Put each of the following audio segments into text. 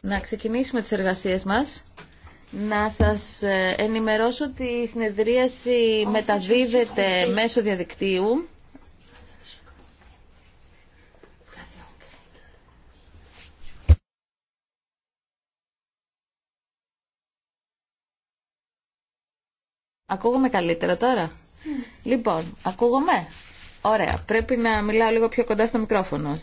Να ξεκινήσουμε τις εργασίες μας. Να σας ε, ενημερώσω ότι η συνεδρίαση μεταδίδεται μέσω διαδικτύου. Ακούγομαι καλύτερα τώρα. Λοιπόν, ακούγομαι. Ωραία. Πρέπει να μιλάω λίγο πιο κοντά στο μικρόφωνο.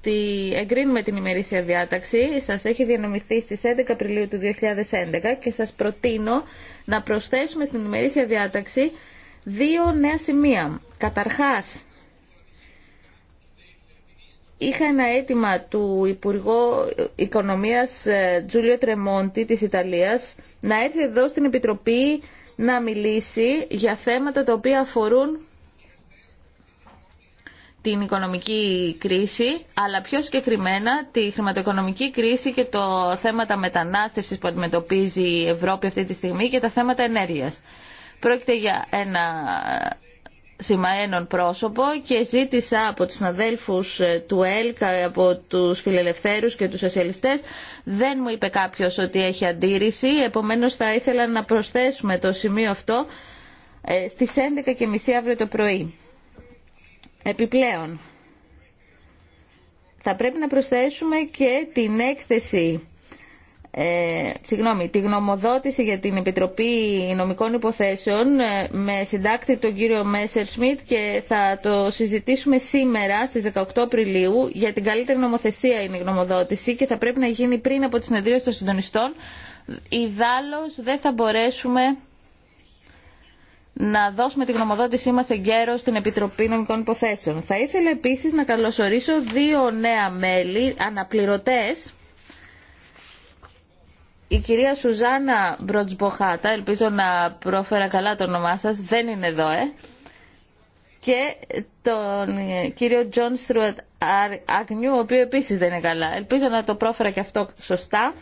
Τη... Εγκρίνουμε την ημερήσια διάταξη. Σας έχει διανομηθεί στις 11 Απριλίου του 2011 και σας προτείνω να προσθέσουμε στην ημερήσια διάταξη δύο νέα σημεία. Καταρχάς, είχα ένα αίτημα του Υπουργού Οικονομίας ε, Τζούλιο Τρεμόντι της Ιταλίας να έρθει εδώ στην Επιτροπή να μιλήσει για θέματα τα οποία αφορούν την οικονομική κρίση, αλλά πιο συγκεκριμένα τη χρηματοοικονομική κρίση και το θέμα τα μετανάστευση που αντιμετωπίζει η Ευρώπη αυτή τη στιγμή και τα θέματα ενέργειας. Πρόκειται για ένα σημαένων πρόσωπο και ζήτησα από τους αδέλφους ε, του ΕΛΚΑ, ε, από τους φιλελευθέρους και τους σοσιαλιστές. Δεν μου είπε κάποιος ότι έχει αντίρρηση, επομένως θα ήθελα να προσθέσουμε το σημείο αυτό ε, στις 11.30 αύριο το πρωί. Επιπλέον, θα πρέπει να προσθέσουμε και την έκθεση ε, συγγνώμη, τη γνωμοδότηση για την Επιτροπή Νομικών Υποθέσεων ε, με συντάκτη τον κύριο Μέσερ Σμιτ και θα το συζητήσουμε σήμερα στις 18 Απριλίου για την καλύτερη νομοθεσία είναι η γνωμοδότηση και θα πρέπει να γίνει πριν από τις συνεδρίες των συντονιστών. Ιδάλλως δεν θα μπορέσουμε να δώσουμε τη γνωμοδότησή μας εγκαίρως στην Επιτροπή Νομικών Υποθέσεων. Θα ήθελα επίσης να καλωσορίσω δύο νέα μέλη, αναπληρωτές, η κυρία Σουζάνα Μπροτσποχάτα, ελπίζω να πρόφερα καλά το όνομά σας, δεν είναι εδώ, ε. Και τον κύριο Τζον Στρουετ Αγνιού, ο οποίος επίσης δεν είναι καλά. Ελπίζω να το πρόφερα και αυτό σωστά.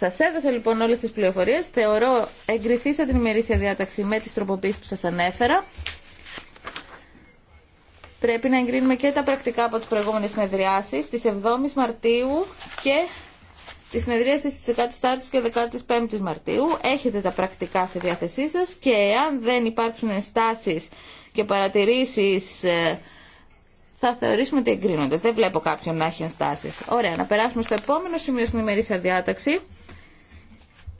Σα έδωσα λοιπόν όλε τι πληροφορίε. Θεωρώ εγκριθήσα την ημερήσια διάταξη με τι τροποποίησεις που σα ανέφερα. Πρέπει να εγκρίνουμε και τα πρακτικά από τι προηγούμενε συνεδριάσει τη 7 η Μαρτίου και τη συνεδρίαση τη 14 και 15 Μαρτίου. Έχετε τα πρακτικά στη διάθεσή σα και εάν δεν υπάρξουν ενστάσει και παρατηρήσει, ε, θα θεωρήσουμε ότι εγκρίνονται. Δεν βλέπω κάποιον να έχει ενστάσει. Ωραία, να περάσουμε στο επόμενο σημείο στην ημερήσια διάταξη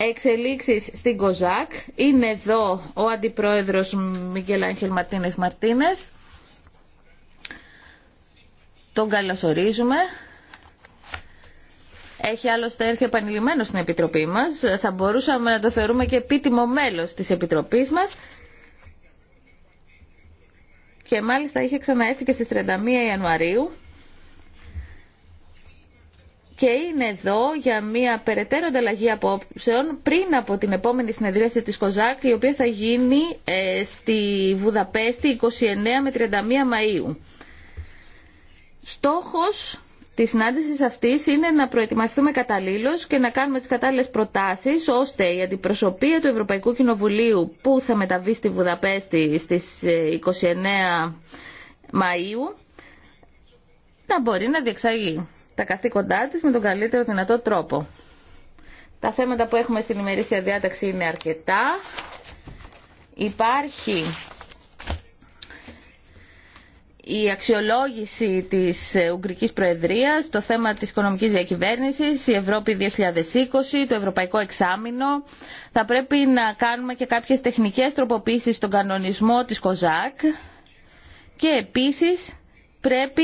εξελίξεις στην Κοζάκ. Είναι εδώ ο Αντιπρόεδρος Μικέλ Άγχελ Μαρτίνες Μαρτίνες. Τον καλωσορίζουμε. Έχει άλλωστε έρθει επανειλημμένο στην Επιτροπή μας. Θα μπορούσαμε να το θεωρούμε και επίτιμο μέλος της Επιτροπής μας. Και μάλιστα είχε ξαναέρθει και στις 31 Ιανουαρίου και είναι εδώ για μια περαιτέρω ανταλλαγή απόψεων πριν από την επόμενη συνεδρίαση της ΚΟΖΑΚ η οποία θα γίνει ε, στη Βουδαπέστη 29 με 31 Μαΐου. Στόχος τη συνάντηση αυτή είναι να προετοιμαστούμε καταλήλω και να κάνουμε τι κατάλληλε προτάσει ώστε η αντιπροσωπεία του Ευρωπαϊκού Κοινοβουλίου που θα μεταβεί στη Βουδαπέστη στι 29 ε, Μαΐου να μπορεί να διεξάγει τα καθήκοντά της με τον καλύτερο δυνατό τρόπο. Τα θέματα που έχουμε στην ημερήσια διάταξη είναι αρκετά. Υπάρχει η αξιολόγηση της ε, Ουγγρικής Προεδρίας, το θέμα της οικονομικής διακυβέρνησης, η Ευρώπη 2020, το Ευρωπαϊκό Εξάμεινο. Θα πρέπει να κάνουμε και κάποιες τεχνικές τροποποίησεις στον κανονισμό της ΚΟΖΑΚ και επίσης πρέπει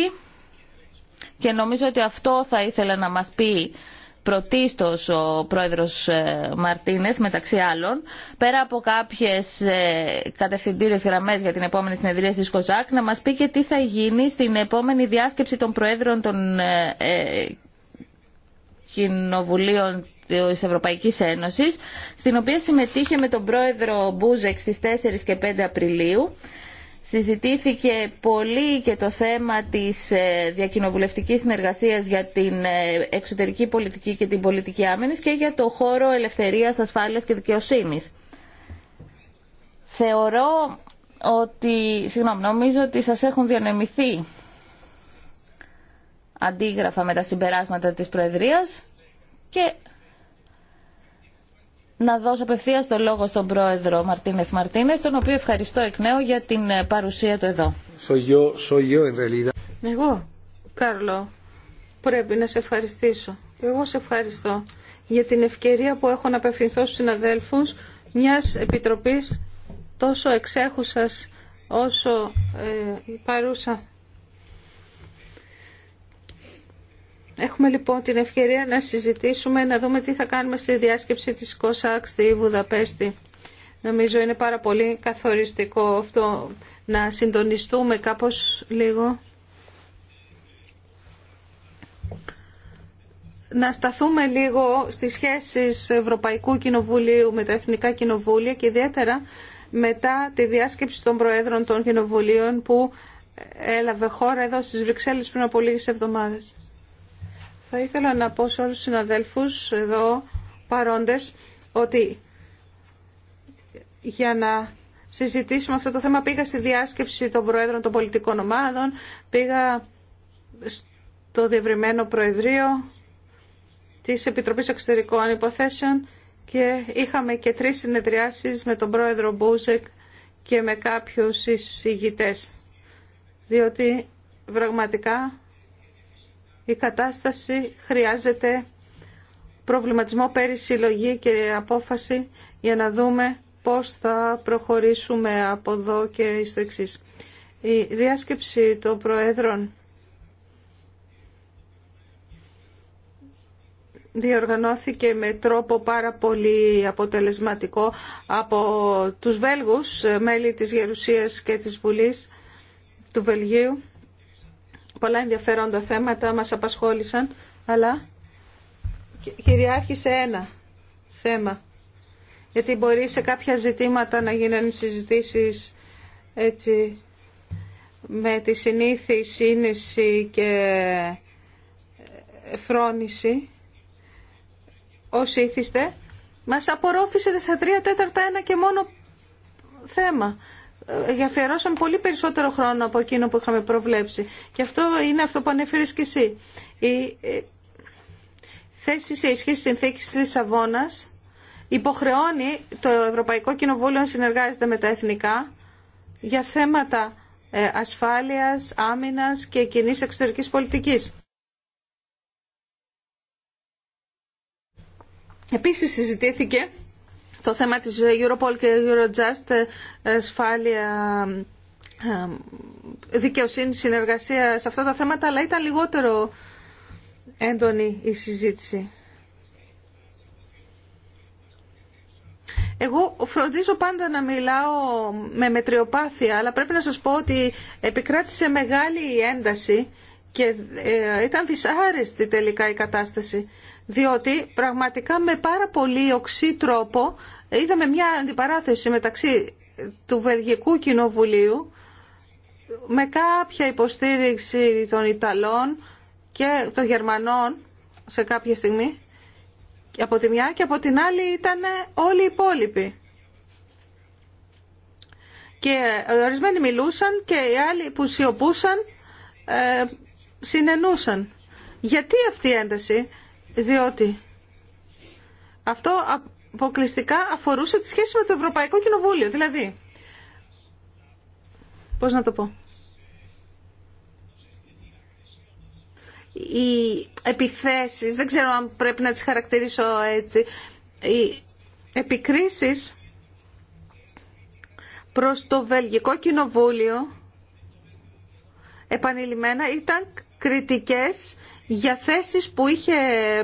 και νομίζω ότι αυτό θα ήθελα να μας πει πρωτίστως ο πρόεδρος ε, Μαρτίνεθ μεταξύ άλλων πέρα από κάποιες ε, κατευθυντήρες γραμμές για την επόμενη συνεδρία της ΚΟΖΑΚ να μας πει και τι θα γίνει στην επόμενη διάσκεψη των προέδρων των ε, κοινοβουλίων της Ευρωπαϊκής Ένωσης στην οποία συμμετείχε με τον πρόεδρο Μπούζεκ στις 4 και 5 Απριλίου Συζητήθηκε πολύ και το θέμα της ε, διακοινοβουλευτικής συνεργασίας για την ε, εξωτερική πολιτική και την πολιτική άμενης και για το χώρο ελευθερίας, ασφάλειας και δικαιοσύνης. Θεωρώ ότι, συγγνώμη, νομίζω ότι σας έχουν διανεμηθεί αντίγραφα με τα συμπεράσματα της Προεδρίας και να δώσω απευθεία το λόγο στον πρόεδρο Μαρτίνεθ Μαρτίνεθ, τον οποίο ευχαριστώ εκ νέου για την ε, παρουσία του εδώ. Εγώ, Κάρλο, πρέπει να σε ευχαριστήσω. Εγώ σε ευχαριστώ για την ευκαιρία που έχω να απευθυνθώ στους συναδέλφους μιας επιτροπής τόσο εξέχουσας όσο ε, παρούσα. Έχουμε λοιπόν την ευκαιρία να συζητήσουμε, να δούμε τι θα κάνουμε στη διάσκεψη της ΚΟΣΑΚ στη Βουδαπέστη. Νομίζω είναι πάρα πολύ καθοριστικό αυτό να συντονιστούμε κάπως λίγο. Να σταθούμε λίγο στις σχέσεις Ευρωπαϊκού Κοινοβουλίου με τα Εθνικά Κοινοβούλια και ιδιαίτερα μετά τη διάσκεψη των Προέδρων των Κοινοβουλίων που έλαβε χώρα εδώ στις Βρυξέλλες πριν από λίγες εβδομάδες. Θα ήθελα να πω σε όλους τους συναδέλφους εδώ παρόντες ότι για να συζητήσουμε αυτό το θέμα πήγα στη διάσκεψη των Προέδρων των Πολιτικών Ομάδων, πήγα στο διευρυμένο Προεδρείο της Επιτροπής Εξωτερικών Υποθέσεων και είχαμε και τρεις συνεδριάσεις με τον Πρόεδρο Μπούζεκ και με κάποιους εισηγητές. Διότι πραγματικά η κατάσταση χρειάζεται προβληματισμό πέρι συλλογή και απόφαση για να δούμε πώς θα προχωρήσουμε από εδώ και στο εξή. Η διάσκεψη των Προέδρων διοργανώθηκε με τρόπο πάρα πολύ αποτελεσματικό από τους Βέλγους, μέλη της Γερουσίας και της Βουλής του Βελγίου πολλά ενδιαφέροντα θέματα μας απασχόλησαν, αλλά κυριάρχησε ένα θέμα. Γιατί μπορεί σε κάποια ζητήματα να γίνανε συζητήσεις έτσι με τη συνήθη σύνηση και φρόνηση όσοι ήθιστε μας απορρόφησε στα τρία τέταρτα ένα και μόνο θέμα ε, αφιερώσαμε πολύ περισσότερο χρόνο από εκείνο που είχαμε προβλέψει. Και αυτό είναι αυτό που ανέφερε και εσύ. Η ε, θέση σε ισχύ συνθήκη της Λισαβόνας υποχρεώνει το Ευρωπαϊκό Κοινοβούλιο να συνεργάζεται με τα εθνικά για θέματα ε, ασφάλειας, άμυνας και κοινή εξωτερικής πολιτικής. Επίσης συζητήθηκε το θέμα της Europol και Eurojust, ε, ασφάλεια, ε, δικαιοσύνη, συνεργασία σε αυτά τα θέματα, αλλά ήταν λιγότερο έντονη η συζήτηση. Εγώ φροντίζω πάντα να μιλάω με μετριοπάθεια, αλλά πρέπει να σας πω ότι επικράτησε μεγάλη ένταση και ε, ήταν δυσάρεστη τελικά η κατάσταση διότι πραγματικά με πάρα πολύ οξύ τρόπο είδαμε μια αντιπαράθεση μεταξύ του Βελγικού Κοινοβουλίου με κάποια υποστήριξη των Ιταλών και των Γερμανών σε κάποια στιγμή από τη μια και από την άλλη ήταν όλοι οι υπόλοιποι. Και ορισμένοι μιλούσαν και οι άλλοι που σιωπούσαν ε, συνενούσαν. Γιατί αυτή η ένταση διότι αυτό αποκλειστικά αφορούσε τη σχέση με το Ευρωπαϊκό Κοινοβούλιο. Δηλαδή, πώς να το πω, οι επιθέσεις, δεν ξέρω αν πρέπει να τις χαρακτηρίσω έτσι, οι επικρίσεις προς το Βελγικό Κοινοβούλιο επανειλημμένα ήταν κριτικές για θέσεις που είχε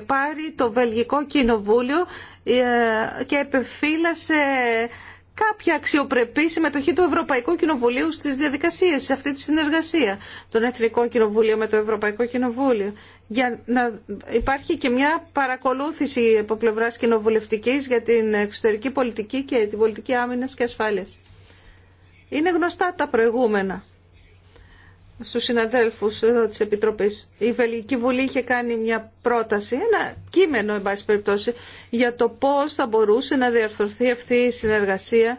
πάρει το Βελγικό Κοινοβούλιο ε, και επεφύλασε κάποια αξιοπρεπή συμμετοχή του Ευρωπαϊκού Κοινοβουλίου στις διαδικασίες, σε αυτή τη συνεργασία των Εθνικών Κοινοβουλίων με το Ευρωπαϊκό Κοινοβούλιο. Για να υπάρχει και μια παρακολούθηση από πλευρά κοινοβουλευτική για την εξωτερική πολιτική και την πολιτική άμυνα και ασφάλεια. Είναι γνωστά τα προηγούμενα στους συναδέλφους εδώ της Επιτροπής. Η Βελγική Βουλή είχε κάνει μια πρόταση, ένα κείμενο εν πάση περιπτώσει, για το πώς θα μπορούσε να διαρθρωθεί αυτή η συνεργασία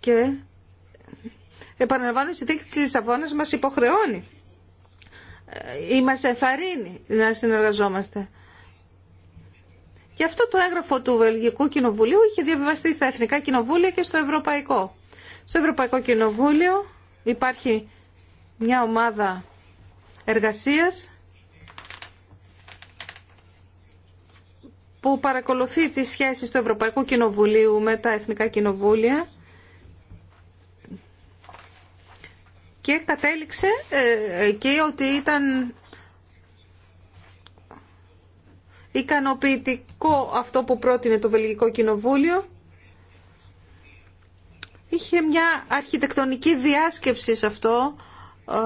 και επαναλαμβάνω η συνθήκη της Λισαβόνας μας υποχρεώνει ή ε, μας να συνεργαζόμαστε. Γι' αυτό το έγγραφο του Βελγικού Κοινοβουλίου είχε διαβιβαστεί στα Εθνικά Κοινοβούλια και στο Ευρωπαϊκό. Στο Ευρωπαϊκό Κοινοβούλιο υπάρχει μια ομάδα εργασίας που παρακολουθεί τις σχέσεις του Ευρωπαϊκού Κοινοβουλίου με τα Εθνικά Κοινοβούλια και κατέληξε ε, εκεί ότι ήταν ικανοποιητικό αυτό που πρότεινε το Βελγικό Κοινοβούλιο. Είχε μια αρχιτεκτονική διάσκεψη σε αυτό ε,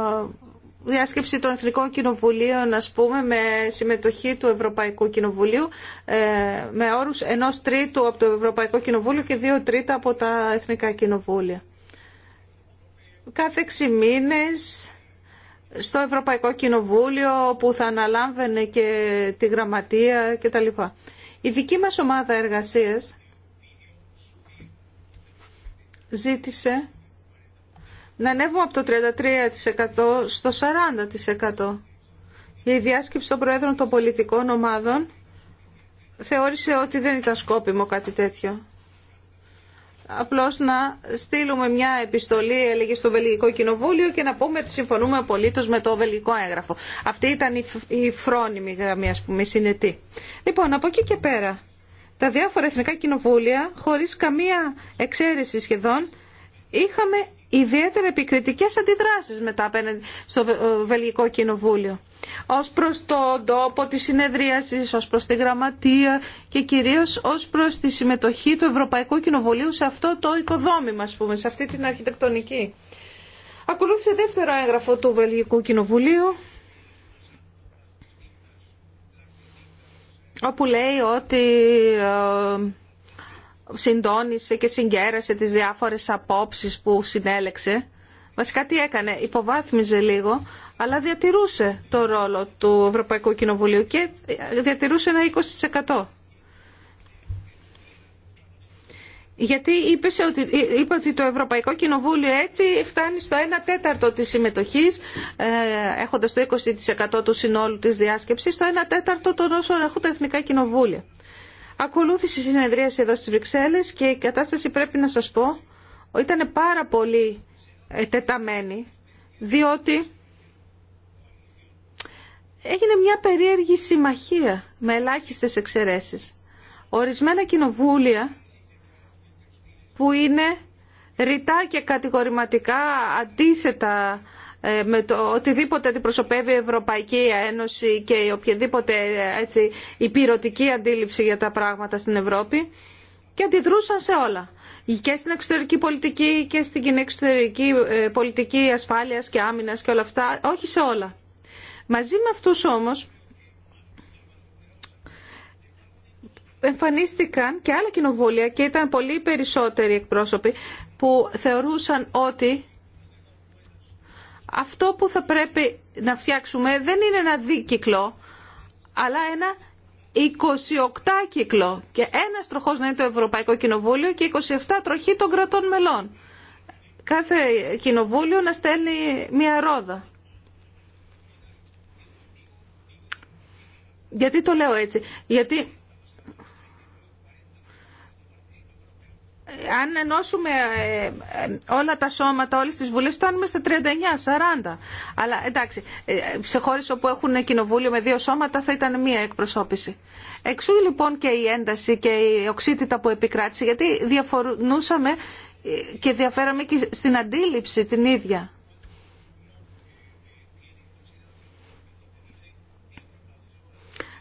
διάσκεψη των Εθνικών Κοινοβουλίων, ας πούμε, με συμμετοχή του Ευρωπαϊκού Κοινοβουλίου, ε, με όρους ενός τρίτου από το Ευρωπαϊκό Κοινοβούλιο και δύο τρίτα από τα Εθνικά Κοινοβούλια. Κάθε έξι μήνες στο Ευρωπαϊκό Κοινοβούλιο που θα αναλάμβαινε και τη γραμματεία κτλ. Η δική μας ομάδα εργασίας ζήτησε να ανέβουμε από το 33% στο 40%. Η διάσκεψη των Προέδρων των Πολιτικών Ομάδων θεώρησε ότι δεν ήταν σκόπιμο κάτι τέτοιο. Απλώς να στείλουμε μια επιστολή, έλεγε, στο Βελγικό Κοινοβούλιο και να πούμε ότι συμφωνούμε απολύτως με το Βελγικό έγγραφο. Αυτή ήταν η φρόνιμη γραμμή, ας πούμε, η συνετή. Λοιπόν, από εκεί και πέρα, τα διάφορα εθνικά κοινοβούλια, χωρίς καμία εξαίρεση σχεδόν, είχαμε ιδιαίτερα επικριτικές αντιδράσεις μετά απέναντι στο Βελγικό Κοινοβούλιο ως προς τον τόπο της συνεδρίασης, ως προς τη γραμματεία και κυρίως ως προς τη συμμετοχή του Ευρωπαϊκού Κοινοβουλίου σε αυτό το οικοδόμημα, ας πούμε, σε αυτή την αρχιτεκτονική. Ακολούθησε δεύτερο έγγραφο του Βελγικού Κοινοβουλίου, όπου λέει ότι ε, συντόνισε και συγκέρασε τις διάφορες απόψεις που συνέλεξε. Βασικά τι έκανε, υποβάθμιζε λίγο, αλλά διατηρούσε το ρόλο του Ευρωπαϊκού Κοινοβουλίου και διατηρούσε ένα 20%. Γιατί είπε ότι, είπε ότι το Ευρωπαϊκό Κοινοβούλιο έτσι φτάνει στο 1 τέταρτο της συμμετοχής, ε, έχοντας το 20% του συνόλου της διάσκεψης, στο 1 τέταρτο των όσων έχουν τα Εθνικά Κοινοβούλια. Ακολούθησε η συνεδρίαση εδώ στις Βρυξέλλες και η κατάσταση πρέπει να σας πω ήταν πάρα πολύ ε, τεταμένη διότι έγινε μια περίεργη συμμαχία με ελάχιστες εξαιρέσεις. Ορισμένα κοινοβούλια που είναι ρητά και κατηγορηματικά αντίθετα ε, με το οτιδήποτε αντιπροσωπεύει η Ευρωπαϊκή Ένωση και οποιαδήποτε έτσι, υπηρετική αντίληψη για τα πράγματα στην Ευρώπη και αντιδρούσαν σε όλα. Και στην εξωτερική πολιτική και στην κοινή εξωτερική ε, πολιτική ασφάλειας και άμυνας και όλα αυτά, όχι σε όλα. Μαζί με αυτούς όμως εμφανίστηκαν και άλλα κοινοβούλια και ήταν πολύ περισσότεροι εκπρόσωποι που θεωρούσαν ότι αυτό που θα πρέπει να φτιάξουμε δεν είναι ένα δίκυκλο, αλλά ένα 28 κύκλο και ένας τροχός να είναι το Ευρωπαϊκό Κοινοβούλιο και 27 τροχή των κρατών μελών. Κάθε κοινοβούλιο να στέλνει μία ρόδα. Γιατί το λέω έτσι. Γιατί αν ενώσουμε ε, ε, όλα τα σώματα όλες τις βουλές φτάνουμε στα 39-40 αλλά εντάξει ε, σε χώρες όπου έχουν κοινοβούλιο με δύο σώματα θα ήταν μία εκπροσώπηση εξού λοιπόν και η ένταση και η οξύτητα που επικράτησε γιατί διαφορούσαμε και διαφέραμε και στην αντίληψη την ίδια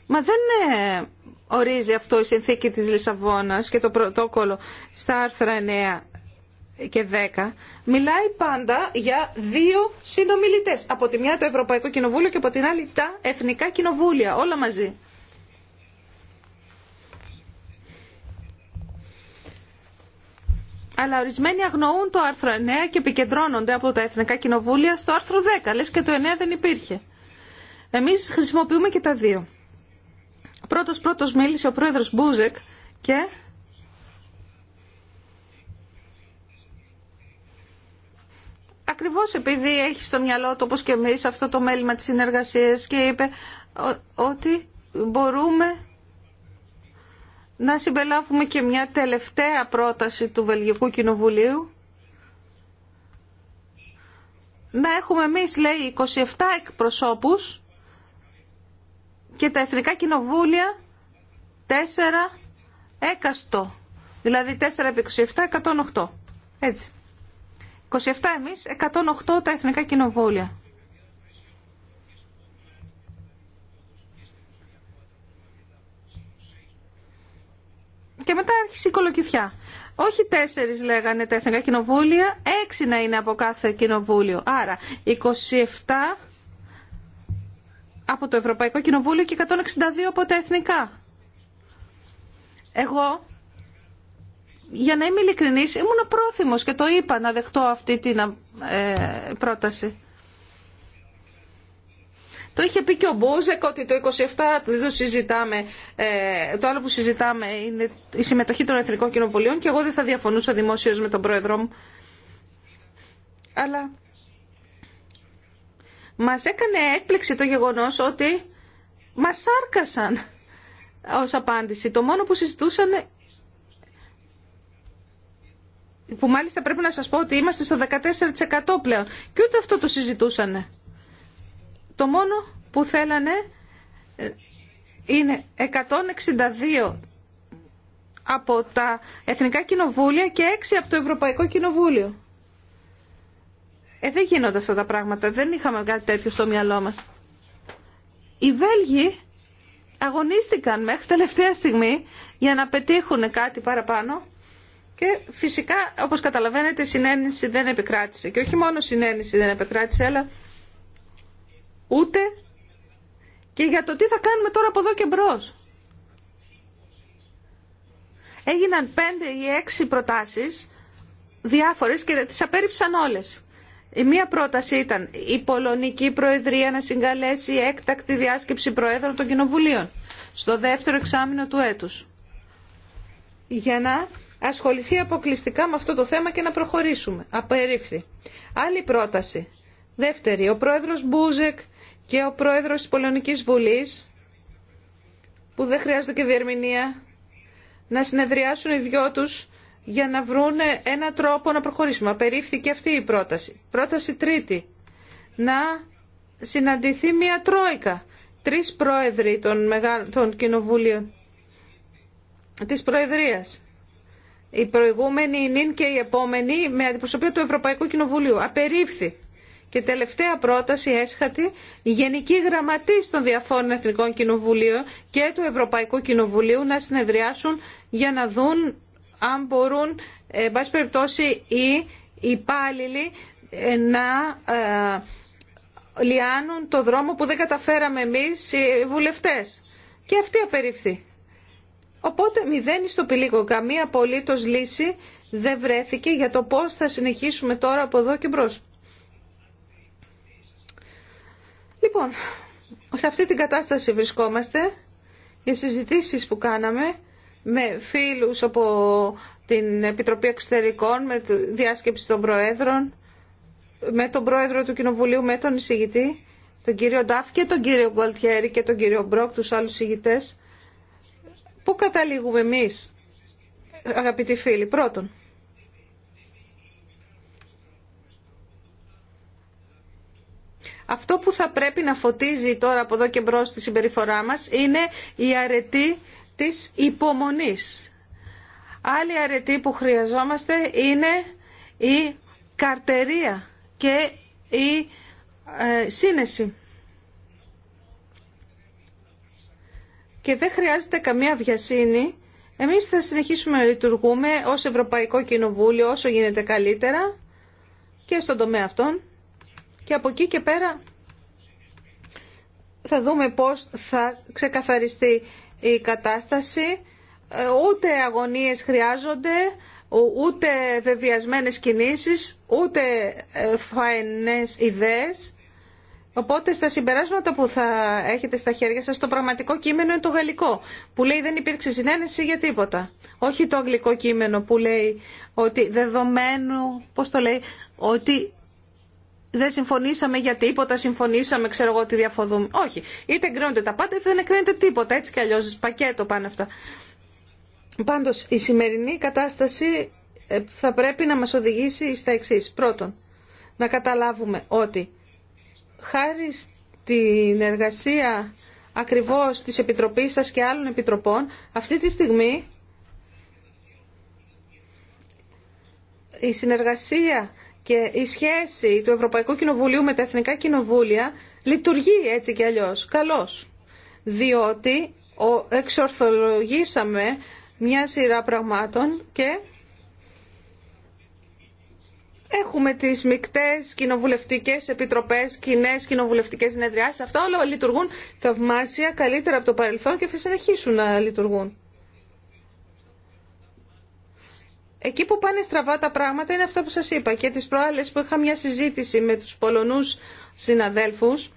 μα δεν είναι ορίζει αυτό η συνθήκη της Λισαβόνας και το πρωτόκολλο στα άρθρα 9 και 10, μιλάει πάντα για δύο συνομιλητές. Από τη μια το Ευρωπαϊκό Κοινοβούλιο και από την άλλη τα Εθνικά Κοινοβούλια, όλα μαζί. αλλά ορισμένοι αγνοούν το άρθρο 9 και επικεντρώνονται από τα Εθνικά Κοινοβούλια στο άρθρο 10, λες και το 9 δεν υπήρχε. Εμείς χρησιμοποιούμε και τα δύο. Πρώτος πρώτος μίλησε ο πρόεδρος Μπούζεκ και ακριβώς επειδή έχει στο μυαλό του όπως και εμείς αυτό το μέλημα της συνεργασίας και είπε ότι μπορούμε να συμπελάβουμε και μια τελευταία πρόταση του Βελγικού Κοινοβουλίου να έχουμε εμείς λέει 27 εκπροσώπους και τα εθνικά κοινοβούλια 4 έκαστο. Δηλαδή 4 επί 27, 108. Έτσι. 27 εμείς, 108 τα εθνικά κοινοβούλια. Και μετά άρχισε η κολοκυθιά. Όχι 4, λέγανε τα εθνικά κοινοβούλια, έξι να είναι από κάθε κοινοβούλιο. Άρα 27 από το Ευρωπαϊκό Κοινοβούλιο και 162 από τα εθνικά. Εγώ, για να είμαι ειλικρινής, ήμουν πρόθυμος και το είπα να δεχτώ αυτή την ε, πρόταση. Το είχε πει και ο Μπούζεκ ότι το 27 το, συζητάμε, ε, το άλλο που συζητάμε είναι η συμμετοχή των Εθνικών Κοινοβουλίων και εγώ δεν θα διαφωνούσα δημόσιο με τον πρόεδρό μου. Αλλά μας έκανε έκπληξη το γεγονός ότι μας άρκασαν ως απάντηση. Το μόνο που συζητούσαν που μάλιστα πρέπει να σας πω ότι είμαστε στο 14% πλέον και ούτε αυτό το συζητούσαν. Το μόνο που θέλανε ε, είναι 162 από τα Εθνικά Κοινοβούλια και 6 από το Ευρωπαϊκό Κοινοβούλιο. Ε, δεν γίνονται αυτά τα πράγματα. Δεν είχαμε κάτι τέτοιο στο μυαλό μας. Οι Βέλγοι αγωνίστηκαν μέχρι τελευταία στιγμή για να πετύχουν κάτι παραπάνω και φυσικά, όπως καταλαβαίνετε, η συνένηση δεν επικράτησε. Και όχι μόνο η συνένεση δεν επικράτησε, αλλά ούτε και για το τι θα κάνουμε τώρα από εδώ και μπρος. Έγιναν πέντε ή έξι προτάσεις διάφορες και τις απέρριψαν όλες. Η μία πρόταση ήταν η Πολωνική Προεδρία να συγκαλέσει έκτακτη διάσκεψη Προέδρων των Κοινοβουλίων στο δεύτερο εξάμεινο του έτους για να ασχοληθεί αποκλειστικά με αυτό το θέμα και να προχωρήσουμε. Απερίφθη. Άλλη πρόταση. Δεύτερη, ο πρόεδρος Μπούζεκ και ο πρόεδρος της Πολωνικής Βουλής, που δεν χρειάζεται και διερμηνία, να συνεδριάσουν οι δυο τους για να βρούνε ένα τρόπο να προχωρήσουμε. Απερίφθηκε αυτή η πρόταση. Πρόταση τρίτη. Να συναντηθεί μια τρόικα. Τρεις πρόεδροι των, μεγα... των κοινοβουλίων της Προεδρίας. Η προηγούμενη, η νυν και η επόμενη με αντιπροσωπεία του Ευρωπαϊκού Κοινοβουλίου. Απερίφθη. Και τελευταία πρόταση έσχατη, η Γενική Γραμματή των διαφόρων Εθνικών Κοινοβουλίων και του Ευρωπαϊκού Κοινοβουλίου να συνεδριάσουν για να δουν αν μπορούν, ε, εν πάση περιπτώσει, οι υπάλληλοι ε, να ε, λιάνουν το δρόμο που δεν καταφέραμε εμείς οι βουλευτές. Και αυτή απερίφθη. Οπότε μηδέν στο πηλίκο. Καμία απολύτως λύση δεν βρέθηκε για το πώς θα συνεχίσουμε τώρα από εδώ και μπρος. Λοιπόν, σε αυτή την κατάσταση βρισκόμαστε. Οι συζητήσεις που κάναμε με φίλους από την Επιτροπή Εξωτερικών, με τη διάσκεψη των Προέδρων, με τον Πρόεδρο του Κοινοβουλίου, με τον εισηγητή, τον κύριο Ντάφ και τον κύριο Γκουαλτιέρη και τον κύριο Μπρόκ, τους άλλους εισηγητές. Πού καταλήγουμε εμείς, αγαπητοί φίλοι, πρώτον. Αυτό που θα πρέπει να φωτίζει τώρα από εδώ και μπρος τη συμπεριφορά μας είναι η αρετή της υπομονής. Άλλη αρετή που χρειαζόμαστε είναι η καρτερία και η ε, σύνεση. Και δεν χρειάζεται καμία βιασύνη. Εμείς θα συνεχίσουμε να λειτουργούμε ως Ευρωπαϊκό Κοινοβούλιο όσο γίνεται καλύτερα και στον τομέα αυτόν. Και από εκεί και πέρα θα δούμε πώς θα ξεκαθαριστεί η κατάσταση, ε, ούτε αγωνίες χρειάζονται, ούτε βεβαιασμένες κινήσεις, ούτε ε, φαϊνές ιδέες. Οπότε στα συμπεράσματα που θα έχετε στα χέρια σας, το πραγματικό κείμενο είναι το γαλλικό, που λέει δεν υπήρξε συνένεση για τίποτα. Όχι το αγγλικό κείμενο που λέει ότι δεδομένου, πώς το λέει, ότι δεν συμφωνήσαμε για τίποτα, συμφωνήσαμε, ξέρω εγώ τι διαφοδούμε. Όχι. Είτε εγκρίνονται τα πάντα, είτε δεν εγκρίνεται τίποτα. Έτσι κι αλλιώ πακέτο πάνε αυτά. Πάντω, η σημερινή κατάσταση ε, θα πρέπει να μας οδηγήσει στα εξή. Πρώτον, να καταλάβουμε ότι χάρη στην εργασία ακριβώς της Επιτροπής σας και άλλων επιτροπών, αυτή τη στιγμή η συνεργασία και η σχέση του Ευρωπαϊκού Κοινοβουλίου με τα Εθνικά Κοινοβούλια λειτουργεί έτσι και αλλιώς, καλώς. Διότι εξορθολογήσαμε μια σειρά πραγμάτων και Έχουμε τις μικτές κοινοβουλευτικές επιτροπές, κοινέ κοινοβουλευτικές συνεδριάσεις. Αυτά όλα λειτουργούν θαυμάσια, καλύτερα από το παρελθόν και θα συνεχίσουν να λειτουργούν. Εκεί που πάνε στραβά τα πράγματα είναι αυτό που σας είπα και τις προάλλες που είχα μια συζήτηση με τους Πολωνούς συναδέλφους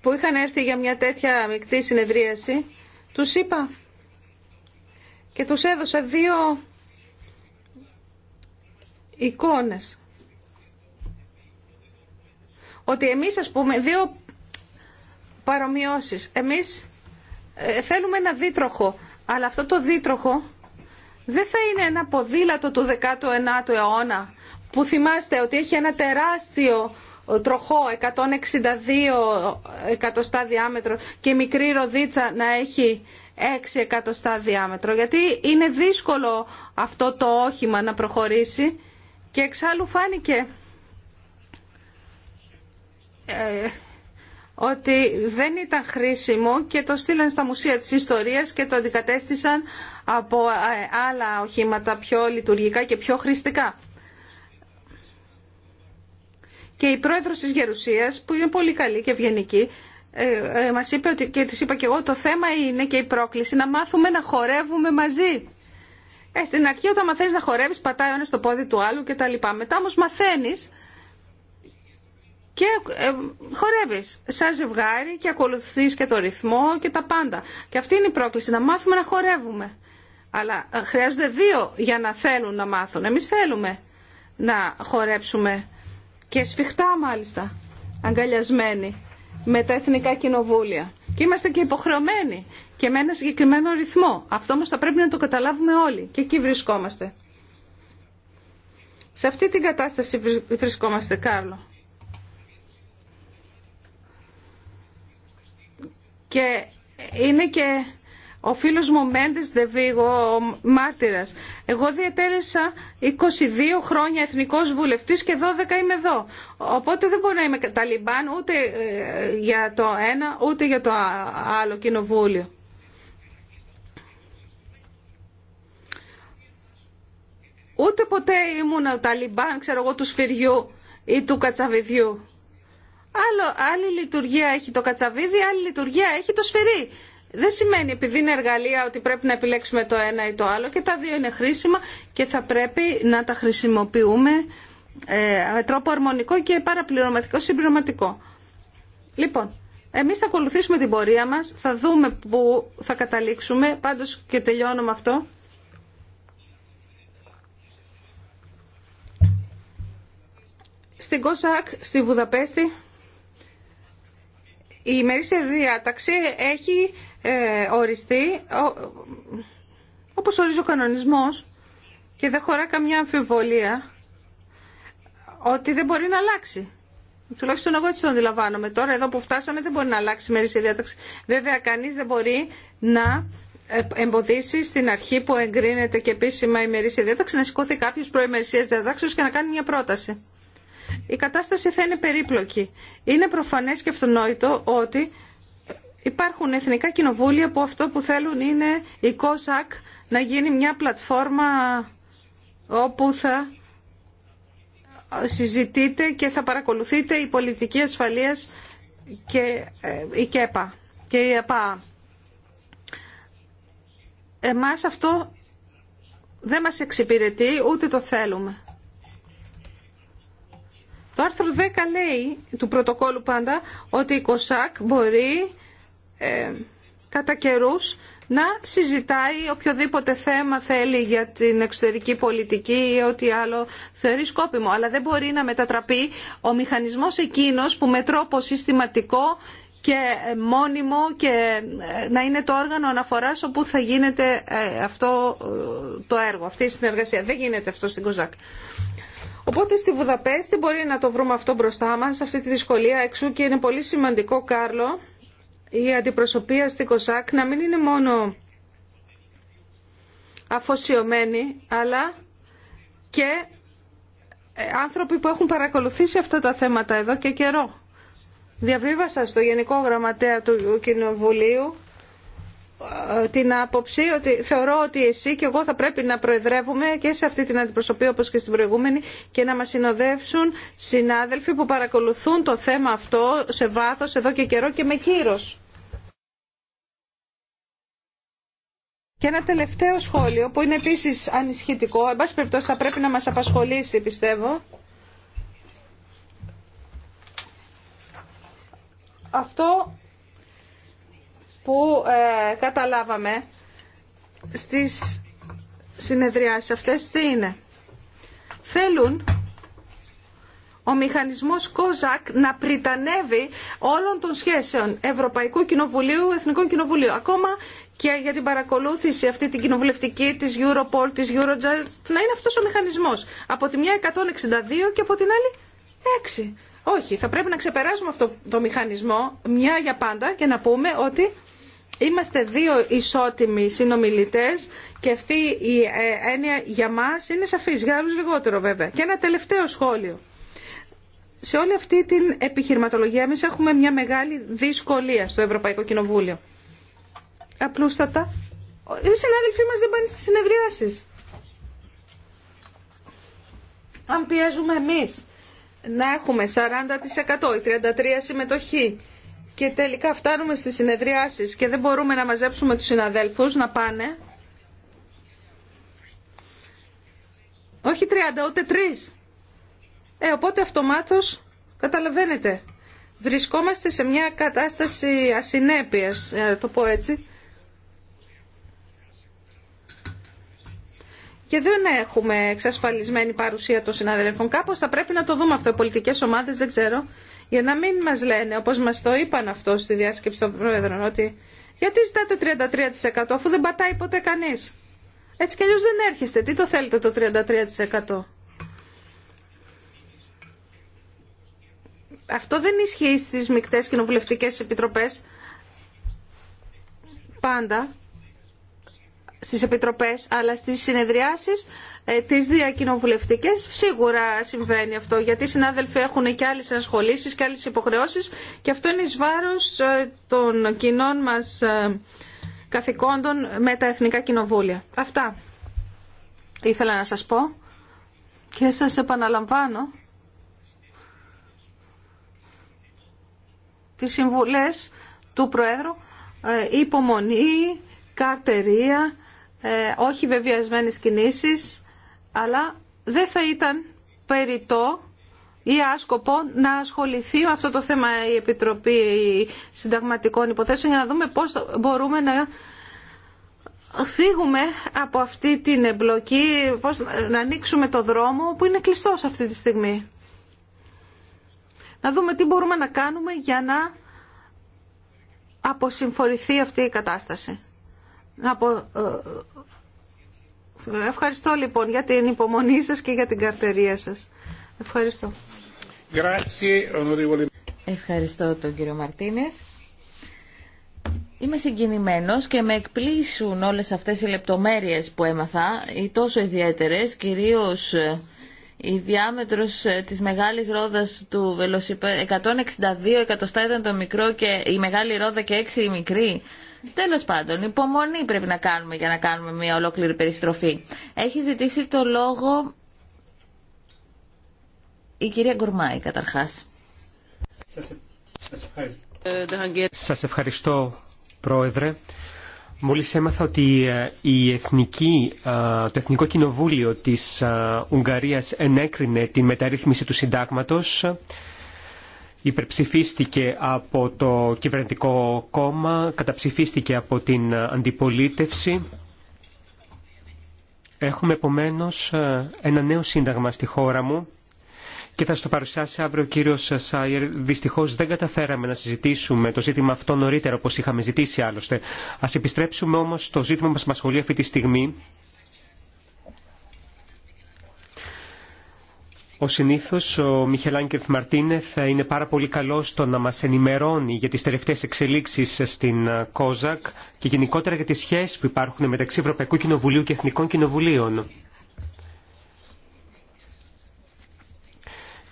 που είχαν έρθει για μια τέτοια μεικτή συνεδρίαση, τους είπα και τους έδωσα δύο εικόνες. Ότι εμείς ας πούμε δύο παρομοιώσεις. Εμείς ε, θέλουμε ένα δίτροχο, αλλά αυτό το δίτροχο δεν θα είναι ένα ποδήλατο του 19ου αιώνα που θυμάστε ότι έχει ένα τεράστιο τροχό 162 εκατοστά διάμετρο και μικρή ροδίτσα να έχει 6 εκατοστά διάμετρο γιατί είναι δύσκολο αυτό το όχημα να προχωρήσει και εξάλλου φάνηκε ε, ότι δεν ήταν χρήσιμο και το στείλαν στα μουσεία της ιστορίας και το αντικατέστησαν από ε, άλλα οχήματα πιο λειτουργικά και πιο χρηστικά. Και η πρόεδρος της Γερουσίας, που είναι πολύ καλή και ευγενική, ε, ε, μας είπε ότι, και της είπα και εγώ, το θέμα είναι και η πρόκληση να μάθουμε να χορεύουμε μαζί. στην αρχή όταν μαθαίνεις να χορεύεις πατάει ο ένας το πόδι του άλλου και τα λοιπά. Μετά όμως μαθαίνεις και ε, χορεύεις σαν ζευγάρι και ακολουθείς και το ρυθμό και τα πάντα. Και αυτή είναι η πρόκληση, να μάθουμε να χορεύουμε. Αλλά ε, χρειάζονται δύο για να θέλουν να μάθουν. Εμείς θέλουμε να χορέψουμε και σφιχτά μάλιστα, αγκαλιασμένοι με τα εθνικά κοινοβούλια. Και είμαστε και υποχρεωμένοι και με ένα συγκεκριμένο ρυθμό. Αυτό όμως θα πρέπει να το καταλάβουμε όλοι και εκεί βρισκόμαστε. Σε αυτή την κατάσταση βρισκόμαστε, Κάρλο. Και είναι και ο φίλος μου Μέντες Δεβίγο, ο μάρτυρας. Εγώ διατέλεσα 22 χρόνια εθνικός βουλευτής και 12 είμαι εδώ. Οπότε δεν μπορώ να είμαι ταλιμπάν ούτε ε, για το ένα ούτε για το άλλο κοινοβούλιο. Ούτε ποτέ ήμουν ταλιμπάν, ξέρω εγώ, του σφυριού ή του κατσαβιδιού. Άλλο, άλλη λειτουργία έχει το κατσαβίδι, άλλη λειτουργία έχει το σφυρί. Δεν σημαίνει επειδή είναι εργαλεία ότι πρέπει να επιλέξουμε το ένα ή το άλλο και τα δύο είναι χρήσιμα και θα πρέπει να τα χρησιμοποιούμε ε, με τρόπο αρμονικό και παραπληρωματικό συμπληρωματικό. Λοιπόν, εμείς θα ακολουθήσουμε την πορεία μας, θα δούμε που θα καταλήξουμε, πάντως και τελειώνω με αυτό. Στην Κοσακ, στη Βουδαπέστη, η ημερήσια διάταξη έχει ε, οριστεί όπως ορίζει ο κανονισμός και δεν χωρά καμιά αμφιβολία ότι δεν μπορεί να αλλάξει. Τουλάχιστον εγώ έτσι το αντιλαμβάνομαι. Τώρα εδώ που φτάσαμε δεν μπορεί να αλλάξει η ημερήσια διάταξη. Βέβαια κανείς δεν μπορεί να ε, εμποδίσει στην αρχή που εγκρίνεται και επίσημα η ημερήσια διάταξη να σηκώθει κάποιο προημερησία διάταξης και να κάνει μια πρόταση η κατάσταση θα είναι περίπλοκη. Είναι προφανές και αυτονόητο ότι υπάρχουν εθνικά κοινοβούλια που αυτό που θέλουν είναι η ΚΟΣΑΚ να γίνει μια πλατφόρμα όπου θα συζητείτε και θα παρακολουθείτε η πολιτική ασφαλείας και ε, η ΚΕΠΑ και η ΕΠΑ. Εμάς αυτό δεν μας εξυπηρετεί ούτε το θέλουμε. Το άρθρο 10 λέει, του πρωτοκόλου πάντα, ότι η ΚΟΣΑΚ μπορεί ε, κατά καιρού να συζητάει οποιοδήποτε θέμα θέλει για την εξωτερική πολιτική ή ό,τι άλλο θεωρεί σκόπιμο. Αλλά δεν μπορεί να μετατραπεί ο μηχανισμός εκείνος που με τρόπο συστηματικό και μόνιμο και ε, να είναι το όργανο αναφοράς όπου θα γίνεται ε, αυτό ε, το έργο, αυτή η συνεργασία. Δεν γίνεται αυτό στην ΚΟΣΑΚ. Οπότε στη Βουδαπέστη μπορεί να το βρούμε αυτό μπροστά μα αυτή τη δυσκολία εξού και είναι πολύ σημαντικό, Κάρλο, η αντιπροσωπεία στην ΚΟΣΑΚ να μην είναι μόνο αφοσιωμένη, αλλά και ε, άνθρωποι που έχουν παρακολουθήσει αυτά τα θέματα εδώ και καιρό. Διαβίβασα στο Γενικό Γραμματέα του Κοινοβουλίου ε, την άποψη ότι θεωρώ ότι εσύ και εγώ θα πρέπει να προεδρεύουμε και σε αυτή την αντιπροσωπεία όπως και στην προηγούμενη και να μας συνοδεύσουν συνάδελφοι που παρακολουθούν το θέμα αυτό σε βάθος εδώ και καιρό και με κύρος. Και ένα τελευταίο σχόλιο που είναι επίσης ανισχυτικό, εν πάση περιπτώσει θα πρέπει να μας απασχολήσει πιστεύω. Αυτό που ε, καταλάβαμε στις συνεδριάσεις αυτές τι είναι. Θέλουν ο μηχανισμός ΚΟΖΑΚ να πριτανεύει όλων των σχέσεων Ευρωπαϊκού Κοινοβουλίου, Εθνικών Κοινοβουλίου. Ακόμα και για την παρακολούθηση αυτή την κοινοβουλευτική της Europol, της Eurojust, να είναι αυτός ο μηχανισμός. Από τη μια 162 και από την άλλη 6. Όχι, θα πρέπει να ξεπεράσουμε αυτό το μηχανισμό μια για πάντα και να πούμε ότι Είμαστε δύο ισότιμοι συνομιλητές και αυτή η ε, έννοια για μας είναι σαφής, για άλλους λιγότερο βέβαια. Και ένα τελευταίο σχόλιο. Σε όλη αυτή την επιχειρηματολογία εμείς έχουμε μια μεγάλη δυσκολία στο Ευρωπαϊκό Κοινοβούλιο. Απλούστατα, οι συνάδελφοί μας δεν πάνε στις συνεδριάσεις. Αν πιέζουμε εμείς να έχουμε 40% ή 33% συμμετοχή και τελικά φτάνουμε στις συνεδριάσεις και δεν μπορούμε να μαζέψουμε τους συναδέλφους να πάνε. Όχι 30, ούτε 3. Ε, οπότε αυτομάτως, καταλαβαίνετε, βρισκόμαστε σε μια κατάσταση ασυνέπειας, να ε, το πω έτσι. Και δεν έχουμε εξασφαλισμένη παρουσία των συναδέλφων. Κάπως θα πρέπει να το δούμε αυτό. Οι πολιτικές ομάδες δεν ξέρω. Για να μην μας λένε, όπως μας το είπαν αυτό στη διάσκεψη των Πρόεδρων, ότι γιατί ζητάτε 33% αφού δεν πατάει ποτέ κανείς. Έτσι κι αλλιώς δεν έρχεστε. Τι το θέλετε το 33%. Αυτό δεν ισχύει στις μικτές κοινοβουλευτικές επιτροπές πάντα στις επιτροπές, αλλά στις συνεδριάσεις ε, τις διακοινοβουλευτικές σίγουρα συμβαίνει αυτό, γιατί οι συνάδελφοι έχουν και άλλες ενασχολήσεις και άλλες υποχρεώσεις και αυτό είναι εις βάρος ε, των κοινών μας ε, καθηκόντων με τα Εθνικά Κοινοβούλια. Αυτά ήθελα να σας πω και σας επαναλαμβάνω τις συμβουλές του Προέδρου ε, υπομονή, καρτερία ε, όχι βεβαιασμένες κινήσεις, αλλά δεν θα ήταν περιττό ή άσκοπο να ασχοληθεί με αυτό το θέμα η Επιτροπή Συνταγματικών Υποθέσεων για να δούμε πώς μπορούμε να φύγουμε από αυτή την εμπλοκή, πώς να ανοίξουμε το δρόμο που είναι κλειστός αυτή τη στιγμή. Να δούμε τι μπορούμε να κάνουμε για να αποσυμφορηθεί αυτή η κατάσταση. Ε, ευχαριστώ λοιπόν για την υπομονή σας και για την καρτερία σας. Ευχαριστώ. Ευχαριστώ τον κύριο Μαρτίνε. Είμαι συγκινημένος και με εκπλήσουν όλες αυτές οι λεπτομέρειες που έμαθα, οι τόσο ιδιαίτερες, κυρίως ε, η διάμετρος ε, της μεγάλης ρόδας του βελοσιπέδου 162 εκατοστά ήταν το μικρό και η μεγάλη ρόδα και 6 η μικρή. Τέλο πάντων, υπομονή πρέπει να κάνουμε για να κάνουμε μια ολόκληρη περιστροφή. Έχει ζητήσει το λόγο η κυρία Γκουρμάη καταρχάς. Σα ευχαριστώ. πρόεδρε. Μόλι έμαθα ότι ε, η Εθνική, ε, το Εθνικό Κοινοβούλιο της ε, Ουγγαρίας ενέκρινε την μεταρρύθμιση του συντάγματος, υπερψηφίστηκε από το κυβερνητικό κόμμα, καταψηφίστηκε από την αντιπολίτευση. Έχουμε επομένως ένα νέο σύνταγμα στη χώρα μου και θα στο παρουσιάσει αύριο ο κύριος Σάιερ. Δυστυχώς δεν καταφέραμε να συζητήσουμε το ζήτημα αυτό νωρίτερα όπως είχαμε ζητήσει άλλωστε. Ας επιστρέψουμε όμως στο ζήτημα που μας απασχολεί αυτή τη στιγμή Ο συνήθως ο Μιχελάνκεφ Μαρτίνεθ θα είναι πάρα πολύ καλός στο να μας ενημερώνει για τις τελευταίες εξελίξεις στην ε, ΚΟΖΑΚ και γενικότερα για τις σχέσεις που υπάρχουν μεταξύ Ευρωπαϊκού Κοινοβουλίου και Εθνικών Κοινοβουλίων.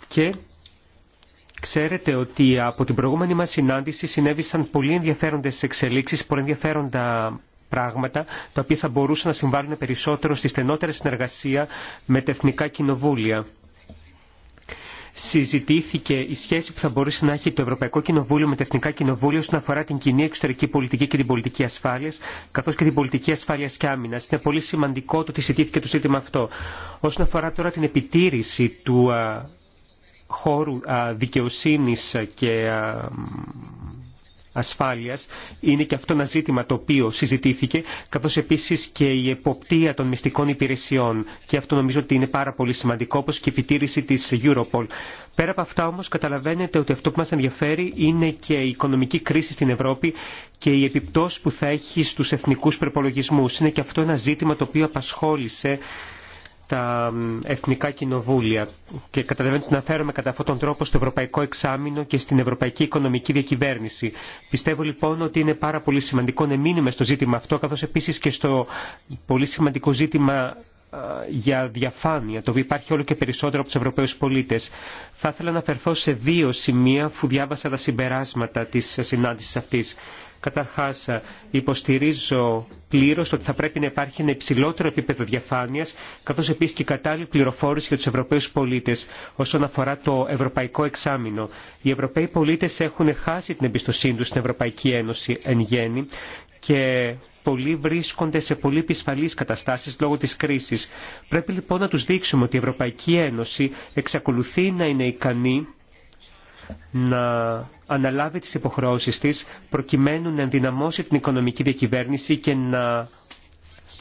Και Ξέρετε ότι από την προηγούμενη μα συνάντηση συνέβησαν πολύ ενδιαφέροντες εξελίξεις, πολύ ενδιαφέροντα πράγματα, τα οποία θα μπορούσαν να συμβάλλουν περισσότερο στη στενότερη συνεργασία με τα εθνικά κοινοβούλια συζητήθηκε η σχέση που θα μπορούσε να έχει το Ευρωπαϊκό Κοινοβούλιο με τα Εθνικά Κοινοβούλια όσον αφορά την κοινή εξωτερική πολιτική και την πολιτική ασφάλεια, καθώ και την πολιτική ασφάλεια και άμυνα. Είναι πολύ σημαντικό το ότι συζητήθηκε το ζήτημα αυτό. Όσον αφορά τώρα την επιτήρηση του χώρου δικαιοσύνη και ασφάλειας. Είναι και αυτό ένα ζήτημα το οποίο συζητήθηκε, καθώς επίσης και η εποπτεία των μυστικών υπηρεσιών. Και αυτό νομίζω ότι είναι πάρα πολύ σημαντικό, όπως και η επιτήρηση της Europol. Πέρα από αυτά όμως καταλαβαίνετε ότι αυτό που μας ενδιαφέρει είναι και η οικονομική κρίση στην Ευρώπη και η επιπτώση που θα έχει στους εθνικούς προπολογισμούς. Είναι και αυτό ένα ζήτημα το οποίο απασχόλησε τα εθνικά κοινοβούλια και καταλαβαίνετε να φέρουμε κατά αυτόν τον τρόπο στο ευρωπαϊκό εξάμεινο και στην ευρωπαϊκή οικονομική διακυβέρνηση. Πιστεύω λοιπόν ότι είναι πάρα πολύ σημαντικό να μείνουμε στο ζήτημα αυτό καθώς επίσης και στο πολύ σημαντικό ζήτημα για διαφάνεια, το οποίο υπάρχει όλο και περισσότερο από του Ευρωπαίου πολίτε. Θα ήθελα να αφαιρθώ σε δύο σημεία αφού διάβασα τα συμπεράσματα τη συνάντηση αυτή. Καταρχά, ε, υποστηρίζω πλήρω ότι θα πρέπει να υπάρχει ένα υψηλότερο επίπεδο διαφάνεια, καθώ επίση και κατάλληλη πληροφόρηση για του Ευρωπαίου πολίτε όσον αφορά το Ευρωπαϊκό Εξάμεινο. Οι Ευρωπαίοι πολίτε έχουν χάσει την εμπιστοσύνη του στην Ευρωπαϊκή Ένωση εν γέννη και πολλοί βρίσκονται σε πολύ επισφαλείς καταστάσεις λόγω της κρίσης. Πρέπει λοιπόν να τους δείξουμε ότι η Ευρωπαϊκή Ένωση εξακολουθεί να είναι ικανή να αναλάβει τις υποχρεώσεις της προκειμένου να ενδυναμώσει την οικονομική διακυβέρνηση και να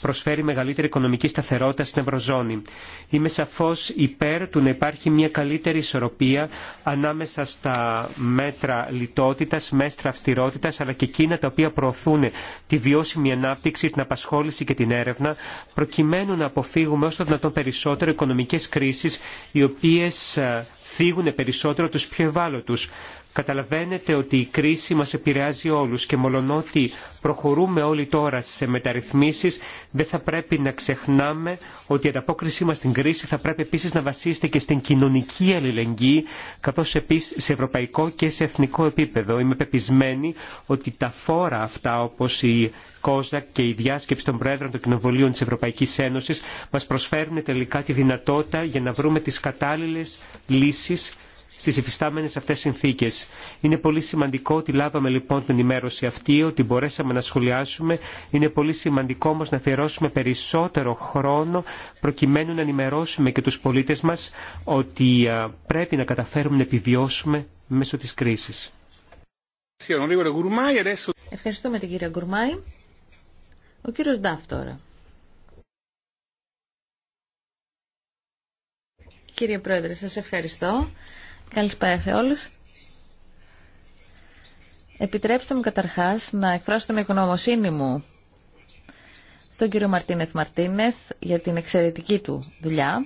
προσφέρει μεγαλύτερη οικονομική σταθερότητα στην Ευρωζώνη. Είμαι σαφώς υπέρ του να υπάρχει μια καλύτερη ισορροπία ανάμεσα στα μέτρα λιτότητας, μέτρα αυστηρότητας, αλλά και εκείνα τα οποία προωθούν τη βιώσιμη ανάπτυξη, την απασχόληση και την έρευνα, προκειμένου να αποφύγουμε όσο το δυνατόν περισσότερο οικονομικές κρίσεις, οι οποίες ε, θίγουν περισσότερο τους πιο ευάλωτους. Καταλαβαίνετε ότι η κρίση μας επηρεάζει όλους και μολονότι προχωρούμε όλοι τώρα σε μεταρρυθμίσεις, δεν θα πρέπει να ξεχνάμε ότι η ανταπόκρισή μας στην κρίση θα πρέπει επίσης να βασίζεται και στην κοινωνική αλληλεγγύη, καθώς επίσης σε ευρωπαϊκό και σε εθνικό επίπεδο. Είμαι πεπισμένη ότι τα φόρα αυτά, όπως η κόζακ και η διάσκεψη των Προέδρων των Κοινοβουλίων της Ευρωπαϊκής Ένωσης, μας προσφέρουν τελικά τη δυνατότητα για να βρούμε τις κατάλληλες λύσεις στις υφιστάμενε αυτές συνθήκες. Είναι πολύ σημαντικό ότι λάβαμε λοιπόν την ενημέρωση αυτή, ότι μπορέσαμε να σχολιάσουμε. Είναι πολύ σημαντικό όμω να αφιερώσουμε περισσότερο χρόνο προκειμένου να ενημερώσουμε και του πολίτες μας ότι πρέπει να καταφέρουμε να επιβιώσουμε μέσω της κρίσης. Ευχαριστούμε την κυρία Γκουρμάη. Ο κύριο Ντάφ τώρα. Κύριε Πρόεδρε, σας ευχαριστώ. Καλησπέρα σε όλους. Επιτρέψτε μου καταρχάς να εκφράσω την ευγνωμοσύνη μου στον κύριο Μαρτίνεθ Μαρτίνεθ για την εξαιρετική του δουλειά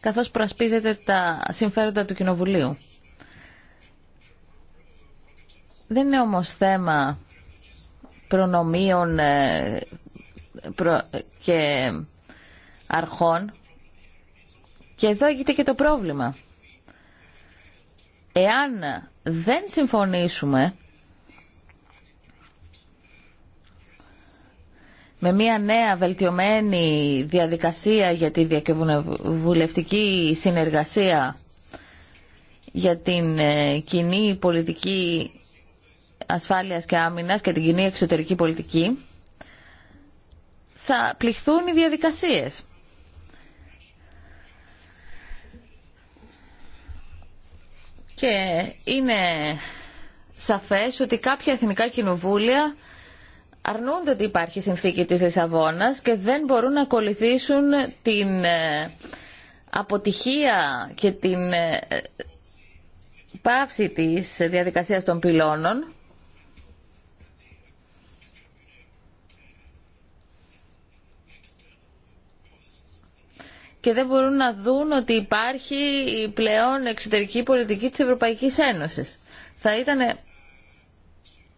καθώς προασπίζεται τα συμφέροντα του Κοινοβουλίου. Δεν είναι όμως θέμα προνομίων ε, και αρχών. Και εδώ έγινε και το πρόβλημα. Εάν δεν συμφωνήσουμε με μια νέα βελτιωμένη διαδικασία για τη διακυβουλευτική συνεργασία για την ε, κοινή πολιτική ασφάλειας και άμυνας και την κοινή εξωτερική πολιτική, θα πληχθούν οι διαδικασίες. Και είναι σαφές ότι κάποια εθνικά κοινοβούλια αρνούνται ότι υπάρχει συνθήκη της Λισαβόνα και δεν μπορούν να ακολουθήσουν την ε, αποτυχία και την ε, ε, πάυση της διαδικασίας των πυλώνων και δεν μπορούν να δουν ότι υπάρχει πλέον εξωτερική πολιτική της Ευρωπαϊκής Ένωσης. Θα ήταν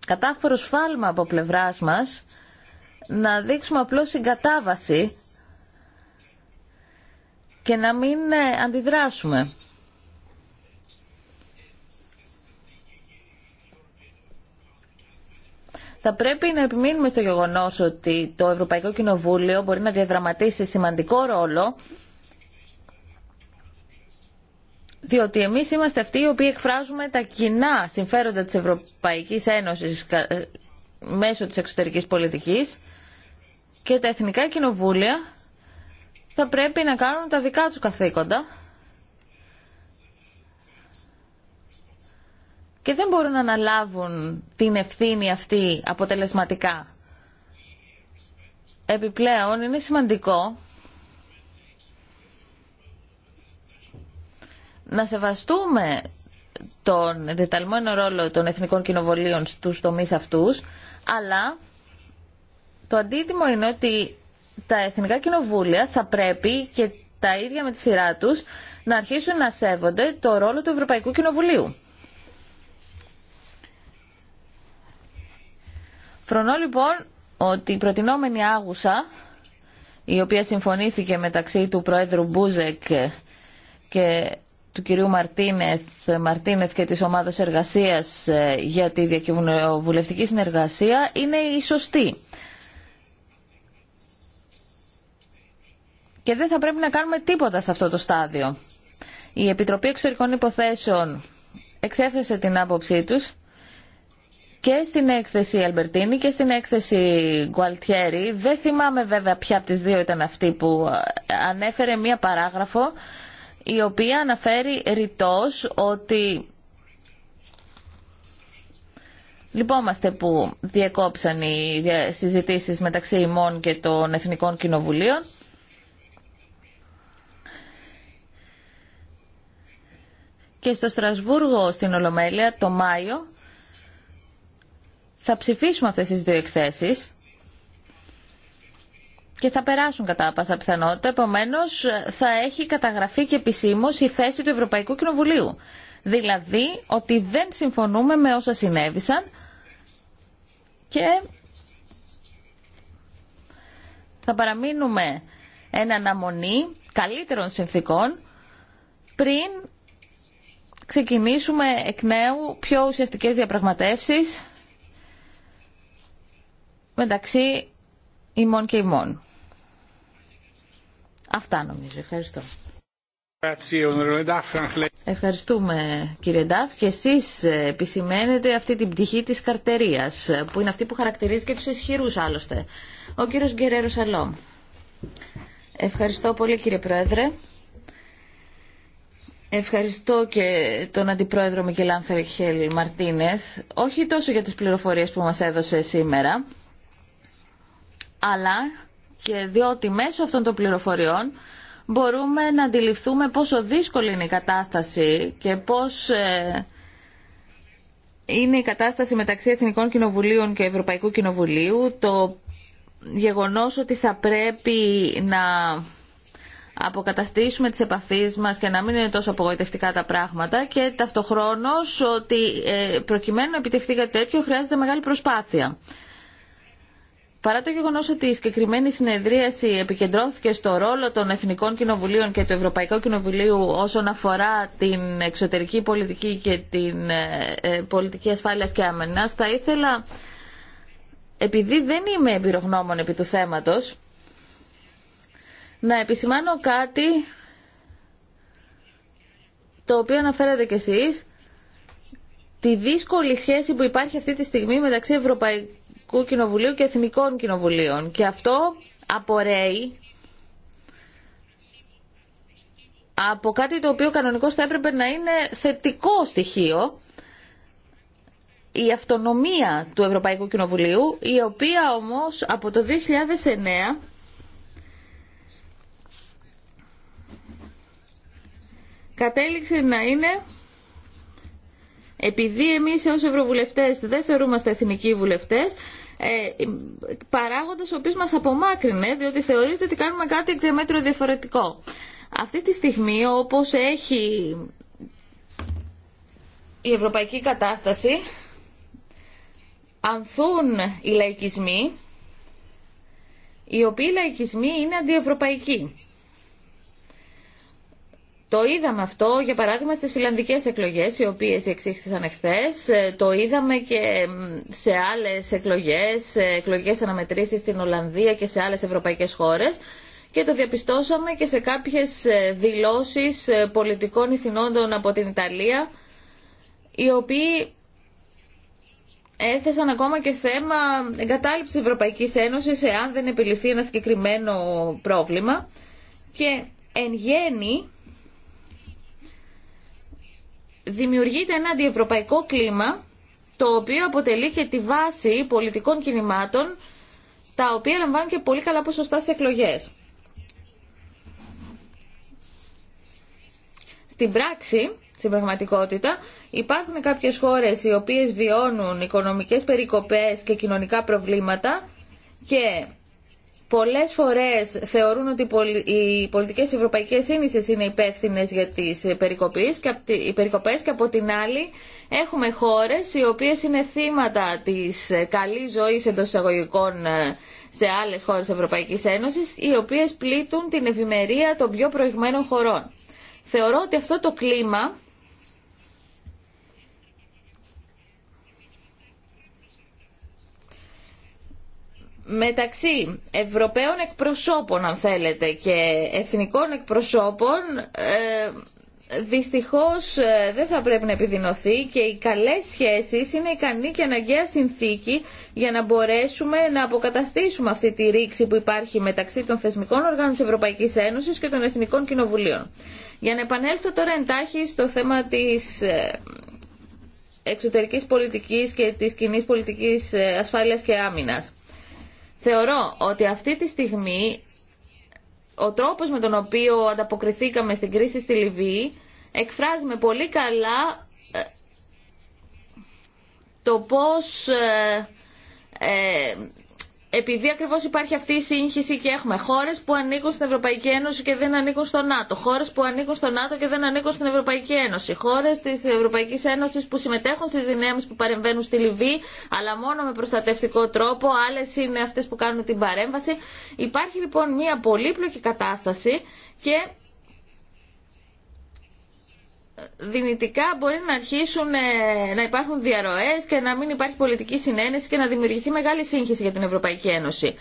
κατάφορο σφάλμα από πλευράς μας να δείξουμε απλώς συγκατάβαση και να μην ε, αντιδράσουμε. Θα πρέπει να επιμείνουμε στο γεγονός ότι το Ευρωπαϊκό Κοινοβούλιο μπορεί να διαδραματίσει σημαντικό ρόλο διότι εμείς είμαστε αυτοί οι οποίοι εκφράζουμε τα κοινά συμφέροντα της Ευρωπαϊκής Ένωσης ε, μέσω της εξωτερικής πολιτικής και τα εθνικά κοινοβούλια θα πρέπει να κάνουν τα δικά τους καθήκοντα και δεν μπορούν να αναλάβουν την ευθύνη αυτή αποτελεσματικά. Επιπλέον είναι σημαντικό να σεβαστούμε τον δεταλμένο ρόλο των εθνικών κοινοβολίων στους τομείς αυτούς, αλλά το αντίτιμο είναι ότι τα εθνικά κοινοβούλια θα πρέπει και τα ίδια με τη σειρά τους να αρχίσουν να σέβονται το ρόλο του Ευρωπαϊκού Κοινοβουλίου. Φρονώ λοιπόν ότι η προτινόμενη άγουσα, η οποία συμφωνήθηκε μεταξύ του Προέδρου Μπούζεκ και του κυρίου Μαρτίνεθ, Μαρτίνεθ και της ομάδας εργασίας ε, για τη διακοινωνιοβουλευτική συνεργασία είναι η σωστή. Και δεν θα πρέπει να κάνουμε τίποτα σε αυτό το στάδιο. Η Επιτροπή Εξωτερικών Υποθέσεων εξέφρασε την άποψή τους και στην έκθεση Αλμπερτίνη και στην έκθεση Γκουαλτιέρη. Δεν θυμάμαι βέβαια ποια από τις δύο ήταν αυτή που ε, ανέφερε μία παράγραφο η οποία αναφέρει ρητός ότι Λυπόμαστε που διεκόψαν οι συζητήσεις μεταξύ ημών και των Εθνικών Κοινοβουλίων. Και στο Στρασβούργο στην Ολομέλεια το Μάιο θα ψηφίσουμε αυτές τις δύο εκθέσεις και θα περάσουν κατά πάσα πιθανότητα. Επομένω, θα έχει καταγραφεί και επισήμω η θέση του Ευρωπαϊκού Κοινοβουλίου. Δηλαδή ότι δεν συμφωνούμε με όσα συνέβησαν και θα παραμείνουμε εν αναμονή καλύτερων συνθήκων πριν ξεκινήσουμε εκ νέου πιο ουσιαστικές διαπραγματεύσεις μεταξύ ημών και ημών. Αυτά νομίζω. Ευχαριστώ. Ευχαριστούμε κύριε Ντάφ και εσείς ε, επισημαίνετε αυτή την πτυχή της καρτερίας που είναι αυτή που χαρακτηρίζει και τους ισχυρούς άλλωστε. Ο κύριος Γκερέρο Σαλόμ. Ευχαριστώ πολύ κύριε Πρόεδρε. Ευχαριστώ και τον Αντιπρόεδρο Μικελάν Χέλ Μαρτίνεθ, όχι τόσο για τις πληροφορίες που μας έδωσε σήμερα, αλλά και διότι μέσω αυτών των πληροφοριών μπορούμε να αντιληφθούμε πόσο δύσκολη είναι η κατάσταση και πώς ε, είναι η κατάσταση μεταξύ Εθνικών Κοινοβουλίων και Ευρωπαϊκού Κοινοβουλίου, το γεγονός ότι θα πρέπει να αποκαταστήσουμε τις επαφές μας και να μην είναι τόσο απογοητευτικά τα πράγματα και ταυτοχρόνως ότι ε, προκειμένου να επιτευχθεί κάτι τέτοιο χρειάζεται μεγάλη προσπάθεια. Παρά το γεγονό ότι η συγκεκριμένη συνεδρίαση επικεντρώθηκε στο ρόλο των Εθνικών Κοινοβουλίων και του Ευρωπαϊκού Κοινοβουλίου όσον αφορά την εξωτερική πολιτική και την ε, ε, πολιτική ασφάλεια και άμενα, θα ήθελα, επειδή δεν είμαι εμπειρογνώμων επί του θέματο, να επισημάνω κάτι το οποίο αναφέρατε κι εσείς, τη δύσκολη σχέση που υπάρχει αυτή τη στιγμή μεταξύ Ευρωπαϊκού Ευρωπαϊκού Κοινοβουλίου και Εθνικών Κοινοβουλίων. Και αυτό απορρέει από κάτι το οποίο κανονικό θα έπρεπε να είναι θετικό στοιχείο, η αυτονομία του Ευρωπαϊκού Κοινοβουλίου, η οποία όμως από το 2009 κατέληξε να είναι επειδή εμείς ως ευρωβουλευτές δεν θεωρούμαστε εθνικοί βουλευτές, ε, παράγοντας ο οποίος μας απομάκρυνε διότι θεωρείται ότι κάνουμε κάτι εκδιαμέτρο διαφορετικό. Αυτή τη στιγμή όπως έχει η ευρωπαϊκή κατάσταση ανθούν οι λαϊκισμοί οι οποίοι λαϊκισμοί είναι αντιευρωπαϊκοί. Το είδαμε αυτό, για παράδειγμα, στις φιλανδικές εκλογές, οι οποίες εξήχθησαν εχθές. Ε, το είδαμε και σε άλλες εκλογές, εκλογές αναμετρήσεις στην Ολλανδία και σε άλλες ευρωπαϊκές χώρες. Και το διαπιστώσαμε και σε κάποιες ε, δηλώσεις ε, πολιτικών ηθινόντων από την Ιταλία, οι οποίοι έθεσαν ακόμα και θέμα εγκατάλειψης Ευρωπαϊκής Ένωσης εάν δεν επιληθεί ένα συγκεκριμένο πρόβλημα. Και εν δημιουργείται ένα αντιευρωπαϊκό κλίμα το οποίο αποτελεί και τη βάση πολιτικών κινημάτων τα οποία λαμβάνουν και πολύ καλά ποσοστά σε εκλογές. Στην πράξη, στην πραγματικότητα, υπάρχουν κάποιες χώρες οι οποίες βιώνουν οικονομικές περικοπές και κοινωνικά προβλήματα και πολλές φορές θεωρούν ότι οι πολιτικές ευρωπαϊκές σύνησες είναι υπεύθυνες για τις περικοπές και από την άλλη έχουμε χώρες οι οποίες είναι θύματα της καλής ζωής εντός εισαγωγικών ε, σε άλλες χώρες Ευρωπαϊκής Ένωσης οι οποίες πλήττουν την ευημερία των πιο προηγμένων χωρών. Θεωρώ ότι αυτό το κλίμα μεταξύ Ευρωπαίων εκπροσώπων αν θέλετε και εθνικών εκπροσώπων ε, δυστυχώς ε, δεν θα πρέπει να επιδεινωθεί και οι καλές σχέσεις είναι ικανή και αναγκαία συνθήκη για να μπορέσουμε να αποκαταστήσουμε αυτή τη ρήξη που υπάρχει μεταξύ των θεσμικών οργάνων της Ευρωπαϊκής Ένωσης και των Εθνικών Κοινοβουλίων. Για να επανέλθω τώρα εντάχει στο θέμα της ε, εξωτερικής πολιτικής και της κοινή πολιτικής ασφάλειας και άμυνας. Θεωρώ ότι αυτή τη στιγμή ο τρόπος με τον οποίο ανταποκριθήκαμε στην κρίση στη Λιβύη εκφράζει με πολύ καλά ε, το πώς ε, ε, επειδή ακριβώ υπάρχει αυτή η σύγχυση και έχουμε χώρε που ανήκουν στην Ευρωπαϊκή Ένωση και δεν ανήκουν στο ΝΑΤΟ, χώρε που ανήκουν στο ΝΑΤΟ και δεν ανήκουν στην Ευρωπαϊκή Ένωση, χώρε τη Ευρωπαϊκή Ένωση που συμμετέχουν στι δυνάμει που παρεμβαίνουν στη Λιβύη, αλλά μόνο με προστατευτικό τρόπο, άλλε είναι αυτέ που κάνουν την παρέμβαση. Υπάρχει λοιπόν μια πολύπλοκη κατάσταση και δυνητικά μπορεί να αρχίσουν ε, να υπάρχουν διαρροές και να μην υπάρχει πολιτική συνένεση και να δημιουργηθεί μεγάλη σύγχυση για την Ευρωπαϊκή Ένωση.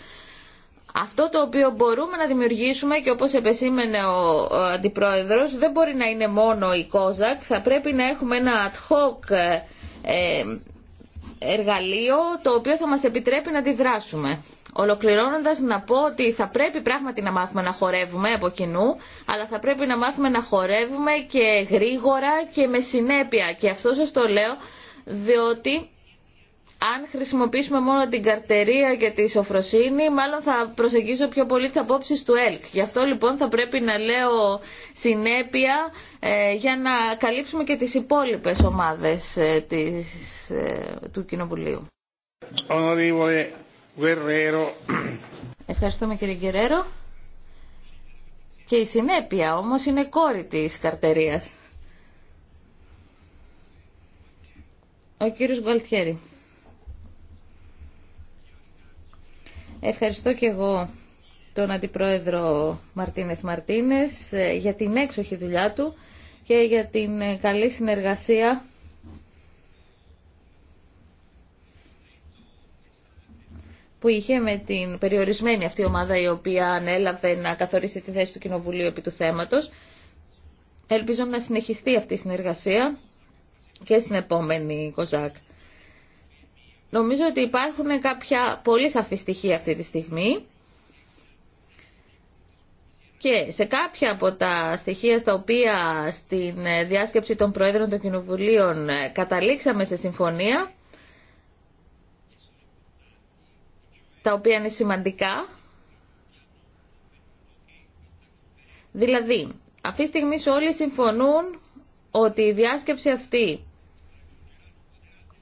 Αυτό το οποίο μπορούμε να δημιουργήσουμε και όπως επεσήμενε ο Αντιπρόεδρος δεν μπορεί να είναι μόνο η Κόζακ. θα πρέπει να έχουμε ένα ad hoc ε, ε, εργαλείο το οποίο θα μας επιτρέπει να τη δράσουμε. Ολοκληρώνοντας να πω ότι θα πρέπει πράγματι να μάθουμε να χορεύουμε από κοινού, αλλά θα πρέπει να μάθουμε να χορεύουμε και γρήγορα και με συνέπεια. Και αυτό σας το λέω διότι αν χρησιμοποιήσουμε μόνο την καρτερία και τη σοφροσύνη, μάλλον θα προσεγγίζω πιο πολύ τι απόψει του ΕΛΚ. Γι' αυτό λοιπόν θα πρέπει να λέω συνέπεια ε, για να καλύψουμε και τις υπόλοιπε ομάδε ε, ε, του Κοινοβουλίου. Ευχαριστούμε κύριε Γκερέρο. Και η συνέπεια όμως είναι κόρη της καρτερίας. Ο κύριος Γκουαλτιέρη. Ευχαριστώ και εγώ τον Αντιπρόεδρο Μαρτίνες Μαρτίνες για την έξοχη δουλειά του και για την ε, καλή συνεργασία που είχε με την περιορισμένη αυτή ομάδα η οποία ανέλαβε να καθορίσει τη θέση του Κοινοβουλίου επί του θέματος. Ελπίζω να συνεχιστεί αυτή η συνεργασία και στην επόμενη ΚΟΖΑΚ. Νομίζω ότι υπάρχουν κάποια πολύ σαφή στοιχεία αυτή τη στιγμή και σε κάποια από τα στοιχεία στα οποία στην ε, διάσκεψη των Προέδρων των Κοινοβουλίων ε, καταλήξαμε σε συμφωνία, τα οποία είναι σημαντικά. Δηλαδή, αυτή τη στιγμή όλοι συμφωνούν ότι η διάσκεψη αυτή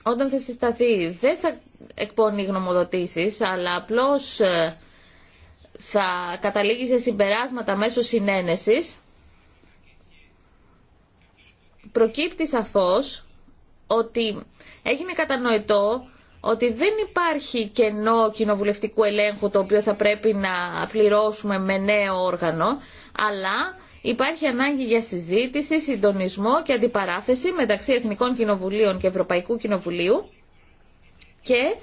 όταν θα συσταθεί δεν θα εκπώνει γνωμοδοτήσεις, αλλά απλώς ε, θα καταλήγει σε συμπεράσματα μέσω συνένεσης, προκύπτει σαφώς ότι έγινε κατανοητό ότι δεν υπάρχει κενό κοινοβουλευτικού ελέγχου το οποίο θα πρέπει να πληρώσουμε με νέο όργανο, αλλά υπάρχει ανάγκη για συζήτηση, συντονισμό και αντιπαράθεση μεταξύ Εθνικών Κοινοβουλίων και Ευρωπαϊκού Κοινοβουλίου και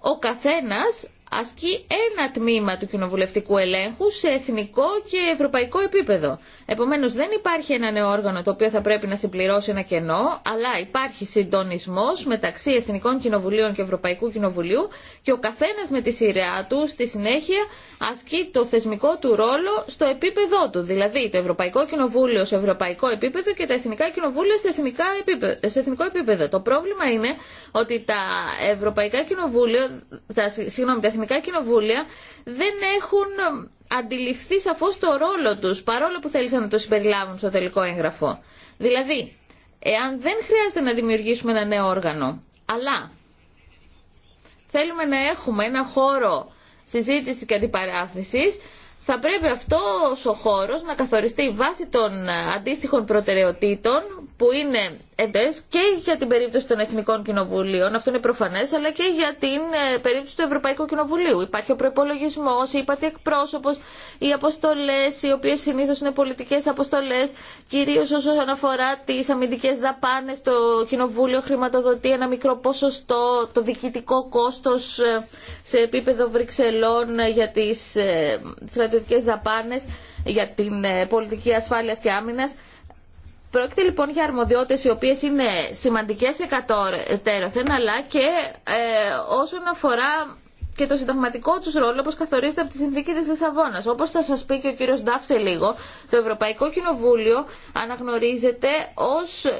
ο καθένας ασκεί ένα τμήμα του κοινοβουλευτικού ελέγχου σε εθνικό και ευρωπαϊκό επίπεδο. Επομένως δεν υπάρχει ένα νέο όργανο το οποίο θα πρέπει να συμπληρώσει ένα κενό, αλλά υπάρχει συντονισμός μεταξύ Εθνικών Κοινοβουλίων και Ευρωπαϊκού Κοινοβουλίου και ο καθένας με τη σειρά του στη συνέχεια ασκεί το θεσμικό του ρόλο στο επίπεδό του, δηλαδή το Ευρωπαϊκό Κοινοβούλιο σε ευρωπαϊκό επίπεδο και τα Εθνικά Κοινοβούλια σε, εθνικό επίπεδο. Το πρόβλημα είναι ότι τα Ευρωπαϊκά Κοινοβούλια, τα, εθνικά κοινοβούλια δεν έχουν ε, αντιληφθεί σαφώς το ρόλο τους, παρόλο που θέλησαν να το συμπεριλάβουν στο τελικό έγγραφο. Δηλαδή, εάν δεν χρειάζεται να δημιουργήσουμε ένα νέο όργανο, αλλά θέλουμε να έχουμε ένα χώρο συζήτηση και αντιπαράθεση, θα πρέπει αυτό ο χώρο να καθοριστεί βάσει των ε, αντίστοιχων προτεραιοτήτων που είναι εντέ και για την περίπτωση των Εθνικών Κοινοβουλίων, αυτό είναι προφανέ, αλλά και για την ε, περίπτωση του Ευρωπαϊκού Κοινοβουλίου. Υπάρχει ο προπολογισμό, η υπατή εκπρόσωπο, οι αποστολέ, οι οποίε συνήθω είναι πολιτικέ αποστολέ, κυρίω όσον αφορά τι αμυντικέ δαπάνε, το Κοινοβούλιο χρηματοδοτεί ένα μικρό ποσοστό, το διοικητικό κόστο ε, σε επίπεδο Βρυξελών ε, για τι στρατιωτικέ δαπάνε, για την πολιτική ασφάλεια και άμυνα. Πρόκειται λοιπόν για αρμοδιότητες οι οποίες είναι σημαντικές εκατόρθεν αλλά και ε, όσον αφορά και το συνταγματικό του ρόλο όπω καθορίζεται από τη συνθήκη τη Λισαβόνα. Όπω θα σα πει και ο κύριο Ντάφ σε λίγο, το Ευρωπαϊκό Κοινοβούλιο αναγνωρίζεται ω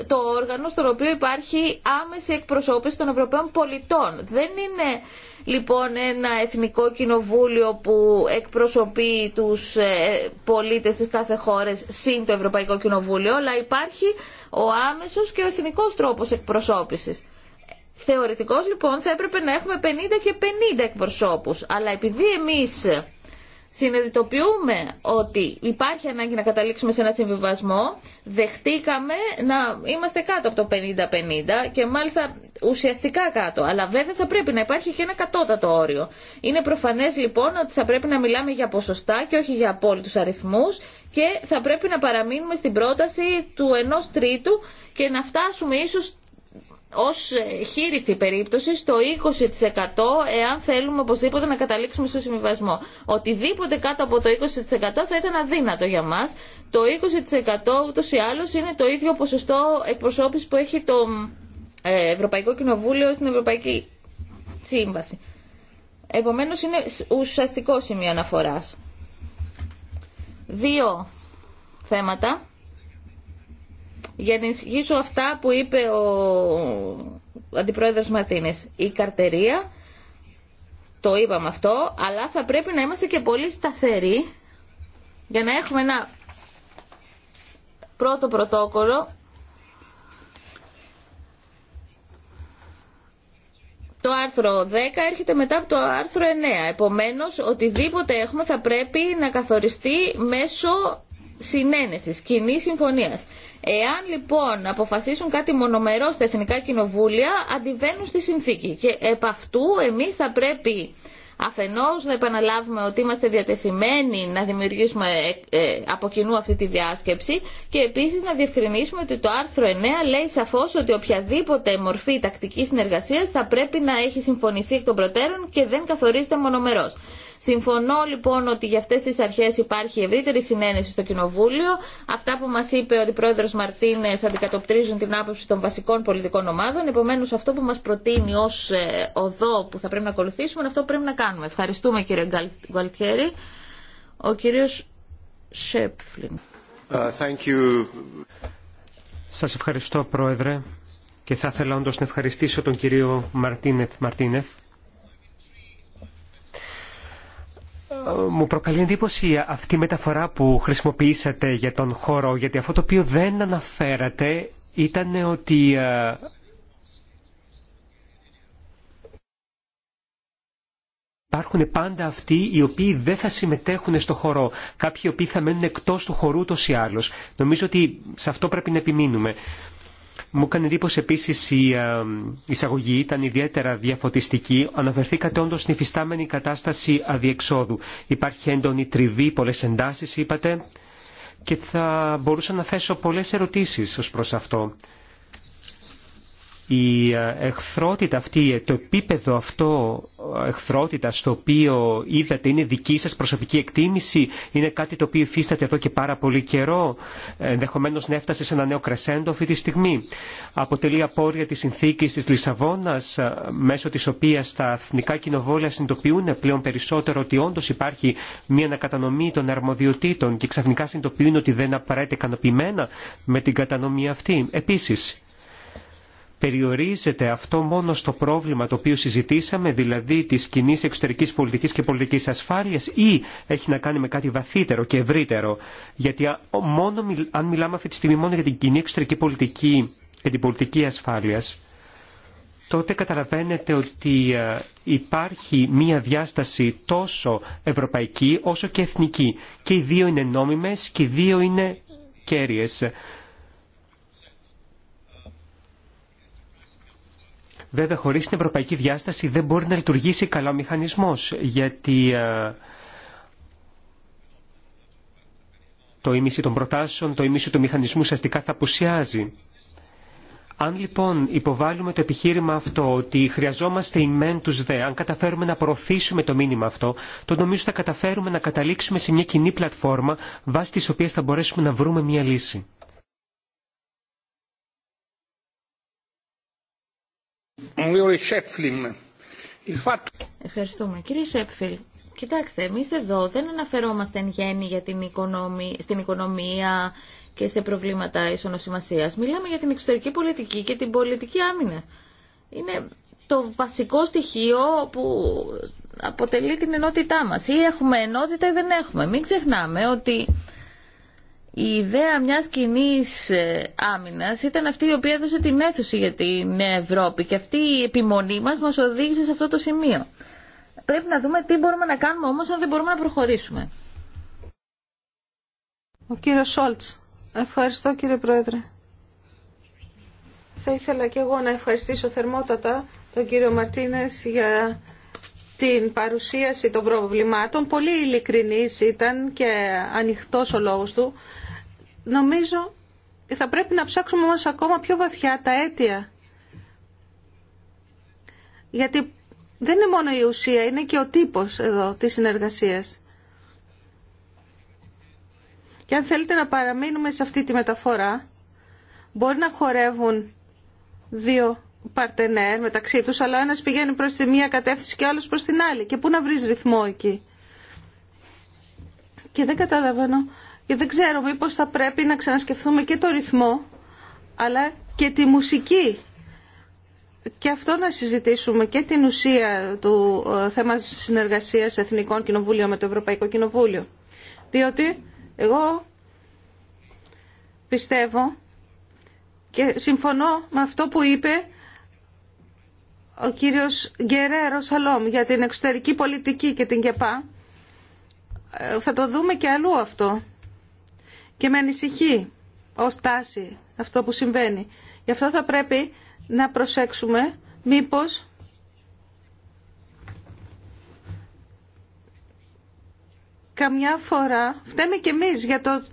το όργανο στο οποίο υπάρχει άμεση εκπροσώπηση των Ευρωπαίων πολιτών. Δεν είναι λοιπόν ένα εθνικό κοινοβούλιο που εκπροσωπεί τους ε, πολίτες της κάθε χώρας συν το Ευρωπαϊκό Κοινοβούλιο, αλλά υπάρχει ο άμεσος και ο εθνικός τρόπος εκπροσώπησης. Θεωρητικώς λοιπόν θα έπρεπε να έχουμε 50 και 50 εκπροσώπους, αλλά επειδή εμείς συνειδητοποιούμε ότι υπάρχει ανάγκη να καταλήξουμε σε ένα συμβιβασμό, δεχτήκαμε να είμαστε κάτω από το 50-50 και μάλιστα ουσιαστικά κάτω. Αλλά βέβαια θα πρέπει να υπάρχει και ένα κατώτατο όριο. Είναι προφανές λοιπόν ότι θα πρέπει να μιλάμε για ποσοστά και όχι για απόλυτους αριθμούς και θα πρέπει να παραμείνουμε στην πρόταση του ενός τρίτου και να φτάσουμε ίσως ως χείριστη περίπτωση στο 20% εάν θέλουμε οπωσδήποτε να καταλήξουμε στο συμβιβασμό. Οτιδήποτε κάτω από το 20% θα ήταν αδύνατο για μας. Το 20% ούτως ή άλλως είναι το ίδιο ποσοστό εκπροσώπηση που έχει το ε, Ευρωπαϊκό Κοινοβούλιο στην Ευρωπαϊκή Σύμβαση. Επομένως είναι ουσιαστικό σημείο αναφοράς. Δύο θέματα για να ενισχύσω αυτά που είπε ο Αντιπρόεδρος Ματίνης, Η καρτερία, το είπαμε αυτό, αλλά θα πρέπει να είμαστε και πολύ σταθεροί για να έχουμε ένα πρώτο πρωτόκολλο Το άρθρο 10 έρχεται μετά από το άρθρο 9. Επομένως, οτιδήποτε έχουμε θα πρέπει να καθοριστεί μέσω συνένεσης, κοινή συμφωνίας. Εάν λοιπόν αποφασίσουν κάτι μονομερό στα εθνικά κοινοβούλια, αντιβαίνουν στη συνθήκη. Και επ' αυτού εμείς θα πρέπει αφενός να επαναλάβουμε ότι είμαστε διατεθειμένοι να δημιουργήσουμε ε, ε, από κοινού αυτή τη διάσκεψη και επίσης να διευκρινίσουμε ότι το άρθρο 9 λέει σαφώς ότι οποιαδήποτε μορφή τακτικής συνεργασίας θα πρέπει να έχει συμφωνηθεί εκ των προτέρων και δεν καθορίζεται μονομερός. Συμφωνώ λοιπόν ότι για αυτές τις αρχές υπάρχει ευρύτερη συνένεση στο Κοινοβούλιο. Αυτά που μας είπε ο Πρόεδρος Μαρτίνες αντικατοπτρίζουν την άποψη των βασικών πολιτικών ομάδων. Επομένω αυτό που μας προτείνει ως ε, οδό που θα πρέπει να ακολουθήσουμε είναι αυτό που πρέπει να κάνουμε. Ευχαριστούμε κύριε Γκουαλτιέρη. Ο κύριο Σέπφλιν. Uh, σα ευχαριστώ Πρόεδρε και θα ήθελα όντω να ευχαριστήσω τον κύριο Μαρτίνεθ Μαρτίνεθ Ε, μου προκαλεί εντύπωση αυτή η μεταφορά που χρησιμοποιήσατε για τον χώρο, γιατί αυτό το οποίο δεν αναφέρατε ήταν ότι ε, υπάρχουν πάντα αυτοί οι οποίοι δεν θα συμμετέχουν στο χορό. Κάποιοι οποίοι θα μένουν εκτός του χορού τόσοι ή άλλως. Νομίζω ότι σε αυτό πρέπει να επιμείνουμε. Μου έκανε εντύπωση επίση η ε, εισαγωγή, ήταν ιδιαίτερα διαφωτιστική. Αναφερθήκατε όντω στην υφιστάμενη κατάσταση αδιεξόδου. Υπάρχει έντονη τριβή, πολλέ εντάσει είπατε και θα μπορούσα να θέσω πολλέ ερωτήσει ω προ αυτό η ε, εχθρότητα αυτή, το επίπεδο αυτό ε, εχθρότητα στο οποίο είδατε είναι δική σας προσωπική εκτίμηση, είναι κάτι το οποίο υφίσταται εδώ και πάρα πολύ καιρό, ενδεχομένως να έφτασε σε ένα νέο κρεσέντο αυτή τη στιγμή. Αποτελεί απόρρια τη συνθήκη της Λισαβόνας, ε, μέσω της οποίας τα εθνικά κοινοβόλια συνειδητοποιούν πλέον περισσότερο ότι όντως υπάρχει μια ανακατανομή των αρμοδιοτήτων και ξαφνικά συνειδητοποιούν ότι δεν απαραίτητα ικανοποιημένα με την κατανομή αυτή. Επίσης, περιορίζεται αυτό μόνο στο πρόβλημα το οποίο συζητήσαμε, δηλαδή τη κοινή εξωτερικής πολιτικής και πολιτικής ασφάλειας ή έχει να κάνει με κάτι βαθύτερο και ευρύτερο. Γιατί μόνο, αν μιλάμε αυτή τη στιγμή μόνο για την κοινή εξωτερική πολιτική και την πολιτική ασφάλειας, τότε καταλαβαίνετε ότι ε, υπάρχει μία διάσταση τόσο ευρωπαϊκή όσο και εθνική. Και οι δύο είναι νόμιμες και οι δύο είναι κέρυες. Βέβαια, χωρίς την ευρωπαϊκή διάσταση δεν μπορεί να λειτουργήσει καλά ο μηχανισμός, γιατί ε, το ίμιση των προτάσεων, το ίμιση του μηχανισμού ουσιαστικά θα απουσιάζει. Αν λοιπόν υποβάλουμε το επιχείρημα αυτό ότι χρειαζόμαστε μεν του δε, αν καταφέρουμε να προωθήσουμε το μήνυμα αυτό, το νομίζω θα καταφέρουμε να καταλήξουμε σε μια κοινή πλατφόρμα βάσει τη οποία θα μπορέσουμε να βρούμε μια λύση. Ευχαριστούμε. Κύριε Σέπφιλ, κοιτάξτε, εμείς εδώ δεν αναφερόμαστε εν γέννη για την οικονομή, στην οικονομία και σε προβλήματα ισονοσημασίας. Μιλάμε για την εξωτερική πολιτική και την πολιτική άμυνα. Είναι το βασικό στοιχείο που αποτελεί την ενότητά μας. Ή έχουμε ενότητα ή δεν έχουμε. Μην ξεχνάμε ότι η ιδέα μιας κοινή ε, άμυνας ήταν αυτή η οποία έδωσε την αίθουση για την Ευρώπη και αυτή η επιμονή μας μας οδήγησε σε αυτό το σημείο. Πρέπει να δούμε τι μπορούμε να κάνουμε όμως αν δεν μπορούμε να προχωρήσουμε. Ο κύριος Σόλτς. Ευχαριστώ κύριε Πρόεδρε. Θα ήθελα και εγώ να ευχαριστήσω θερμότατα τον κύριο Μαρτίνες για την παρουσίαση των προβλημάτων. Πολύ ειλικρινής ήταν και ανοιχτός ο λόγος του. Νομίζω θα πρέπει να ψάξουμε όμως ακόμα πιο βαθιά τα αίτια. Γιατί δεν είναι μόνο η ουσία, είναι και ο τύπος εδώ της συνεργασίας. Και αν θέλετε να παραμείνουμε σε αυτή τη μεταφορά, μπορεί να χορεύουν δύο παρτενέρ μεταξύ τους, αλλά ο ένας πηγαίνει προς τη μία κατεύθυνση και ο άλλος προς την άλλη. Και πού να βρεις ρυθμό εκεί. Και δεν καταλαβαίνω. Και δεν ξέρω μήπως θα πρέπει να ξανασκεφτούμε και το ρυθμό, αλλά και τη μουσική. Και αυτό να συζητήσουμε και την ουσία του θέμα ε, θέματος της συνεργασίας Εθνικών Κοινοβούλιο με το Ευρωπαϊκό Κοινοβούλιο. Διότι εγώ πιστεύω και συμφωνώ με αυτό που είπε ο κύριος Γκερέρο Σαλόμ για την εξωτερική πολιτική και την ΚΕΠΑ. Ε, θα το δούμε και αλλού αυτό. Και με ανησυχεί ω τάση αυτό που συμβαίνει. Γι' αυτό θα πρέπει να προσέξουμε μήπως καμιά φορά φταίμε και εμείς για τον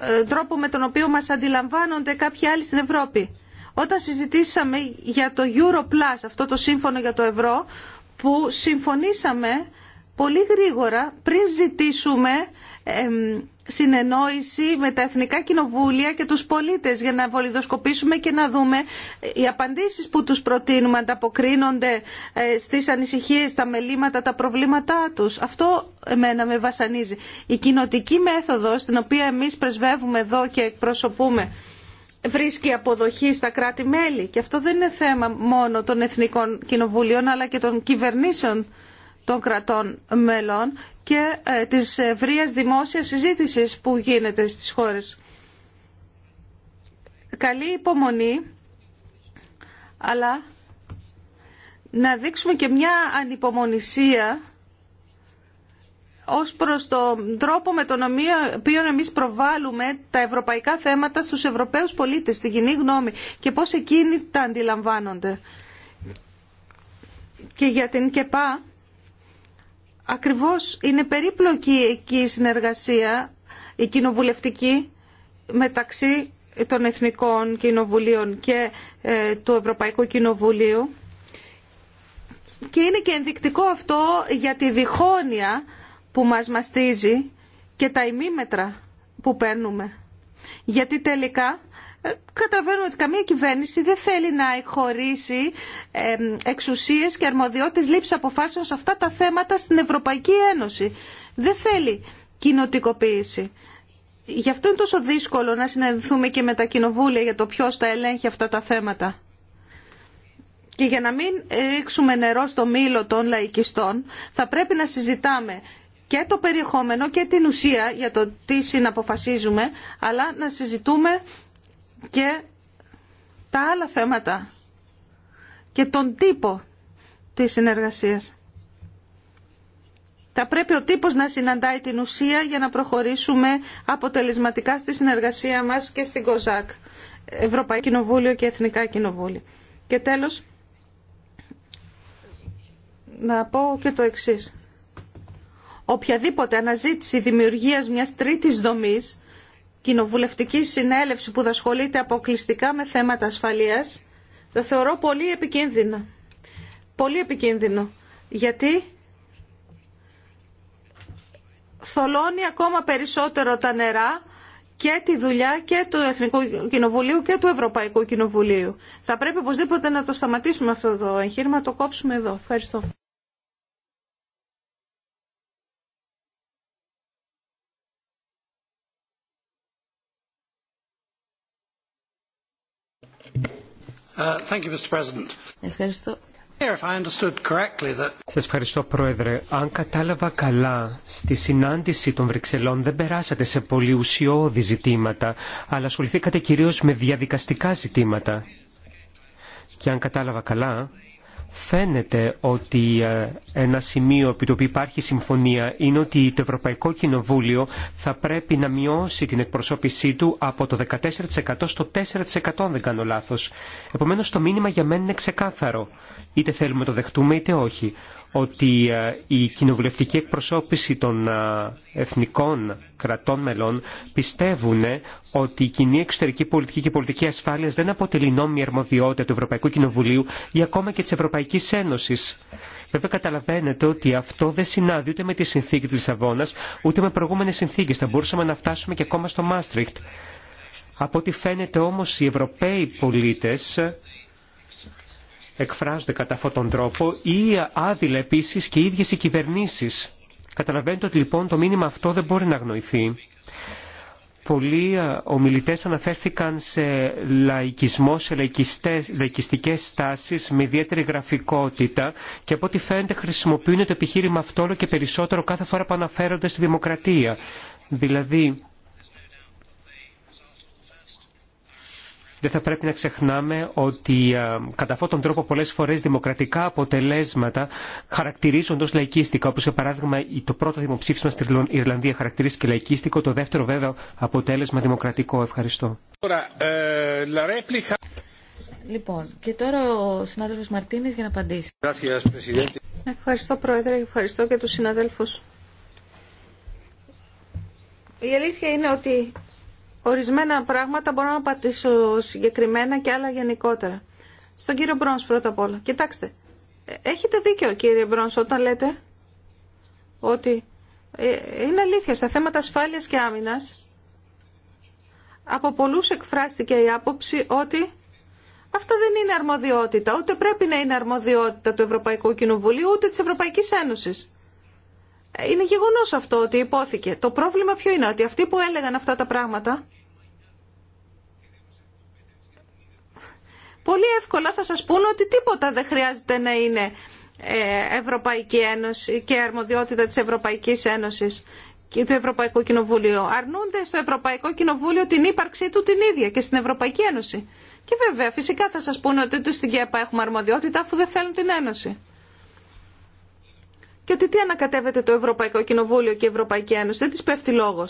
ε, τρόπο με τον οποίο μας αντιλαμβάνονται κάποιοι άλλοι στην Ευρώπη. Όταν συζητήσαμε για το Europlus, αυτό το σύμφωνο για το ευρώ, που συμφωνήσαμε πολύ γρήγορα πριν ζητήσουμε συνεννόηση με τα εθνικά κοινοβούλια και τους πολίτες για να βολιδοσκοπήσουμε και να δούμε ε, οι απαντήσεις που τους προτείνουμε ανταποκρίνονται ε, στις ανησυχίες, τα μελήματα, τα προβλήματά τους. Αυτό εμένα με βασανίζει. Η κοινοτική μέθοδος, την οποία εμείς πρεσβεύουμε εδώ και εκπροσωπούμε βρίσκει αποδοχή στα κράτη-μέλη. Και αυτό δεν είναι θέμα μόνο των εθνικών κοινοβουλίων, αλλά και των κυβερνήσεων των κρατών μελών και ε, της ευρεία δημόσιας συζήτησης που γίνεται στις χώρες. Καλή υπομονή, αλλά να δείξουμε και μια ανυπομονησία ως προς τον τρόπο με τον οποίο εμείς προβάλλουμε τα ευρωπαϊκά θέματα στους Ευρωπαίους πολίτες, στην κοινή γνώμη και πώς εκείνοι τα αντιλαμβάνονται. Και για την ΚΕΠΑ, ακριβώς είναι περίπλοκη εκεί η συνεργασία, η κοινοβουλευτική, μεταξύ των Εθνικών Κοινοβουλίων και ε, του Ευρωπαϊκού Κοινοβουλίου. Και είναι και ενδεικτικό αυτό για τη διχόνοια που μας μαστίζει και τα ημίμετρα που παίρνουμε. Γιατί τελικά ε, καταλαβαίνουμε ότι καμία κυβέρνηση δεν θέλει να εκχωρήσει εξουσίες και αρμοδιότητες λήψης αποφάσεων σε αυτά τα θέματα στην Ευρωπαϊκή Ένωση. Δεν θέλει κοινοτικοποίηση. Γι' αυτό είναι τόσο δύσκολο να συναντηθούμε και με τα κοινοβούλια για το ποιο τα ελέγχει αυτά τα θέματα. Και για να μην ρίξουμε νερό στο μήλο των λαϊκιστών, θα πρέπει να συζητάμε και το περιεχόμενο και την ουσία για το τι συναποφασίζουμε, αλλά να συζητούμε και τα άλλα θέματα και τον τύπο της συνεργασίας. Θα πρέπει ο τύπος να συναντάει την ουσία για να προχωρήσουμε αποτελεσματικά στη συνεργασία μας και στην ΚΟΖΑΚ, Ευρωπαϊκό Κοινοβούλιο και Εθνικά Κοινοβούλια. Και τέλος, να πω και το εξής οποιαδήποτε αναζήτηση δημιουργίας μιας τρίτης δομής, κοινοβουλευτική συνέλευση που θα ασχολείται αποκλειστικά με θέματα ασφαλείας, το θεωρώ πολύ επικίνδυνο. Πολύ επικίνδυνο. Γιατί θολώνει ακόμα περισσότερο τα νερά και τη δουλειά και του Εθνικού Κοινοβουλίου και του Ευρωπαϊκού Κοινοβουλίου. Θα πρέπει οπωσδήποτε να το σταματήσουμε αυτό το εγχείρημα, το κόψουμε εδώ. Ευχαριστώ. Uh, ευχαριστώ. ευχαριστώ Πρόεδρε. Αν κατάλαβα καλά, στη συνάντηση των Βρυξελών δεν περάσατε σε πολύ ουσιώδη ζητήματα, αλλά ασχοληθήκατε κυρίως με διαδικαστικά ζητήματα. Και αν κατάλαβα καλά, Φαίνεται ότι ε, ένα σημείο επί το οποίο υπάρχει συμφωνία είναι ότι το Ευρωπαϊκό Κοινοβούλιο θα πρέπει να μειώσει την εκπροσώπησή του από το 14% στο 4% αν δεν κάνω λάθος. Επομένως το μήνυμα για μένα είναι ξεκάθαρο είτε θέλουμε το δεχτούμε είτε όχι, ότι ε, η κοινοβουλευτική εκπροσώπηση των ε, εθνικών κρατών μελών πιστεύουν ε, ότι η κοινή εξωτερική πολιτική και πολιτική ασφάλεια δεν αποτελεί νόμιμη αρμοδιότητα του Ευρωπαϊκού Κοινοβουλίου ή ακόμα και τη Ευρωπαϊκή Ένωση. Βέβαια καταλαβαίνετε ότι αυτό δεν συνάδει ούτε με τη συνθήκη τη Λισαβόνα, ούτε με προηγούμενε συνθήκε. Θα μπορούσαμε να φτάσουμε και ακόμα στο Μάστριχτ. Από ό,τι φαίνεται όμως οι Ευρωπαίοι πολίτες εκφράζονται κατά αυτόν τον τρόπο ή άδειλα επίση και οι ίδιε οι κυβερνήσεις. Καταλαβαίνετε ότι λοιπόν το μήνυμα αυτό δεν μπορεί να αγνοηθεί. Πολλοί ε, ομιλητέ αναφέρθηκαν σε λαϊκισμό, σε λαϊκιστικέ στάσει, με ιδιαίτερη γραφικότητα και από ό,τι φαίνεται χρησιμοποιούν το επιχείρημα αυτό όλο και περισσότερο κάθε φορά που αναφέρονται στη δημοκρατία. Δηλαδή, δεν θα πρέπει να ξεχνάμε ότι κατά αυτόν τον τρόπο πολλές φορές δημοκρατικά αποτελέσματα χαρακτηρίζονται ως λαϊκίστικα, όπως για παράδειγμα το πρώτο δημοψήφισμα στην Ιρλανδία χαρακτηρίστηκε λαϊκίστικο, το δεύτερο βέβαια αποτέλεσμα δημοκρατικό. Ευχαριστώ. Ε, λοιπόν, και τώρα ο συνάδελφος Μαρτίνης για να απαντήσει. Ευχαριστώ Πρόεδρε, ευχαριστώ και τους συναδέλφους. Η αλήθεια είναι ότι ορισμένα πράγματα μπορώ να πατήσω συγκεκριμένα και άλλα γενικότερα. Στον κύριο Μπρόνς πρώτα απ' όλα. Κοιτάξτε, ε, έχετε δίκιο κύριε Μπρόνς όταν λέτε ότι ε, είναι αλήθεια στα θέματα ασφάλειας και άμυνας από πολλούς εκφράστηκε η άποψη ότι αυτά δεν είναι αρμοδιότητα, ούτε πρέπει να είναι αρμοδιότητα του Ευρωπαϊκού Κοινοβουλίου, ούτε της Ευρωπαϊκής Ένωσης. Είναι γεγονός αυτό ότι υπόθηκε. Το πρόβλημα ποιο είναι, ότι αυτοί που έλεγαν αυτά τα πράγματα πολύ εύκολα θα σας πούνε ότι τίποτα δεν χρειάζεται να είναι ε, Ευρωπαϊκή Ένωση και αρμοδιότητα της Ευρωπαϊκής Ένωσης και του Ευρωπαϊκού Κοινοβουλίου. Αρνούνται στο Ευρωπαϊκό Κοινοβούλιο την ύπαρξή του την ίδια και στην Ευρωπαϊκή Ένωση. Και βέβαια, φυσικά θα σας πούνε ότι ούτε στην ΚΕΠΑ έχουμε αρμοδιότητα αφού δεν θέλουν την Ένωση. Και ότι τι ανακατεύεται το Ευρωπαϊκό Κοινοβούλιο και η Ευρωπαϊκή Ένωση, δεν τη πέφτει λόγο.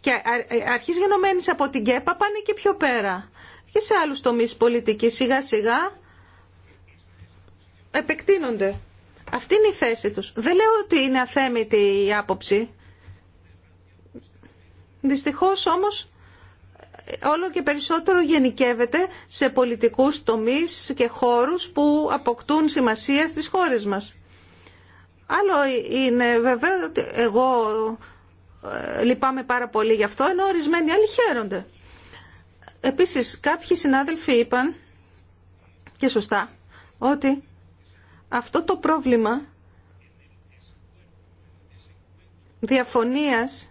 Και ε, αρχίζει γενομένης από την ΚΕΠΑ πάνε και πιο πέρα. Και σε άλλους τομεί πολιτική σιγά σιγά επεκτείνονται. Αυτή είναι η θέση τους. Δεν λέω ότι είναι αθέμητη η άποψη. Δυστυχώ όμω όλο και περισσότερο γενικεύεται σε πολιτικούς τομείς και χώρους που αποκτούν σημασία στις χώρες μας. Άλλο είναι βέβαια ότι εγώ ε, λυπάμαι πάρα πολύ γι' αυτό, ενώ ορισμένοι άλλοι χαίρονται. Επίσης, κάποιοι συνάδελφοι είπαν, και σωστά, ότι αυτό το πρόβλημα διαφωνίας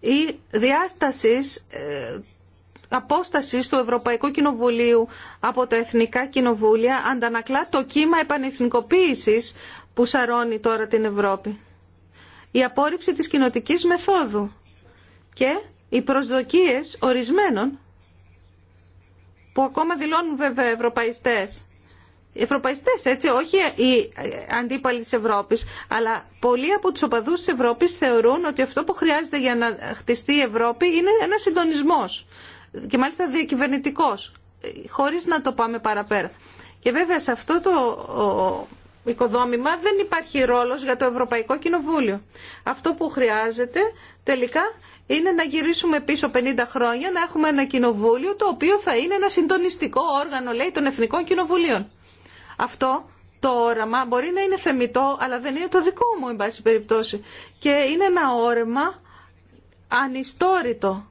ή διάστασης ε, απόστασης του Ευρωπαϊκού Κοινοβουλίου από τα Εθνικά Κοινοβούλια αντανακλά το κύμα επανεθνικοποίησης που σαρώνει τώρα την Ευρώπη. Η απόρριψη της κοινοτικής μεθόδου και οι προσδοκίες ορισμένων που ακόμα δηλώνουν βέβαια ευρωπαϊστές. Οι ευρωπαϊστές έτσι, όχι οι αντίπαλοι της Ευρώπης, αλλά πολλοί από τους οπαδούς της Ευρώπης θεωρούν ότι αυτό που χρειάζεται για να χτιστεί η Ευρώπη είναι ένα συντονισμός και μάλιστα διακυβερνητικός, χωρίς να το πάμε παραπέρα. Και βέβαια σε αυτό το οικοδόμημα δεν υπάρχει ρόλος για το Ευρωπαϊκό Κοινοβούλιο. Αυτό που χρειάζεται τελικά είναι να γυρίσουμε πίσω 50 χρόνια, να έχουμε ένα κοινοβούλιο το οποίο θα είναι ένα συντονιστικό όργανο, λέει, των Εθνικών Κοινοβουλίων. Αυτό το όραμα μπορεί να είναι θεμητό, αλλά δεν είναι το δικό μου, εν πάση περιπτώσει. Και είναι ένα όρεμα ανιστόρητο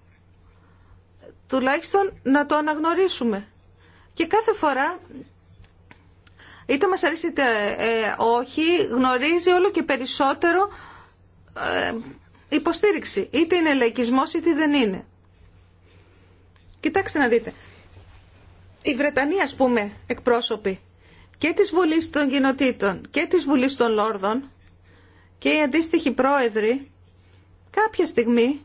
τουλάχιστον να το αναγνωρίσουμε. Και κάθε φορά, είτε μας αρέσει είτε ε, όχι, γνωρίζει όλο και περισσότερο ε, υποστήριξη. Είτε είναι λαϊκισμός είτε δεν είναι. Κοιτάξτε να δείτε. Η Βρετανία, ας πούμε, εκπρόσωποι και της Βουλής των Κοινοτήτων και της Βουλής των Λόρδων και οι αντίστοιχοι πρόεδροι κάποια στιγμή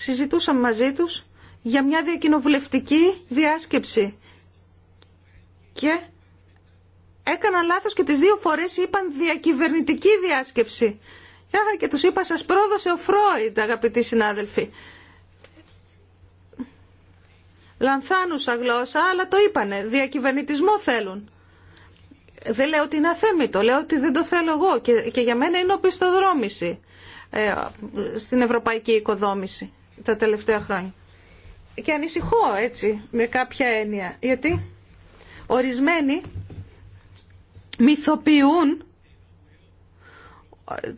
συζητούσαμε μαζί τους για μια διακοινοβουλευτική διάσκεψη. Και έκαναν λάθος και τις δύο φορές είπαν διακυβερνητική διάσκεψη. Και τους είπα σας πρόδωσε ο Φρόιντ αγαπητοί συνάδελφοι. Λανθάνουσα γλώσσα αλλά το είπανε. Διακυβερνητισμό θέλουν. Δεν λέω ότι είναι αθέμητο. Λέω ότι δεν το θέλω εγώ και, για μένα είναι οπισθοδρόμηση ε, στην ευρωπαϊκή οικοδόμηση τα τελευταία χρόνια. Και ανησυχώ έτσι με κάποια έννοια. Γιατί ορισμένοι μυθοποιούν ε,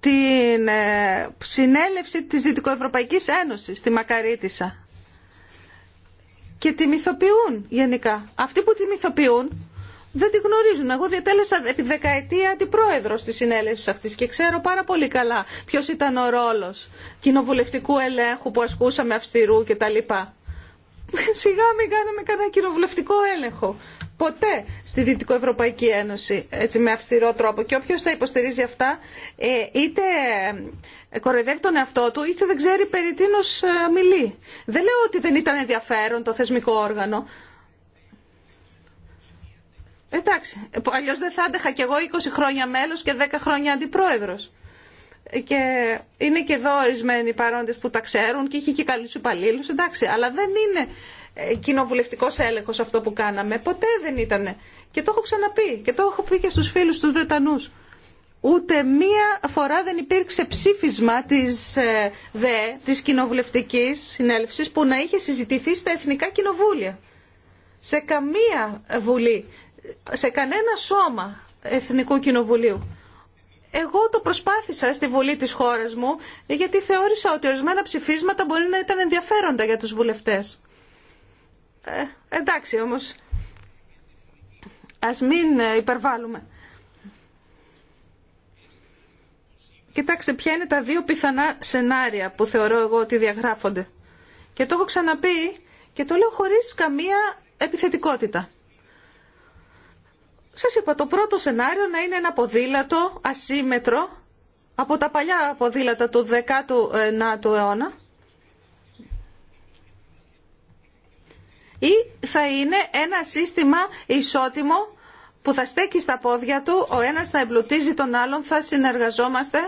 την ε, συνέλευση της Δυτικοευρωπαϊκής Ένωσης τη Μακαρίτησα. Και τη μυθοποιούν γενικά. Αυτοί που τη μυθοποιούν δεν τη γνωρίζουν. Εγώ διατέλεσα επί δεκαετία αντιπρόεδρο τη συνέλευση αυτή και ξέρω πάρα πολύ καλά ποιο ήταν ο ρόλο κοινοβουλευτικού ελέγχου που ασκούσαμε αυστηρού κτλ. Σιγά μην κάναμε κανένα κοινοβουλευτικό έλεγχο. Ποτέ στη Δυτικοευρωπαϊκή Ένωση έτσι, με αυστηρό τρόπο. Και όποιο θα υποστηρίζει αυτά, ε, είτε κοροϊδεύει τον εαυτό του, είτε δεν ξέρει περί τίνο ε, μιλεί. Δεν λέω ότι δεν ήταν ενδιαφέρον το θεσμικό όργανο. Εντάξει, αλλιώς δεν θα άντεχα κι εγώ 20 χρόνια μέλος και 10 χρόνια αντιπρόεδρος. Και είναι και εδώ ορισμένοι παρόντες που τα ξέρουν και είχε και καλούς υπαλλήλους, εντάξει. Αλλά δεν είναι ε, κοινοβουλευτικός έλεγχος αυτό που κάναμε. Ποτέ δεν ήταν. Και το έχω ξαναπεί και το έχω πει και στους φίλους τους Βρετανούς. Ούτε μία φορά δεν υπήρξε ψήφισμα της ε, ΔΕ, της κοινοβουλευτικής συνέλευσης, που να είχε συζητηθεί στα εθνικά κοινοβούλια. Σε καμία βουλή σε κανένα σώμα Εθνικού Κοινοβουλίου. Εγώ το προσπάθησα στη Βουλή της χώρας μου γιατί θεώρησα ότι ορισμένα ψηφίσματα μπορεί να ήταν ενδιαφέροντα για τους βουλευτές. Ε, εντάξει όμως, ας μην ε, υπερβάλλουμε. Κοιτάξτε, ποια είναι τα δύο πιθανά σενάρια που θεωρώ εγώ ότι διαγράφονται. Και το έχω ξαναπεί και το λέω χωρίς καμία επιθετικότητα. Σας είπα, το πρώτο σενάριο να είναι ένα ποδήλατο ασύμετρο από τα παλιά ποδήλατα του 19ου αιώνα ή θα είναι ένα σύστημα ισότιμο που θα στέκει στα πόδια του, ο ένας θα εμπλουτίζει τον άλλον, θα συνεργαζόμαστε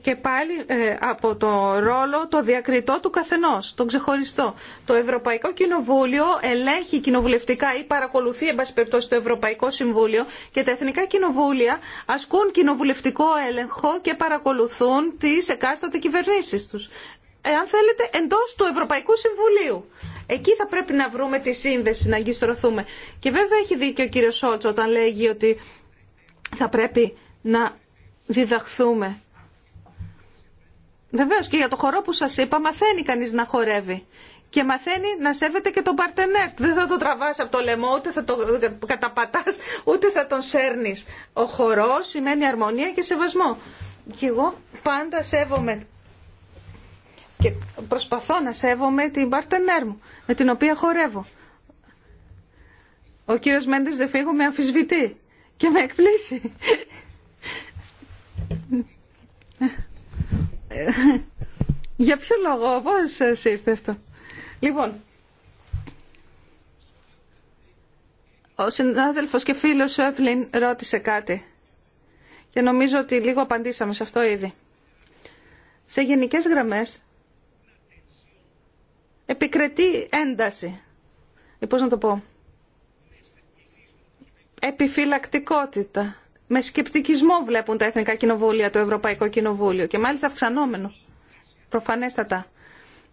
και πάλι ε, από το ρόλο το διακριτό του καθενός, τον ξεχωριστό. Το Ευρωπαϊκό Κοινοβούλιο ελέγχει κοινοβουλευτικά ή παρακολουθεί εν το Ευρωπαϊκό Συμβούλιο και τα Εθνικά Κοινοβούλια ασκούν κοινοβουλευτικό έλεγχο και παρακολουθούν τις εκάστοτε κυβερνήσεις τους. Εάν θέλετε, εντός του Ευρωπαϊκού Συμβουλίου. Εκεί θα πρέπει να βρούμε τη σύνδεση, να αγκιστρωθούμε. Και βέβαια έχει δίκιο ο κύριος όταν λέγει ότι θα πρέπει να διδαχθούμε Βεβαίω και για το χορό που σα είπα, μαθαίνει κανεί να χορεύει. Και μαθαίνει να σέβεται και τον παρτενέρ. Δεν θα το τραβά από το λαιμό, ούτε θα το καταπατά, ούτε θα τον σέρνει. Ο χορό σημαίνει αρμονία και σεβασμό. Και εγώ πάντα σέβομαι και προσπαθώ να σέβομαι την παρτενέρ μου, με την οποία χορεύω. Ο κύριος Μέντε δεν φύγω με αμφισβητεί και με εκπλήσει. Ε, για ποιο λόγο, πώς σας ήρθε αυτό. Λοιπόν, ο συνάδελφος και φίλος Εύλιν ρώτησε κάτι και νομίζω ότι λίγο απαντήσαμε σε αυτό ήδη. Σε γενικές γραμμές επικρετεί ένταση. Ή ε, πώς να το πω. Επιφυλακτικότητα με σκεπτικισμό βλέπουν τα Εθνικά Κοινοβούλια, το Ευρωπαϊκό Κοινοβούλιο και μάλιστα αυξανόμενο, προφανέστατα.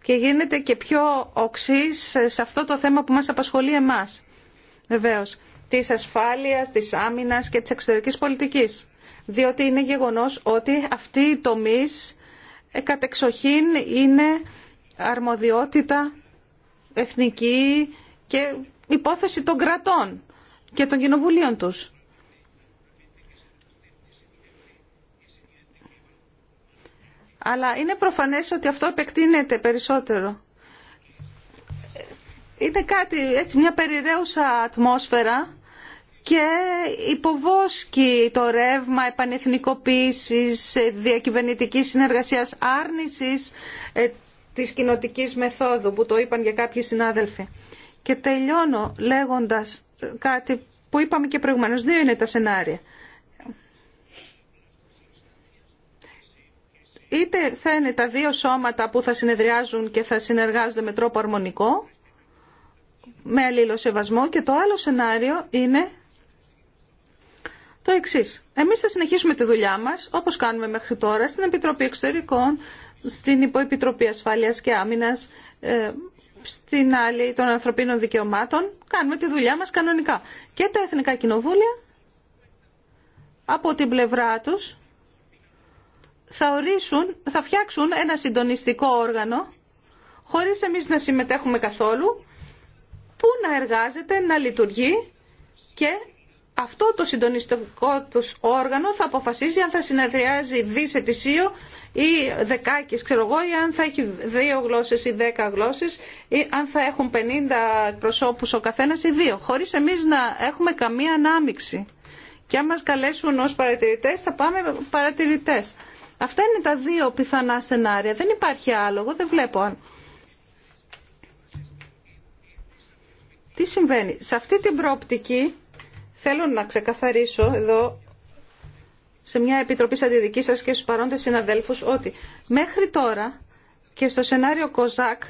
Και γίνεται και πιο οξύ σε αυτό το θέμα που μας απασχολεί εμάς, βεβαίως, της ασφάλειας, της άμυνας και της εξωτερικής πολιτικής. Διότι είναι γεγονός ότι αυτοί οι τομείς ε, κατεξοχήν είναι αρμοδιότητα εθνική και υπόθεση των κρατών και των κοινοβουλίων τους. αλλά είναι προφανές ότι αυτό επεκτείνεται περισσότερο. Είναι κάτι, έτσι, μια περιραίουσα ατμόσφαιρα και υποβόσκει το ρεύμα επανεθνικοποίησης, διακυβερνητικής συνεργασίας, άρνησης ε, της κοινοτικής μεθόδου που το είπαν για κάποιοι συνάδελφοι. Και τελειώνω λέγοντας κάτι που είπαμε και προηγουμένως. Δύο είναι τα σενάρια. είτε θα είναι τα δύο σώματα που θα συνεδριάζουν και θα συνεργάζονται με τρόπο αρμονικό, με σεβασμό, και το άλλο σενάριο είναι το εξή. Εμείς θα συνεχίσουμε τη δουλειά μας, όπως κάνουμε μέχρι τώρα, στην Επιτροπή Εξωτερικών, στην Υποεπιτροπή Ασφάλειας και Άμυνας, ε, στην άλλη των ανθρωπίνων δικαιωμάτων, κάνουμε τη δουλειά μας κανονικά. Και τα Εθνικά Κοινοβούλια, από την πλευρά τους, θα ορίσουν, θα φτιάξουν ένα συντονιστικό όργανο, χωρίς εμείς να συμμετέχουμε καθόλου, που να εργάζεται, να λειτουργεί και αυτό το συντονιστικό τους όργανο θα αποφασίζει αν θα συνεδριάζει δις ή δεκάκι, ξέρω εγώ, ή αν θα έχει δύο γλώσσες ή δέκα γλώσσες, ή αν θα έχουν 50 προσώπους ο καθένας ή δύο, χωρίς εμείς να έχουμε καμία ανάμιξη. Και αν μας καλέσουν ως παρατηρητές, θα πάμε παρατηρητές. Αυτά είναι τα δύο πιθανά σενάρια. Δεν υπάρχει άλλο. δεν βλέπω. Τι συμβαίνει. Σε αυτή την προοπτική θέλω να ξεκαθαρίσω εδώ σε μια επιτροπή σαν τη δική σας και στους παρόντες συναδέλφους ότι μέχρι τώρα και στο σενάριο Κοζάκ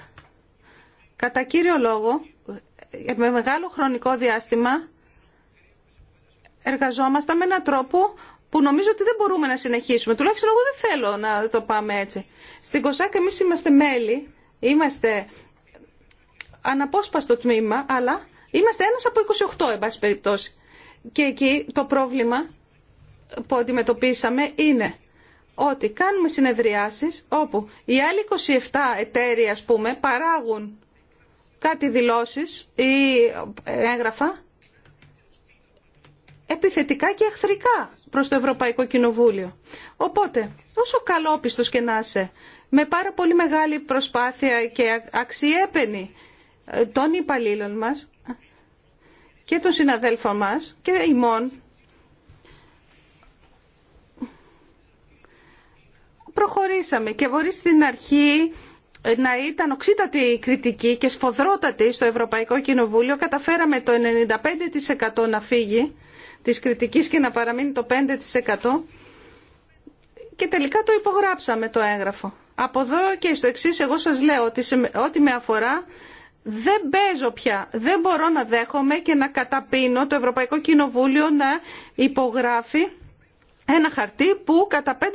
κατά κύριο λόγο με μεγάλο χρονικό διάστημα εργαζόμασταν με έναν τρόπο που νομίζω ότι δεν μπορούμε να συνεχίσουμε. Τουλάχιστον εγώ δεν θέλω να το πάμε έτσι. Στην ΚΟΣΑΚ εμεί είμαστε μέλη, είμαστε αναπόσπαστο τμήμα, αλλά είμαστε ένας από 28, εν πάση περιπτώσει. Και εκεί το πρόβλημα που αντιμετωπίσαμε είναι ότι κάνουμε συνεδριάσεις όπου οι άλλοι 27 εταίροι, ας πούμε, παράγουν κάτι δηλώσεις ή έγγραφα επιθετικά και εχθρικά προς το Ευρωπαϊκό Κοινοβούλιο. Οπότε, όσο καλόπιστος και να είσαι, με πάρα πολύ μεγάλη προσπάθεια και αξιέπαινη ε, των υπαλλήλων μας και των συναδέλφων μας και ημών, προχωρήσαμε και μπορεί στην αρχή ε, να ήταν οξύτατη η κριτική και σφοδρότατη στο Ευρωπαϊκό Κοινοβούλιο. Καταφέραμε το 95% να φύγει της κριτικής και να παραμείνει το 5% και τελικά το υπογράψαμε το έγγραφο. Από εδώ και στο εξή εγώ σας λέω ότι σε, ό,τι με αφορά δεν παίζω πια, δεν μπορώ να δέχομαι και να καταπίνω το Ευρωπαϊκό Κοινοβούλιο να υπογράφει ένα χαρτί που κατά 5%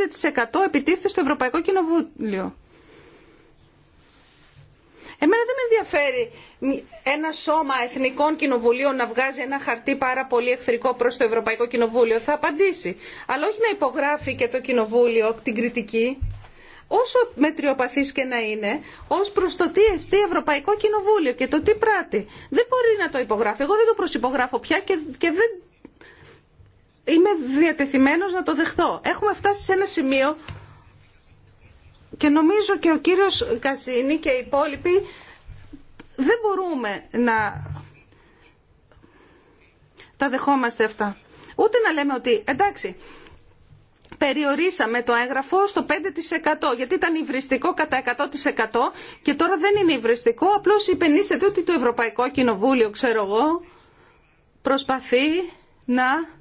επιτίθεται στο Ευρωπαϊκό Κοινοβούλιο. Εμένα δεν με ενδιαφέρει ένα σώμα εθνικών κοινοβουλίων να βγάζει ένα χαρτί πάρα πολύ εχθρικό προς το Ευρωπαϊκό Κοινοβούλιο. Θα απαντήσει. Αλλά όχι να υπογράφει και το Κοινοβούλιο την κριτική. Όσο μετριοπαθής και να είναι, ως προς το τι εστί Ευρωπαϊκό Κοινοβούλιο και το τι πράττει. Δεν μπορεί να το υπογράφει. Εγώ δεν το προσυπογράφω πια και, δεν είμαι διατεθειμένος να το δεχθώ. Έχουμε φτάσει σε ένα σημείο και νομίζω και ο κύριος Κασίνη και οι υπόλοιποι δεν μπορούμε να τα δεχόμαστε αυτά. Ούτε να λέμε ότι εντάξει, περιορίσαμε το έγγραφο στο 5% γιατί ήταν υβριστικό κατά 100% και τώρα δεν είναι υβριστικό, απλώς υπενήσεται ότι το Ευρωπαϊκό Κοινοβούλιο, ξέρω εγώ, προσπαθεί να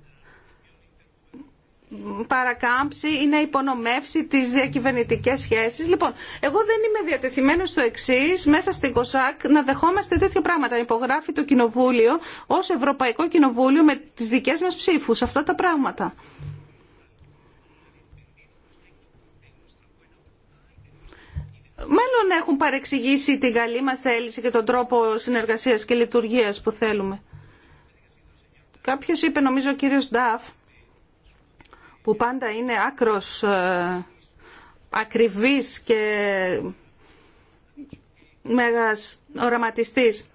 παρακάμψει ή να υπονομεύσει τις διακυβερνητικές σχέσεις. Λοιπόν, εγώ δεν είμαι διατεθειμένος στο εξή μέσα στην ΚΟΣΑΚ να δεχόμαστε τέτοια πράγματα. Να υπογράφει το Κοινοβούλιο ως Ευρωπαϊκό Κοινοβούλιο με τις δικές μας ψήφους αυτά τα πράγματα. Μάλλον έχουν παρεξηγήσει την καλή μας θέληση και τον τρόπο συνεργασίας και λειτουργίας που θέλουμε. Κάποιος είπε, νομίζω ο κύριος Νταφ, που πάντα είναι άκρος ε, ακριβής και μέγας οραματιστής.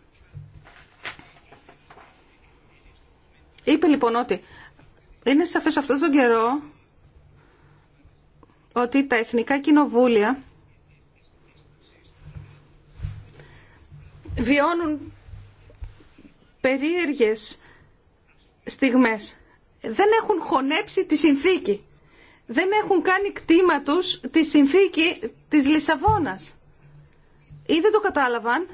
Είπε λοιπόν ότι είναι σαφές αυτόν τον καιρό ότι τα εθνικά κοινοβούλια βιώνουν περίεργες στιγμές δεν έχουν χωνέψει τη συνθήκη. Δεν έχουν κάνει κτήμα τους τη συνθήκη της Λισαβόνας. Ή δεν το κατάλαβαν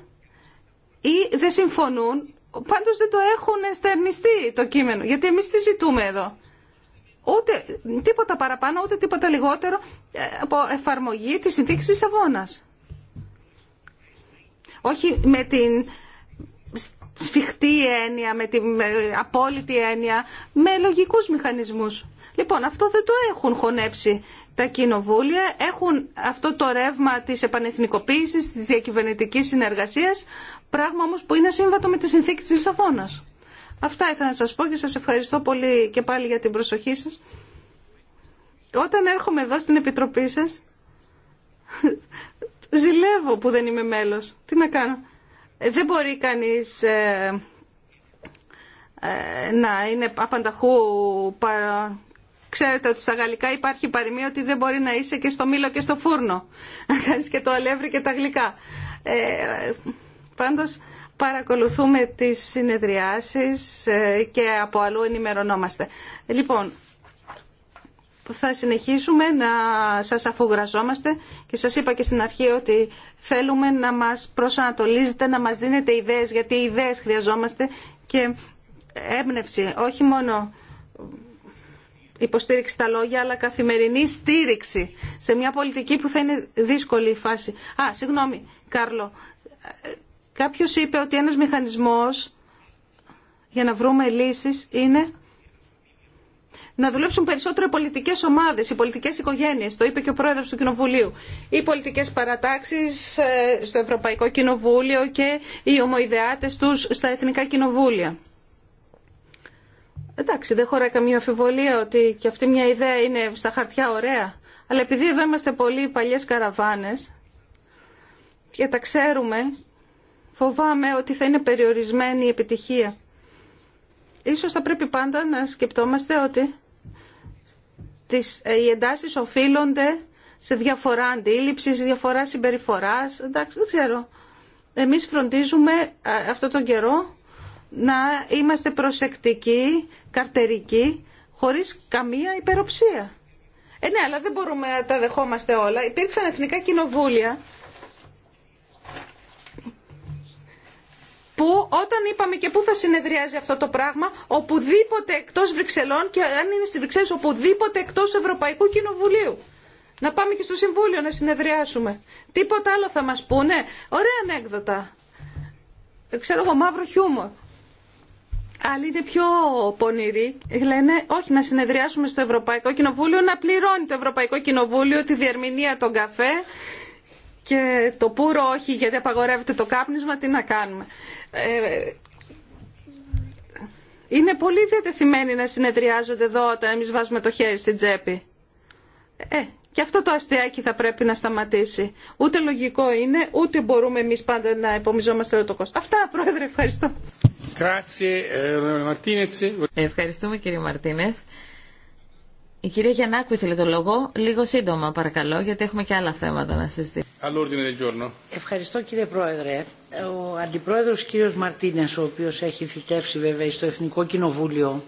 ή δεν συμφωνούν. Πάντως δεν το έχουν εστερνιστεί το κείμενο. Γιατί εμείς τι ζητούμε εδώ. Ούτε τίποτα παραπάνω, ούτε τίποτα λιγότερο ε, από εφαρμογή της συνθήκης της Λισαβόνας. Όχι με την σφιχτή έννοια, με την απόλυτη έννοια, με λογικούς μηχανισμούς. Λοιπόν, αυτό δεν το έχουν χωνέψει τα κοινοβούλια, έχουν αυτό το ρεύμα της επανεθνικοποίησης, της διακυβερνητικής συνεργασίας, πράγμα όμως που είναι σύμβατο με τη συνθήκη της Λισαβόνας. Αυτά ήθελα να σας πω και σας ευχαριστώ πολύ και πάλι για την προσοχή σας. Όταν έρχομαι εδώ στην Επιτροπή σας, ζηλεύω που δεν είμαι μέλος. Τι να κάνω δεν μπορεί κανείς ε, ε, να είναι απανταχού παρά... Ξέρετε ότι στα γαλλικά υπάρχει παροιμία ότι δεν μπορεί να είσαι και στο μήλο και στο φούρνο. Να κάνεις και το αλεύρι και τα γλυκά. Ε, πάντως παρακολουθούμε τις συνεδριάσεις ε, και από αλλού ενημερωνόμαστε. Λοιπόν, θα συνεχίσουμε να σας αφουγραζόμαστε και σας είπα και στην αρχή ότι θέλουμε να μας προσανατολίζετε, να μας δίνετε ιδέες, γιατί ιδέες χρειαζόμαστε και έμπνευση, όχι μόνο υποστήριξη στα λόγια, αλλά καθημερινή στήριξη σε μια πολιτική που θα είναι δύσκολη η φάση. Α, συγγνώμη, Κάρλο. Κάποιος είπε ότι ένας μηχανισμός για να βρούμε λύσεις είναι να δουλέψουν περισσότερο οι πολιτικέ ομάδε, οι πολιτικέ οικογένειε. Το είπε και ο πρόεδρο του Κοινοβουλίου. Οι πολιτικέ παρατάξει ε, στο Ευρωπαϊκό Κοινοβούλιο και οι ομοειδεάτε του στα εθνικά κοινοβούλια. Εντάξει, δεν χωράει καμία αφιβολία ότι και αυτή μια ιδέα είναι στα χαρτιά ωραία. Αλλά επειδή εδώ είμαστε πολύ παλιέ καραβάνε και τα ξέρουμε, φοβάμαι ότι θα είναι περιορισμένη η επιτυχία ίσως θα πρέπει πάντα να σκεπτόμαστε ότι τις, ε, οι εντάσεις οφείλονται σε διαφορά αντίληψη, σε διαφορά συμπεριφοράς. Εντάξει, δεν ξέρω. Εμείς φροντίζουμε ε, αυτό τον καιρό να είμαστε προσεκτικοί, καρτερικοί, χωρίς καμία υπεροψία. Ε, ναι, αλλά δεν μπορούμε να τα δεχόμαστε όλα. Υπήρξαν εθνικά κοινοβούλια που όταν είπαμε και πού θα συνεδριάζει αυτό το πράγμα, οπουδήποτε εκτό Βρυξελών και αν είναι στη Βρυξέλλε, οπουδήποτε εκτό Ευρωπαϊκού Κοινοβουλίου. Να πάμε και στο Συμβούλιο να συνεδριάσουμε. Τίποτα άλλο θα μας πούνε. Ωραία ανέκδοτα. Ξέρω εγώ, μαύρο χιούμορ. Άλλοι είναι πιο πονηροί. Λένε, όχι, να συνεδριάσουμε στο Ευρωπαϊκό Κοινοβούλιο, να πληρώνει το Ευρωπαϊκό Κοινοβούλιο τη διερμηνία των καφέ και το πουρο όχι γιατί απαγορεύεται το κάπνισμα, τι να κάνουμε. Ε, είναι πολύ διατεθειμένοι να συνεδριάζονται εδώ όταν εμείς βάζουμε το χέρι στην τσέπη. Ε, και αυτό το αστείακι θα πρέπει να σταματήσει. Ούτε λογικό είναι, ούτε μπορούμε εμείς πάντα να υπομιζόμαστε όλο το κόστος. Αυτά, Πρόεδρε, ευχαριστώ. Ε, Ευχαριστούμε κύριε Μαρτίνεθ. Η κυρία Γιαννάκου ήθελε το λόγο. Λίγο σύντομα παρακαλώ, γιατί έχουμε και άλλα θέματα να συζητήσουμε. Ευχαριστώ κύριε Πρόεδρε. Ο Αντιπρόεδρος κύριος Μαρτίνες, ο οποίος έχει θητεύσει βέβαια στο Εθνικό Κοινοβούλιο,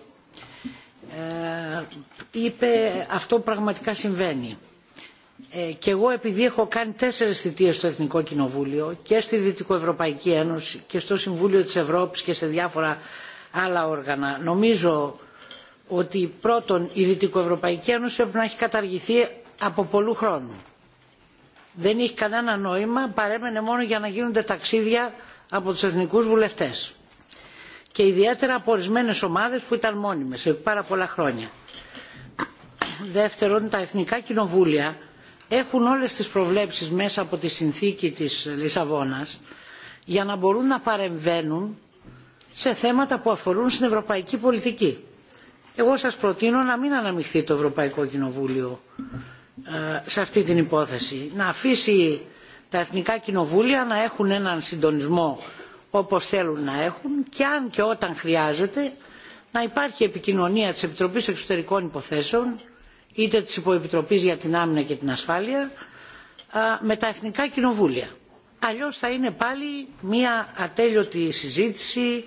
ε, είπε αυτό πραγματικά συμβαίνει. Ε, και εγώ επειδή έχω κάνει τέσσερις θητείες στο Εθνικό Κοινοβούλιο και στη Δυτικοευρωπαϊκή Ένωση και στο Συμβούλιο της Ευρώπης και σε διάφορα άλλα όργανα, νομίζω ότι πρώτον η Δυτικοευρωπαϊκή Ένωση πρέπει να έχει καταργηθεί από πολλού χρόνου. Δεν έχει κανένα νόημα, παρέμενε μόνο για να γίνονται ταξίδια από τους εθνικούς βουλευτές. Και ιδιαίτερα από ορισμένε ομάδες που ήταν μόνιμες σε πάρα πολλά χρόνια. Δεύτερον, τα εθνικά κοινοβούλια έχουν όλες τις προβλέψεις μέσα από τη συνθήκη της Λισαβόνας για να μπορούν να παρεμβαίνουν σε θέματα που αφορούν στην ευρωπαϊκή πολιτική εγώ σας προτείνω να μην αναμειχθεί το Ευρωπαϊκό Κοινοβούλιο ε, σε αυτή την υπόθεση. Να αφήσει τα εθνικά κοινοβούλια να έχουν έναν συντονισμό όπως θέλουν να έχουν και αν και όταν χρειάζεται να υπάρχει επικοινωνία της Επιτροπής Εξωτερικών Υποθέσεων είτε της Υποεπιτροπής για την Άμυνα και την Ασφάλεια ε, με τα εθνικά κοινοβούλια. Αλλιώς θα είναι πάλι μια ατέλειωτη συζήτηση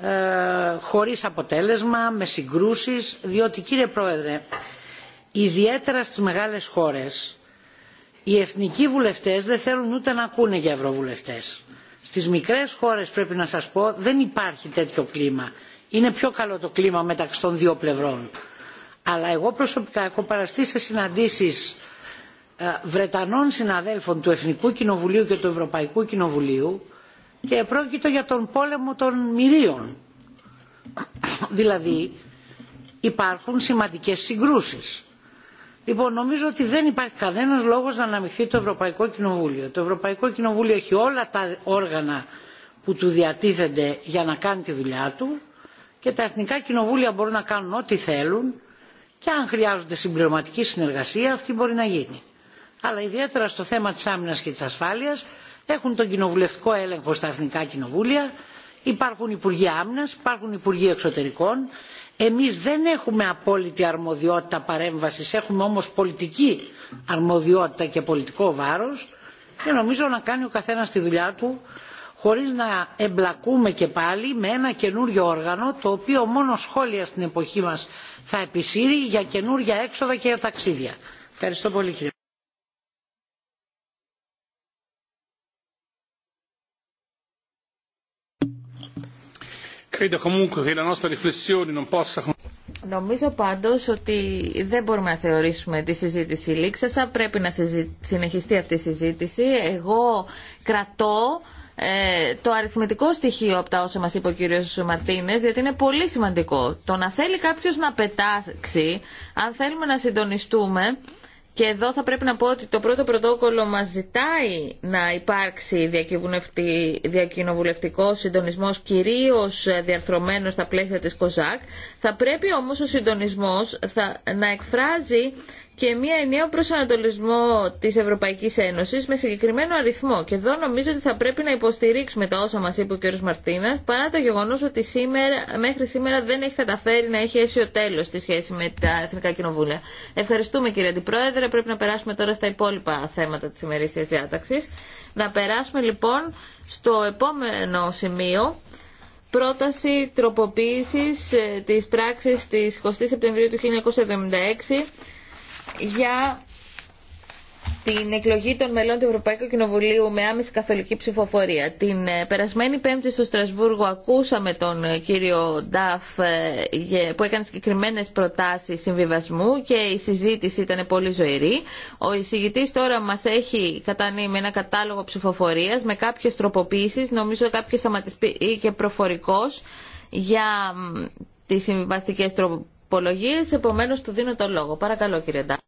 ε, χωρίς αποτέλεσμα, με συγκρούσεις, διότι κύριε Πρόεδρε, ιδιαίτερα στις μεγάλες χώρες, οι εθνικοί βουλευτές δεν θέλουν ούτε να ακούνε για ευρωβουλευτές. Στις μικρές χώρες πρέπει να σας πω δεν υπάρχει τέτοιο κλίμα. Είναι πιο καλό το κλίμα μεταξύ των δύο πλευρών. Αλλά εγώ προσωπικά έχω παραστεί σε συναντήσεις ε, Βρετανών συναδέλφων του Εθνικού Κοινοβουλίου και του Ευρωπαϊκού Κοινοβουλίου και πρόκειτο για τον πόλεμο των μυρίων. δηλαδή υπάρχουν σημαντικές συγκρούσεις. Λοιπόν, νομίζω ότι δεν υπάρχει κανένας λόγος να αναμειχθεί το Ευρωπαϊκό Κοινοβούλιο. Το Ευρωπαϊκό Κοινοβούλιο έχει όλα τα όργανα που του διατίθενται για να κάνει τη δουλειά του και τα εθνικά κοινοβούλια μπορούν να κάνουν ό,τι θέλουν και αν χρειάζονται συμπληρωματική συνεργασία αυτή μπορεί να γίνει. Αλλά ιδιαίτερα στο θέμα της άμυνας και της ασφάλειας έχουν τον κοινοβουλευτικό έλεγχο στα εθνικά κοινοβούλια, υπάρχουν Υπουργοί Άμυνας, υπάρχουν Υπουργοί Εξωτερικών. Εμείς δεν έχουμε απόλυτη αρμοδιότητα παρέμβασης, έχουμε όμως πολιτική αρμοδιότητα και πολιτικό βάρος και νομίζω να κάνει ο καθένας τη δουλειά του χωρίς να εμπλακούμε και πάλι με ένα καινούριο όργανο το οποίο μόνο σχόλια στην εποχή μας θα επισύρει για καινούρια έξοδα και για ταξίδια. Ευχαριστώ πολύ κύριε. Νομίζω πάντως ότι δεν μπορούμε να θεωρήσουμε τη συζήτηση λήξασα. Πρέπει να συνεχιστεί αυτή η συζήτηση. Εγώ κρατώ ε, το αριθμητικό στοιχείο από τα όσα μας είπε ο κύριος Μαρτίνες, γιατί είναι πολύ σημαντικό. Το να θέλει κάποιος να πετάξει, αν θέλουμε να συντονιστούμε, και εδώ θα πρέπει να πω ότι το πρώτο πρωτόκολλο μας ζητάει να υπάρξει διακοινοβουλευτικό συντονισμός κυρίως διαρθρωμένο στα πλαίσια της ΚΟΖΑΚ. Θα πρέπει όμως ο συντονισμός να εκφράζει και μια ενιαίο προσανατολισμό της Ευρωπαϊκής Ένωσης με συγκεκριμένο αριθμό. Και εδώ νομίζω ότι θα πρέπει να υποστηρίξουμε τα όσα μας είπε ο κ. Μαρτίνα, παρά το γεγονός ότι σήμερα, μέχρι σήμερα δεν έχει καταφέρει να έχει αίσιο τέλος στη σχέση με τα Εθνικά Κοινοβούλια. Ευχαριστούμε κύριε Αντιπρόεδρε. Πρέπει να περάσουμε τώρα στα υπόλοιπα θέματα της ημερήσιας διάταξης. Να περάσουμε λοιπόν στο επόμενο σημείο πρόταση τροποποίησης ε, της πράξης της 20 Σεπτεμβρίου του 1976 για την εκλογή των μελών του Ευρωπαϊκού Κοινοβουλίου με άμεση καθολική ψηφοφορία. Την ε, περασμένη Πέμπτη στο Στρασβούργο ακούσαμε τον ε, κύριο Νταφ ε, που έκανε συγκεκριμένε προτάσει συμβιβασμού και η συζήτηση ήταν πολύ ζωηρή. Ο εισηγητή τώρα μα έχει με ένα κατάλογο ψηφοφορία με κάποιε τροποποίησει, νομίζω κάποιε ή και προφορικό για τις συμβιβαστικές τροποποίησεις Επομένω επομένως του δίνω τον λόγο. Παρακαλώ κύριε Ντά.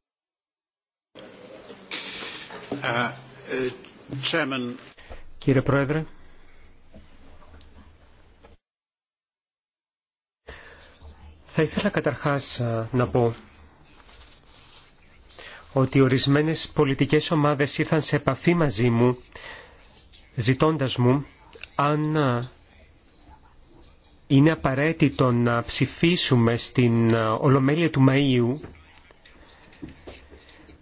κύριε Πρόεδρε. Θα ήθελα καταρχάς να πω ότι ορισμένες πολιτικές ομάδες ήρθαν σε επαφή μαζί μου ζητώντας μου αν είναι απαραίτητο να ψηφίσουμε στην ε, Ολομέλεια του Μαΐου,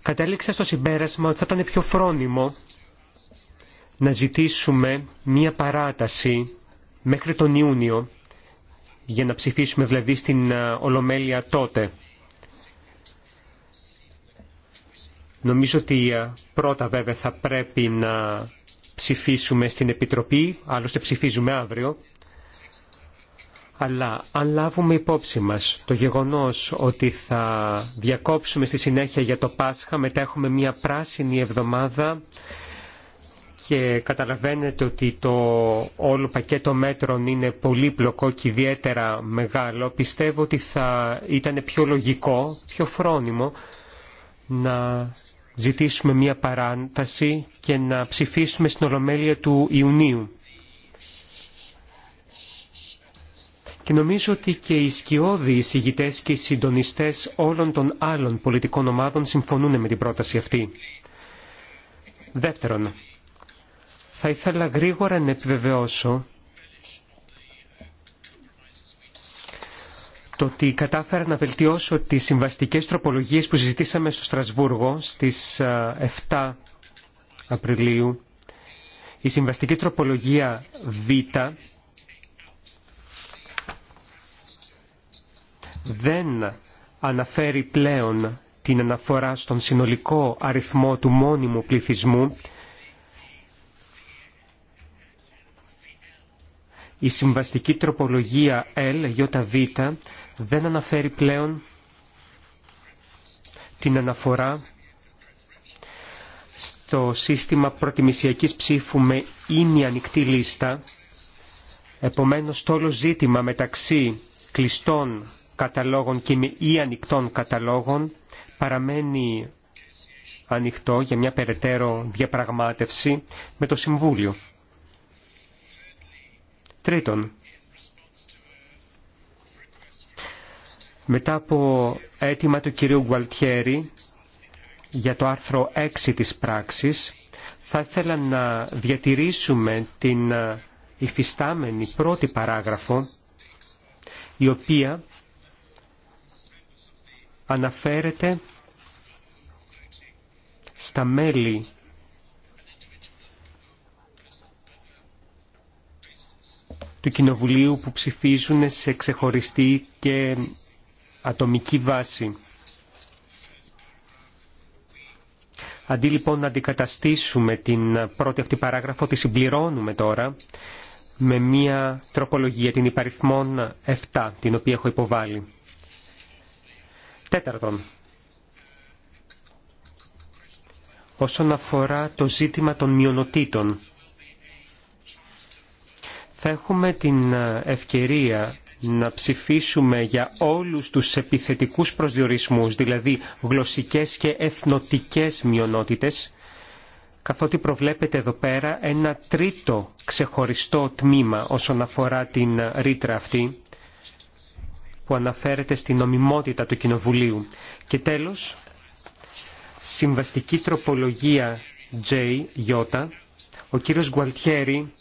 κατέληξα στο συμπέρασμα ότι θα ήταν πιο φρόνιμο να ζητήσουμε μία παράταση μέχρι τον Ιούνιο για να ψηφίσουμε δηλαδή στην ε, Ολομέλεια τότε. Νομίζω ότι ε, πρώτα βέβαια θα πρέπει να ψηφίσουμε στην Επιτροπή, άλλωστε ψηφίζουμε αύριο, αλλά αν λάβουμε υπόψη μας το γεγονός ότι θα διακόψουμε στη συνέχεια για το Πάσχα, μετά έχουμε μια πράσινη εβδομάδα και καταλαβαίνετε ότι το όλο πακέτο μέτρων είναι πολύπλοκο και ιδιαίτερα μεγάλο, πιστεύω ότι θα ήταν πιο λογικό, πιο φρόνιμο να ζητήσουμε μια παράνταση και να ψηφίσουμε στην Ολομέλεια του Ιουνίου. και νομίζω ότι και οι σκιώδη εισηγητέ και οι συντονιστέ όλων των άλλων πολιτικών ομάδων συμφωνούν με την πρόταση αυτή. Δεύτερον, θα ήθελα γρήγορα να επιβεβαιώσω το ότι κατάφερα να βελτιώσω τις συμβαστικές τροπολογίες που συζητήσαμε στο Στρασβούργο στις 7 Απριλίου. Η συμβαστική τροπολογία Β δεν αναφέρει πλέον την αναφορά στον συνολικό αριθμό του μόνιμου πληθυσμού, η συμβαστική τροπολογία L LJV δεν αναφέρει πλέον την αναφορά στο σύστημα προτιμησιακής ψήφου με ήμια ανοιχτή λίστα. Επομένως, το όλο ζήτημα μεταξύ κλειστών καταλόγων και ή ανοιχτών καταλόγων παραμένει ανοιχτό για μια περαιτέρω διαπραγμάτευση με το Συμβούλιο. Τρίτον, μετά από αίτημα του κυρίου Γκουαλτιέρη για το άρθρο 6 της πράξης, θα ήθελα να διατηρήσουμε την υφιστάμενη πρώτη παράγραφο, η οποία αναφέρεται στα μέλη του Κοινοβουλίου που ψηφίζουν σε ξεχωριστή και ατομική βάση. Αντί λοιπόν να αντικαταστήσουμε την πρώτη αυτή παράγραφο, τη συμπληρώνουμε τώρα με μία τροπολογία, την υπαριθμόν 7, την οποία έχω υποβάλει. Τέταρτον, όσον αφορά το ζήτημα των μειονοτήτων, θα έχουμε την ε, ευκαιρία να ψηφίσουμε για όλους τους επιθετικούς προσδιορισμούς, δηλαδή γλωσσικές και εθνοτικές μειονότητες, καθότι προβλέπεται εδώ πέρα ένα τρίτο ξεχωριστό τμήμα όσον αφορά την ε, ρήτρα αυτή, που αναφέρεται στην νομιμότητα του Κοινοβουλίου. Και τέλος, συμβαστική τροπολογία J, J, ο κύριος Γκουαλτιέρη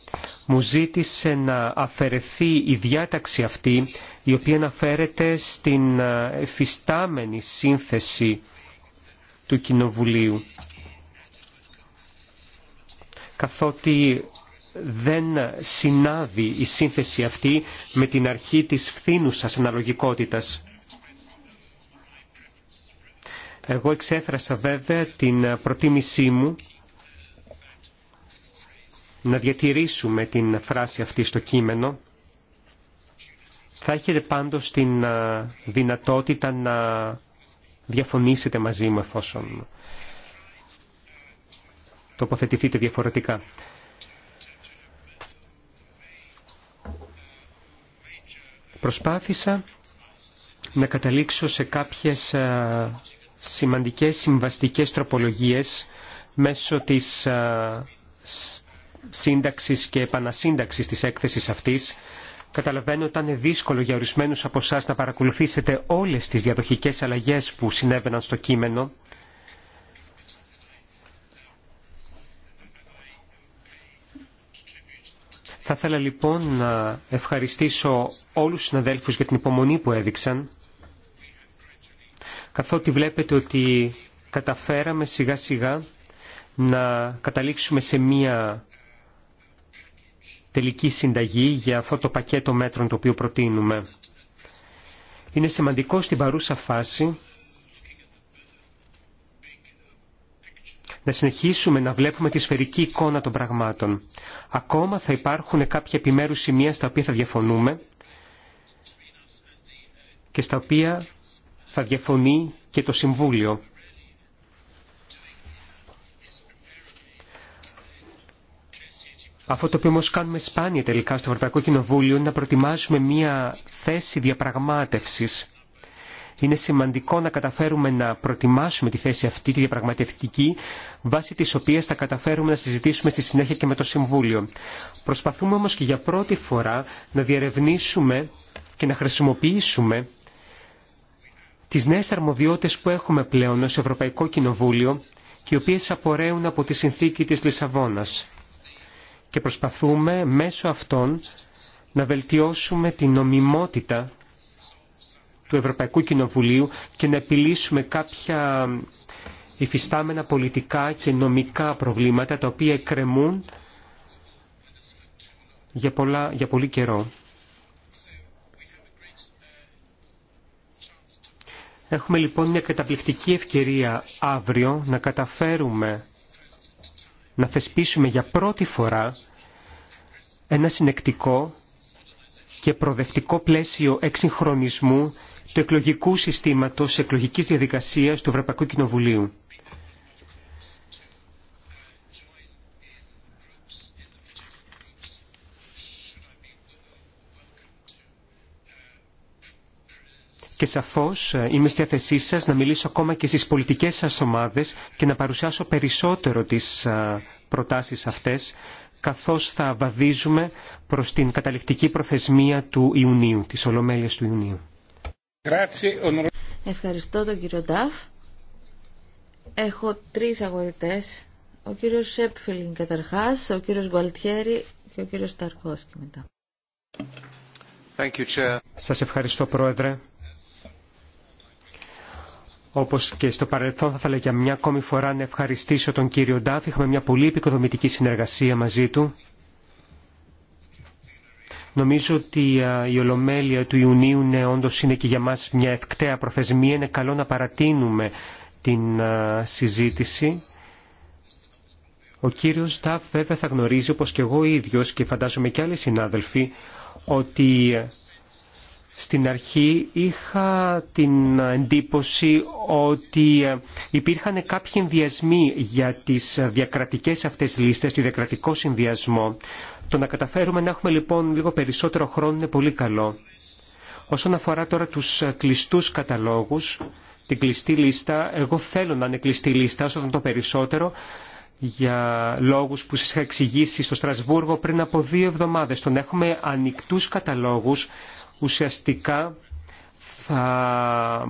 μου ζήτησε να αφαιρεθεί η διάταξη αυτή η οποία αναφέρεται στην ε, εφιστάμενη σύνθεση του Κοινοβουλίου καθότι δεν συνάδει η σύνθεση αυτή με την αρχή της φθήνουσας αναλογικότητας. Εγώ εξέφρασα βέβαια την προτίμησή μου να διατηρήσουμε την φράση αυτή στο κείμενο. Θα έχετε πάντως την δυνατότητα να διαφωνήσετε μαζί μου εφόσον τοποθετηθείτε διαφορετικά. Προσπάθησα να καταλήξω σε κάποιες σημαντικές συμβαστικές τροπολογίες μέσω της σύνταξης και επανασύνταξης της έκθεσης αυτής. Καταλαβαίνω ότι ήταν δύσκολο για ορισμένους από εσά να παρακολουθήσετε όλες τις διαδοχικές αλλαγές που συνέβαιναν στο κείμενο. Θα ήθελα λοιπόν να ευχαριστήσω όλους τους συναδέλφους για την υπομονή που έδειξαν, καθότι βλέπετε ότι καταφέραμε σιγά σιγά να καταλήξουμε σε μία τελική συνταγή για αυτό το πακέτο μέτρων το οποίο προτείνουμε. Είναι σημαντικό στην παρούσα φάση να συνεχίσουμε να βλέπουμε τη σφαιρική εικόνα των πραγμάτων. Ακόμα θα υπάρχουν κάποια επιμέρους σημεία στα οποία θα διαφωνούμε και στα οποία θα διαφωνεί και το Συμβούλιο. Αυτό το οποίο όμω κάνουμε σπάνια τελικά στο Ευρωπαϊκό Κοινοβούλιο είναι να προτιμάσουμε μία θέση διαπραγμάτευσης είναι σημαντικό να καταφέρουμε να προετοιμάσουμε τη θέση αυτή, τη διαπραγματευτική, βάσει τη οποία θα καταφέρουμε να συζητήσουμε στη συνέχεια και με το Συμβούλιο. Προσπαθούμε όμω και για πρώτη φορά να διερευνήσουμε και να χρησιμοποιήσουμε τις νέε αρμοδιότητε που έχουμε πλέον ω Ευρωπαϊκό Κοινοβούλιο και οι οποίε απορρέουν από τη συνθήκη της Λισαβόνα. Και προσπαθούμε μέσω αυτών να βελτιώσουμε την νομιμότητα του Ευρωπαϊκού Κοινοβουλίου και να επιλύσουμε κάποια υφιστάμενα πολιτικά και νομικά προβλήματα τα οποία εκκρεμούν για, πολλά, για πολύ καιρό. Έχουμε λοιπόν μια καταπληκτική ευκαιρία αύριο να καταφέρουμε να θεσπίσουμε για πρώτη φορά ένα συνεκτικό και προοδευτικό πλαίσιο εξυγχρονισμού του εκλογικού συστήματος, εκλογικής διαδικασίας του Ευρωπαϊκού Κοινοβουλίου. και σαφώς ε, είμαι στη θέση σας να μιλήσω ακόμα και στις πολιτικές σας ομάδες και να παρουσιάσω περισσότερο τις ε, προτάσεις αυτές, καθώς θα βαδίζουμε προς την καταληκτική προθεσμία του Ιουνίου, της Ολομέλειας του Ιουνίου. Ευχαριστώ τον κύριο Νταφ. Έχω τρεις αγορητές. Ο κύριο Σέπφιλιν καταρχάς, ο κύριο Γκουαλτιέρη και ο κύριο Σταρκόσκη μετά. Σας ευχαριστώ Πρόεδρε. Όπως και στο παρελθόν θα ήθελα για μια ακόμη φορά να ευχαριστήσω τον κύριο Ντάφ. Είχαμε μια πολύ επικοδομητική συνεργασία μαζί του Νομίζω ότι η Ολομέλεια του Ιουνίου ναι, όντως είναι και για μας μια ευκταία προθεσμία. Είναι καλό να παρατείνουμε την συζήτηση. Ο κύριος Σταφ βέβαια θα γνωρίζει όπως και εγώ ίδιος και φαντάζομαι και άλλοι συνάδελφοι ότι στην αρχή είχα την εντύπωση ότι υπήρχαν κάποιοι ενδιασμοί για τις διακρατικές αυτές λίστες, το διακρατικό συνδυασμό. Το να καταφέρουμε να έχουμε λοιπόν λίγο περισσότερο χρόνο είναι πολύ καλό. Όσον αφορά τώρα τους ε, κλειστούς καταλόγους, την κλειστή λίστα, εγώ θέλω να είναι κλειστή λίστα όσο το περισσότερο για λόγους που σας είχα εξηγήσει στο Στρασβούργο πριν από δύο εβδομάδες. Τον έχουμε ανοιχτούς καταλόγους, ουσιαστικά θα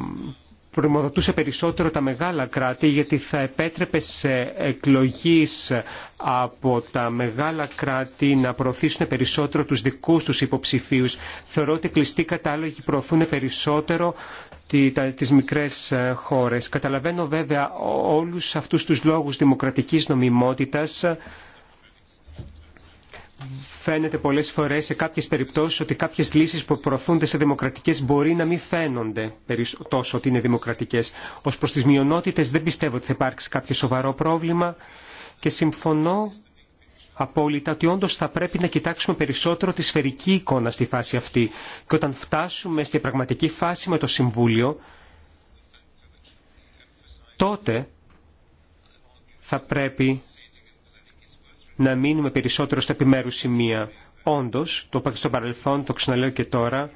προμοδοτούσε περισσότερο τα μεγάλα κράτη γιατί θα επέτρεπε σε εκλογείς από τα μεγάλα κράτη να προωθήσουν περισσότερο τους δικούς τους υποψηφίους. Θεωρώ ότι κλειστοί κατάλογοι προωθούν περισσότερο τις μικρές ε, χώρες. Καταλαβαίνω βέβαια όλους αυτούς τους λόγους δημοκρατικής νομιμότητας φαίνεται πολλές φορές σε κάποιες περιπτώσεις ότι κάποιες λύσεις που προωθούνται σε δημοκρατικές μπορεί να μην φαίνονται τόσο ότι είναι δημοκρατικές. Ω προς τις μειονότητε, δεν πιστεύω ότι θα υπάρξει κάποιο σοβαρό πρόβλημα και συμφωνώ απόλυτα ότι όντω θα πρέπει να κοιτάξουμε περισσότερο τη σφαιρική εικόνα στη φάση αυτή και όταν φτάσουμε στη πραγματική φάση με το Συμβούλιο τότε θα πρέπει να μείνουμε περισσότερο στα επιμέρους σημεία. Όντως, το είπα στο παρελθόν, το ξαναλέω και τώρα,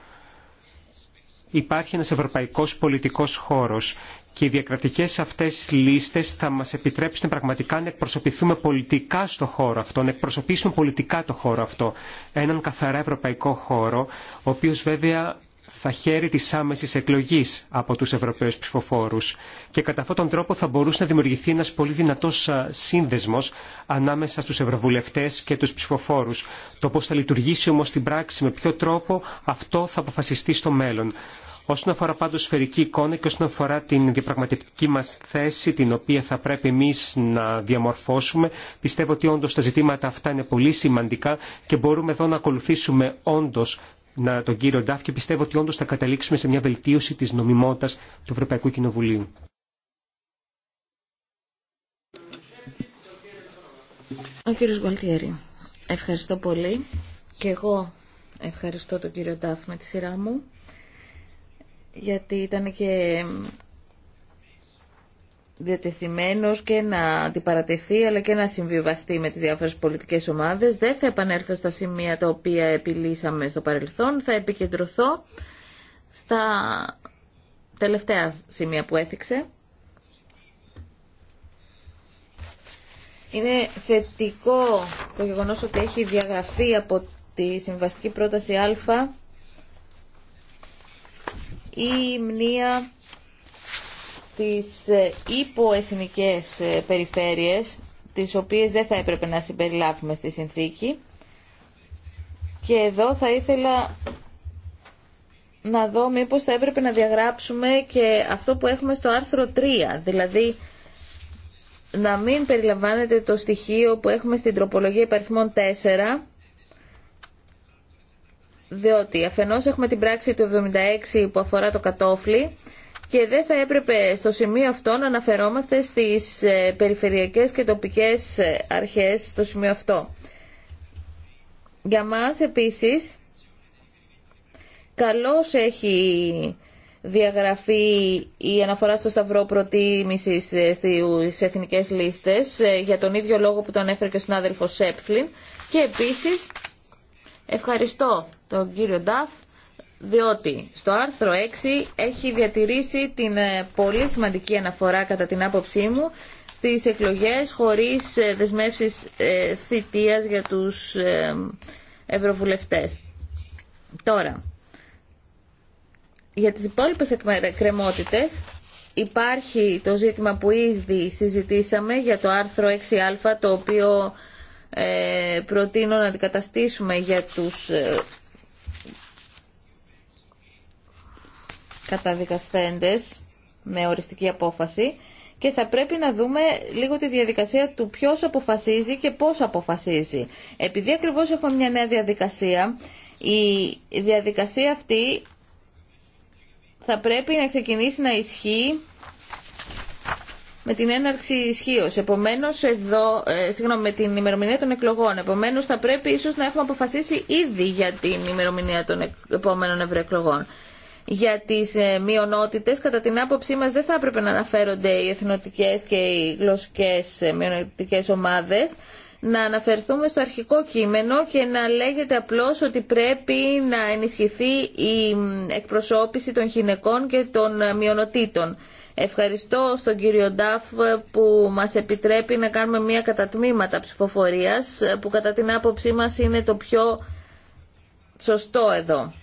υπάρχει ένας ευρωπαϊκός πολιτικός χώρος και οι διακρατικές αυτές λίστες θα μας επιτρέψουν πραγματικά να εκπροσωπηθούμε πολιτικά στο χώρο αυτό, να εκπροσωπήσουμε πολιτικά το χώρο αυτό. Έναν καθαρά ευρωπαϊκό χώρο, ο οποίος βέβαια θα χαίρει της άμεσης εκλογής από τους Ευρωπαίους ψηφοφόρους και κατά αυτόν τον τρόπο θα μπορούσε να δημιουργηθεί ένας πολύ δυνατός σύνδεσμος ανάμεσα στους ευρωβουλευτές και τους ψηφοφόρους. Το πώς θα λειτουργήσει όμως στην πράξη, με ποιο τρόπο, αυτό θα αποφασιστεί στο μέλλον. Όσον αφορά πάντω σφαιρική εικόνα και όσον αφορά την διαπραγματευτική μα θέση την οποία θα πρέπει εμεί να διαμορφώσουμε, πιστεύω ότι όντω τα ζητήματα αυτά είναι πολύ σημαντικά και μπορούμε εδώ να ακολουθήσουμε όντω να, τον κύριο Ντάφ και πιστεύω ότι όντω θα καταλήξουμε σε μια βελτίωση της νομιμότητας του Ευρωπαϊκού Κοινοβουλίου. Ο κύριος Γκουαλτιέρη, ευχαριστώ πολύ και εγώ ευχαριστώ τον κύριο Ντάφ με τη σειρά μου γιατί ήταν και διατεθειμένος και να αντιπαρατεθεί αλλά και να συμβιβαστεί με τις διάφορες πολιτικές ομάδες. Δεν θα επανέλθω στα σημεία τα οποία επιλύσαμε στο παρελθόν. Θα επικεντρωθώ στα τελευταία σημεία που έθιξε. Είναι θετικό το γεγονός ότι έχει διαγραφεί από τη συμβαστική πρόταση Α η μνήα τις ε, υποεθνικές ε, περιφέρειες, τις οποίες δεν θα έπρεπε να συμπεριλάβουμε στη συνθήκη. Και εδώ θα ήθελα να δω μήπως θα έπρεπε να διαγράψουμε και αυτό που έχουμε στο άρθρο 3, δηλαδή να μην περιλαμβάνεται το στοιχείο που έχουμε στην τροπολογία υπαριθμών 4, διότι αφενός έχουμε την πράξη του 76 που αφορά το κατόφλι και δεν θα έπρεπε στο σημείο αυτό να αναφερόμαστε στις ε, περιφερειακές και τοπικές ε, αρχές στο σημείο αυτό. Για μας επίσης, καλώς έχει διαγραφεί η αναφορά στο σταυρό προτίμησης ε, στις εθνικές λίστες για τον ίδιο λόγο που τον έφερε και ο συνάδελφος Σέπφλιν και επίσης ευχαριστώ τον κύριο Νταφ διότι στο άρθρο 6 έχει διατηρήσει την ε, πολύ σημαντική αναφορά κατά την άποψή μου στις εκλογές χωρίς ε, δεσμεύσεις ε, θητείας για τους ευρωβουλευτές. Τώρα, για τις υπόλοιπες εκκρεμότητες υπάρχει το ζήτημα που ήδη συζητήσαμε για το άρθρο 6α το οποίο προτείνω να αντικαταστήσουμε για τους καταδικασθέντες με οριστική απόφαση και θα πρέπει να δούμε λίγο τη διαδικασία του ποιος αποφασίζει και πώς αποφασίζει. Επειδή ακριβώς έχουμε μια νέα διαδικασία, η διαδικασία αυτή θα πρέπει να ξεκινήσει να ισχύει με την έναρξη ισχύω. Επομένω, εδώ, ε, συγγνώμη, με την ημερομηνία των εκλογών. Επομένω, θα πρέπει ίσω να έχουμε αποφασίσει ήδη για την ημερομηνία των επόμενων ευρωεκλογών για τις ε, μειονότητες. Κατά την άποψή μας δεν θα έπρεπε να αναφέρονται οι εθνοτικές και οι γλωσσικές ε, μειονοτικές ομάδες να αναφερθούμε στο αρχικό κείμενο και να λέγεται απλώς ότι πρέπει να ενισχυθεί η εκπροσώπηση των γυναικών και των ε, μειονοτήτων. Ευχαριστώ στον κύριο Ντάφ που μας επιτρέπει να κάνουμε μια κατατμήματα ψηφοφορίας που κατά την άποψή μας είναι το πιο σωστό εδώ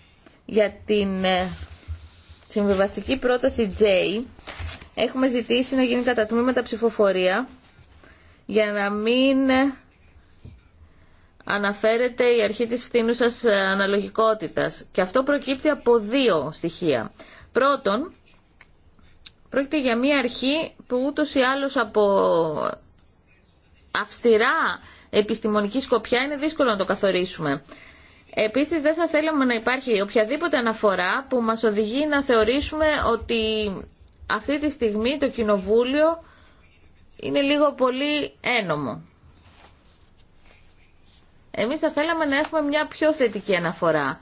για την συμβιβαστική πρόταση J έχουμε ζητήσει να γίνει κατά τα ψηφοφορία για να μην αναφέρεται η αρχή της φθήνουσας ε, αναλογικότητας. Και αυτό προκύπτει από δύο στοιχεία. Πρώτον, πρόκειται για μία αρχή που ούτως ή άλλως από αυστηρά επιστημονική σκοπιά είναι δύσκολο να το καθορίσουμε. Επίσης δεν θα θέλαμε να υπάρχει οποιαδήποτε αναφορά που μας οδηγεί να θεωρήσουμε ότι αυτή τη στιγμή το Κοινοβούλιο είναι λίγο πολύ ένομο. Εμείς θα θέλαμε να έχουμε μια πιο θετική αναφορά.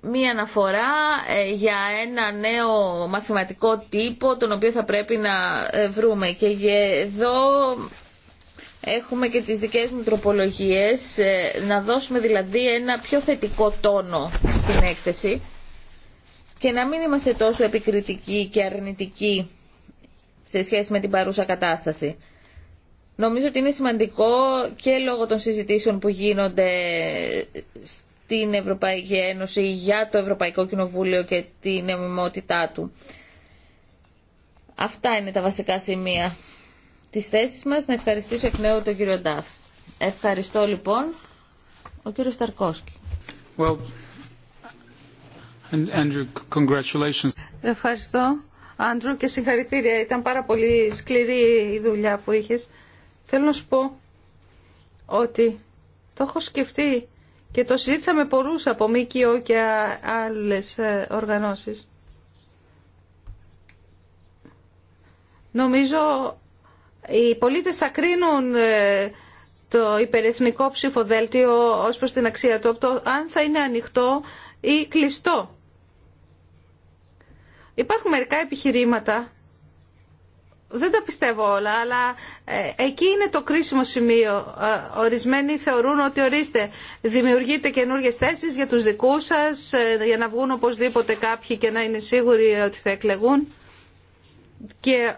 Μία αναφορά ε, για ένα νέο μαθηματικό τύπο, τον οποίο θα πρέπει να ε, βρούμε. Και εδώ έχουμε και τις δικές μου τροπολογίες, ε, να δώσουμε δηλαδή ένα πιο θετικό τόνο στην έκθεση και να μην είμαστε τόσο επικριτικοί και αρνητικοί σε σχέση με την παρούσα κατάσταση. Νομίζω ότι είναι σημαντικό και λόγω των συζητήσεων που γίνονται στην Ευρωπαϊκή Ένωση για το Ευρωπαϊκό Κοινοβούλιο και την νομιμότητά του. Αυτά είναι τα βασικά σημεία τις θέσεις μας, να ευχαριστήσω εκ νέου τον κύριο Ντάφ. Ευχαριστώ λοιπόν ο κύριο Σταρκόσκι. Well, Ευχαριστώ. Άντρου και συγχαρητήρια. Ήταν πάρα πολύ σκληρή η δουλειά που είχες. Θέλω να σου πω ότι το έχω σκεφτεί και το συζήτησα με πολλούς από ΜΚΟ και άλλες ε, οργανώσεις. Νομίζω οι πολίτες θα κρίνουν ε, το υπερεθνικό ψηφοδέλτιο ως προς την αξία του, το, αν θα είναι ανοιχτό ή κλειστό. Υπάρχουν μερικά επιχειρήματα, δεν τα πιστεύω όλα, αλλά ε, εκεί είναι το κρίσιμο σημείο. Ε, ορισμένοι θεωρούν ότι ορίστε, δημιουργείτε καινούργιε θέσει για τους δικούς σας, για να βγουν οπωσδήποτε κάποιοι και να είναι σίγουροι ότι θα εκλεγούν. Και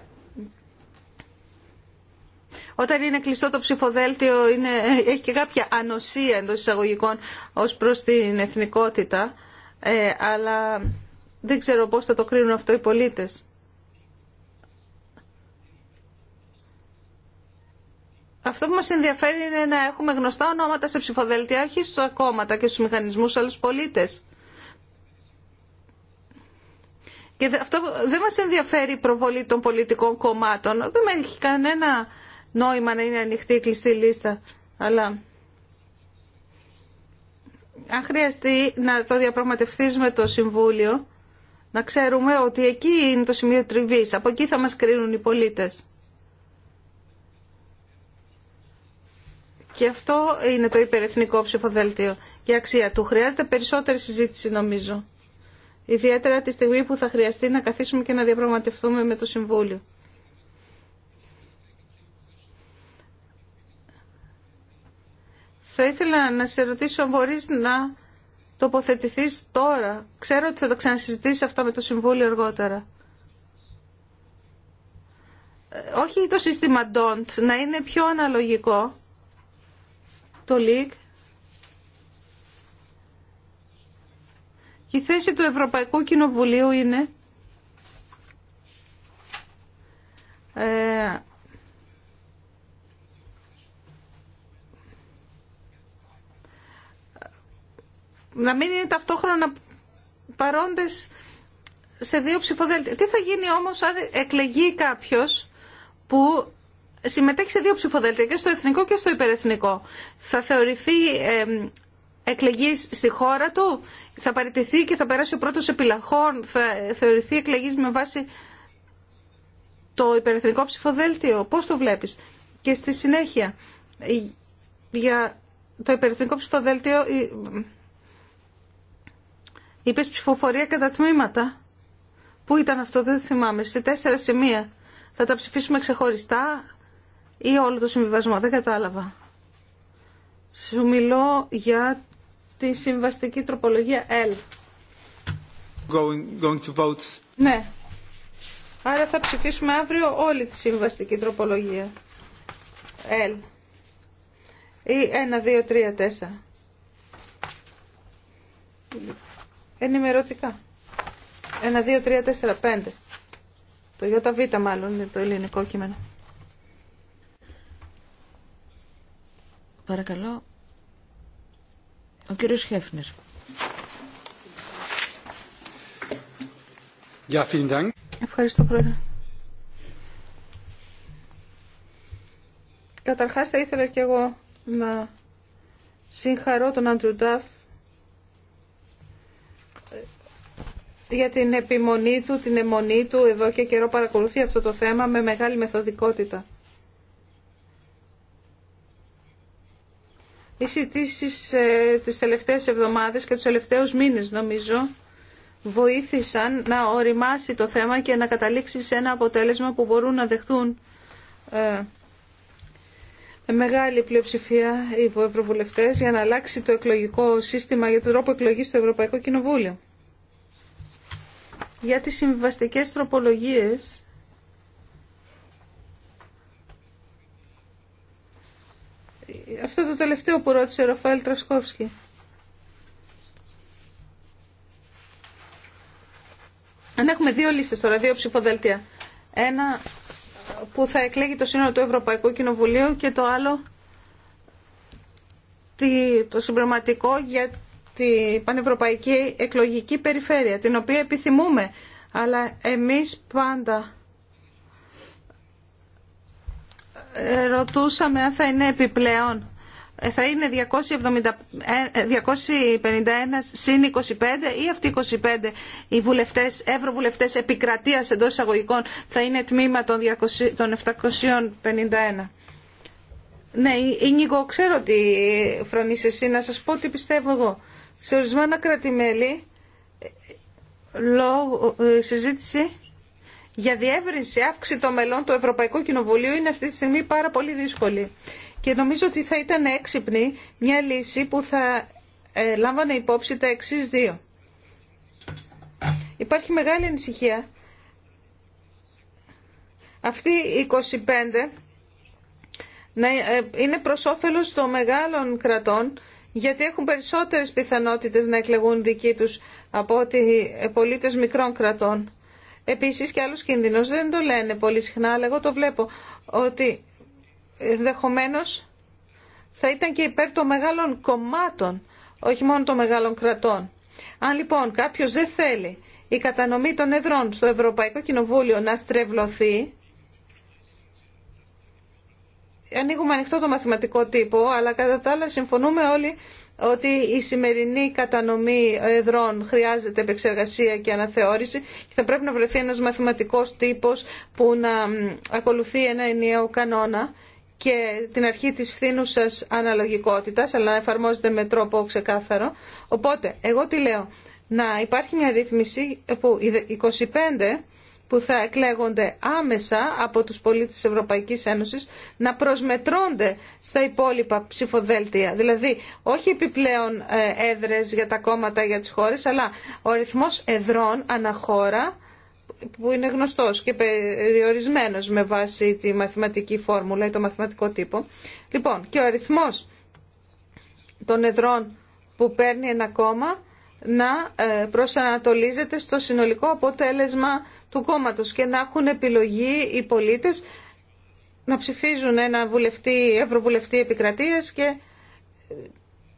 όταν είναι κλειστό το ψηφοδέλτιο είναι, έχει και κάποια ανοσία εντό εισαγωγικών ως προς την εθνικότητα, ε, αλλά δεν ξέρω πώς θα το κρίνουν αυτό οι πολίτες. Αυτό που μας ενδιαφέρει είναι να έχουμε γνωστά ονόματα σε ψηφοδέλτια, όχι στα κόμματα και στους μηχανισμούς, αλλά στους πολίτες. Και αυτό δεν μας ενδιαφέρει η προβολή των πολιτικών κομμάτων. Δεν έχει κανένα νόημα να είναι ανοιχτή η κλειστή λίστα, αλλά αν χρειαστεί να το διαπραγματευτείς με το Συμβούλιο, να ξέρουμε ότι εκεί είναι το σημείο τριβής, από εκεί θα μας κρίνουν οι πολίτες. Και αυτό είναι το υπερεθνικό ψηφοδέλτιο και αξία του. Χρειάζεται περισσότερη συζήτηση νομίζω. Ιδιαίτερα τη στιγμή που θα χρειαστεί να καθίσουμε και να διαπραγματευτούμε με το Συμβούλιο. Θα ήθελα να σε ρωτήσω αν μπορείς να τοποθετηθείς τώρα. Ξέρω ότι θα τα ξανασυζητήσει αυτά με το Συμβούλιο αργότερα. Ε, όχι το σύστημα DONT, να είναι πιο αναλογικό το link. Η θέση του Ευρωπαϊκού Κοινοβουλίου είναι ε, να μην είναι ταυτόχρονα παρόντες σε δύο ψηφοδέλτια. Τι θα γίνει όμως αν εκλεγεί κάποιος που συμμετέχει σε δύο ψηφοδέλτια, και στο εθνικό και στο υπερεθνικό. Θα θεωρηθεί ε, εκλεγής στη χώρα του, θα παραιτηθεί και θα περάσει ο πρώτος επιλαχών, θα θεωρηθεί εκλεγής με βάση το υπερεθνικό ψηφοδέλτιο. Πώς το βλέπεις. Και στη συνέχεια, για το υπερεθνικό ψηφοδέλτιο Είπε ψηφοφορία κατά τμήματα. Πού ήταν αυτό, δεν θυμάμαι. Σε τέσσερα σημεία. Θα τα ψηφίσουμε ξεχωριστά ή όλο το συμβιβασμό. Δεν κατάλαβα. Σου μιλώ για τη συμβαστική τροπολογία L. Going, going to Ναι. Άρα θα ψηφίσουμε αύριο όλη τη συμβαστική τροπολογία. L. Ή 1, 2, 3, 4 ενημερωτικά. Ένα, δύο, τρία, τέσσερα, πέντε. Το ΙΒ μάλλον είναι το ελληνικό κείμενο. Παρακαλώ. Ο κύριος Χέφνερ. Ja, vielen Dank. Ευχαριστώ, Πρόεδρε. Καταρχάς, θα ήθελα και εγώ να συγχαρώ τον Άντρου Ντάφ για την επιμονή του, την αιμονή του. Εδώ και καιρό παρακολουθεί αυτό το θέμα με μεγάλη μεθοδικότητα. Οι συζητήσει ε, τις τελευταίες εβδομάδες και τους τελευταίους μήνες νομίζω βοήθησαν να οριμάσει το θέμα και να καταλήξει σε ένα αποτέλεσμα που μπορούν να δεχτούν ε, με μεγάλη πλειοψηφία οι ευρωβουλευτές για να αλλάξει το εκλογικό σύστημα για τον τρόπο εκλογής στο Ευρωπαϊκό Κοινοβούλιο για τις συμβαστικές τροπολογίες αυτό το τελευταίο που ρώτησε ο Ραφαέλ Τρασκόφσκι. Αν έχουμε δύο λίστες τώρα, δύο ψηφοδέλτια. Ένα που θα εκλέγει το σύνολο του Ευρωπαϊκού Κοινοβουλίου και το άλλο το συμπληρωματικό για την πανευρωπαϊκή εκλογική περιφέρεια, την οποία επιθυμούμε. Αλλά εμείς πάντα ρωτούσαμε αν θα είναι επιπλέον. Ε, θα είναι 270, 251 ε, συν 25 ή αυτοί 25 οι βουλευτές, ευρωβουλευτές επικρατείας εντός εισαγωγικών θα είναι τμήμα των, 200, 751. Ναι, Ινίγκο, ξέρω ότι φρονείς εσύ να σας πω τι πιστεύω εγώ σε ορισμένα κρατημέλη ε, συζήτηση για διεύρυνση, αύξηση των μελών του Ευρωπαϊκού Κοινοβουλίου είναι αυτή τη στιγμή πάρα πολύ δύσκολη. Και νομίζω ότι θα ήταν έξυπνη μια λύση που θα ε, λάμβανε υπόψη τα εξή δύο. Υπάρχει μεγάλη ανησυχία. Αυτή η 25 να ε, είναι προς όφελος των μεγάλων κρατών γιατί έχουν περισσότερες πιθανότητες να εκλεγούν δικοί τους από ότι πολίτες μικρών κρατών. Επίσης και άλλους κινδύνους δεν το λένε πολύ συχνά, αλλά εγώ το βλέπω ότι ενδεχομένω θα ήταν και υπέρ των μεγάλων κομμάτων, όχι μόνο των μεγάλων κρατών. Αν λοιπόν κάποιος δεν θέλει η κατανομή των εδρών στο Ευρωπαϊκό Κοινοβούλιο να στρεβλωθεί, ανοίγουμε ανοιχτό το μαθηματικό τύπο, αλλά κατά τα άλλα συμφωνούμε όλοι ότι η σημερινή κατανομή εδρών χρειάζεται επεξεργασία και αναθεώρηση και θα πρέπει να βρεθεί ένας μαθηματικός τύπος που να ακολουθεί ένα ενιαίο κανόνα και την αρχή της φθήνουσας αναλογικότητας, αλλά να εφαρμόζεται με τρόπο ξεκάθαρο. Οπότε, εγώ τι λέω, να υπάρχει μια ρύθμιση που 25 που θα εκλέγονται άμεσα από τους πολίτες της Ευρωπαϊκής Ένωσης να προσμετρώνται στα υπόλοιπα ψηφοδέλτια. Δηλαδή, όχι επιπλέον ε, έδρες για τα κόμματα για τις χώρες, αλλά ο αριθμός εδρών αναχώρα που είναι γνωστός και περιορισμένος με βάση τη μαθηματική φόρμουλα ή το μαθηματικό τύπο. Λοιπόν, και ο αριθμός των εδρών που παίρνει ένα κόμμα να ε, προσανατολίζεται στο συνολικό αποτέλεσμα του και να έχουν επιλογή οι πολίτες να ψηφίζουν ένα βουλευτή, ευρωβουλευτή επικρατείας και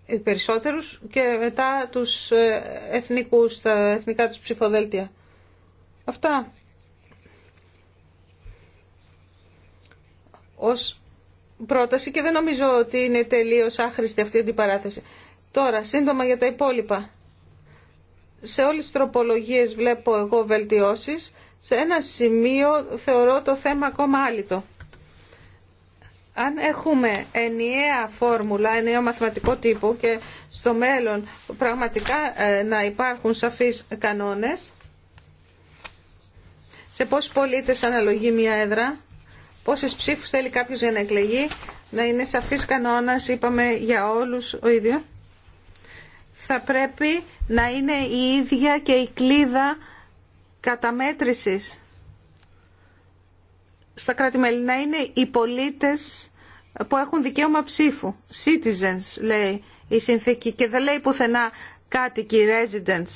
ε, περισσότερους και μετά τους ε, εθνικούς, τα εθνικά τους ψηφοδέλτια. Αυτά. Ως πρόταση και δεν νομίζω ότι είναι τελείως άχρηστη αυτή η αντιπαράθεση. Τώρα, σύντομα για τα υπόλοιπα. Σε όλες τις τροπολογίες βλέπω εγώ βελτιώσεις σε ένα σημείο θεωρώ το θέμα ακόμα άλυτο. Αν έχουμε ενιαία φόρμουλα, ενιαίο μαθηματικό τύπο και στο μέλλον πραγματικά ε, να υπάρχουν σαφείς κανόνες, σε πόσους πολίτες αναλογεί μια έδρα, πόσες ψήφους θέλει κάποιος για να εκλεγεί, να είναι σαφής κανόνας, είπαμε για όλους ο ίδιο. Θα πρέπει να είναι η ίδια και η κλίδα καταμέτρησης στα κράτη-μέλη να είναι οι πολίτες που έχουν δικαίωμα ψήφου. Citizens λέει η συνθήκη και δεν λέει πουθενά κάτοικοι, residents.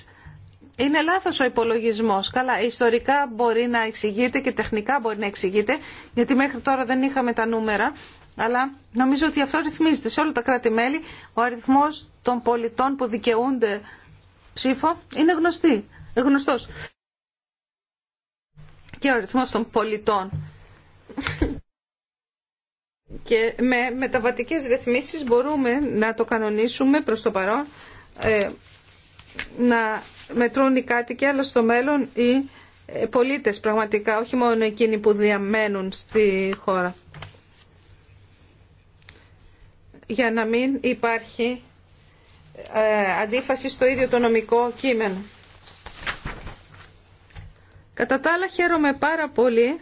Είναι λάθος ο υπολογισμός. Καλά, ιστορικά μπορεί να εξηγείται και τεχνικά μπορεί να εξηγείται, γιατί μέχρι τώρα δεν είχαμε τα νούμερα, αλλά νομίζω ότι αυτό ρυθμίζεται σε όλα τα κράτη-μέλη. Ο αριθμός των πολιτών που δικαιούνται ψήφο είναι γνωστή, γνωστός και ο αριθμός των πολιτών. Και με μεταβατικές ρυθμίσεις μπορούμε να το κανονίσουμε προς το παρόν, ε, να μετρούν οι κάτοικοι, αλλά στο μέλλον οι ε, πολίτες πραγματικά, όχι μόνο εκείνοι που διαμένουν στη χώρα. Για να μην υπάρχει ε, αντίφαση στο ίδιο το νομικό κείμενο. Κατά τα άλλα χαίρομαι πάρα πολύ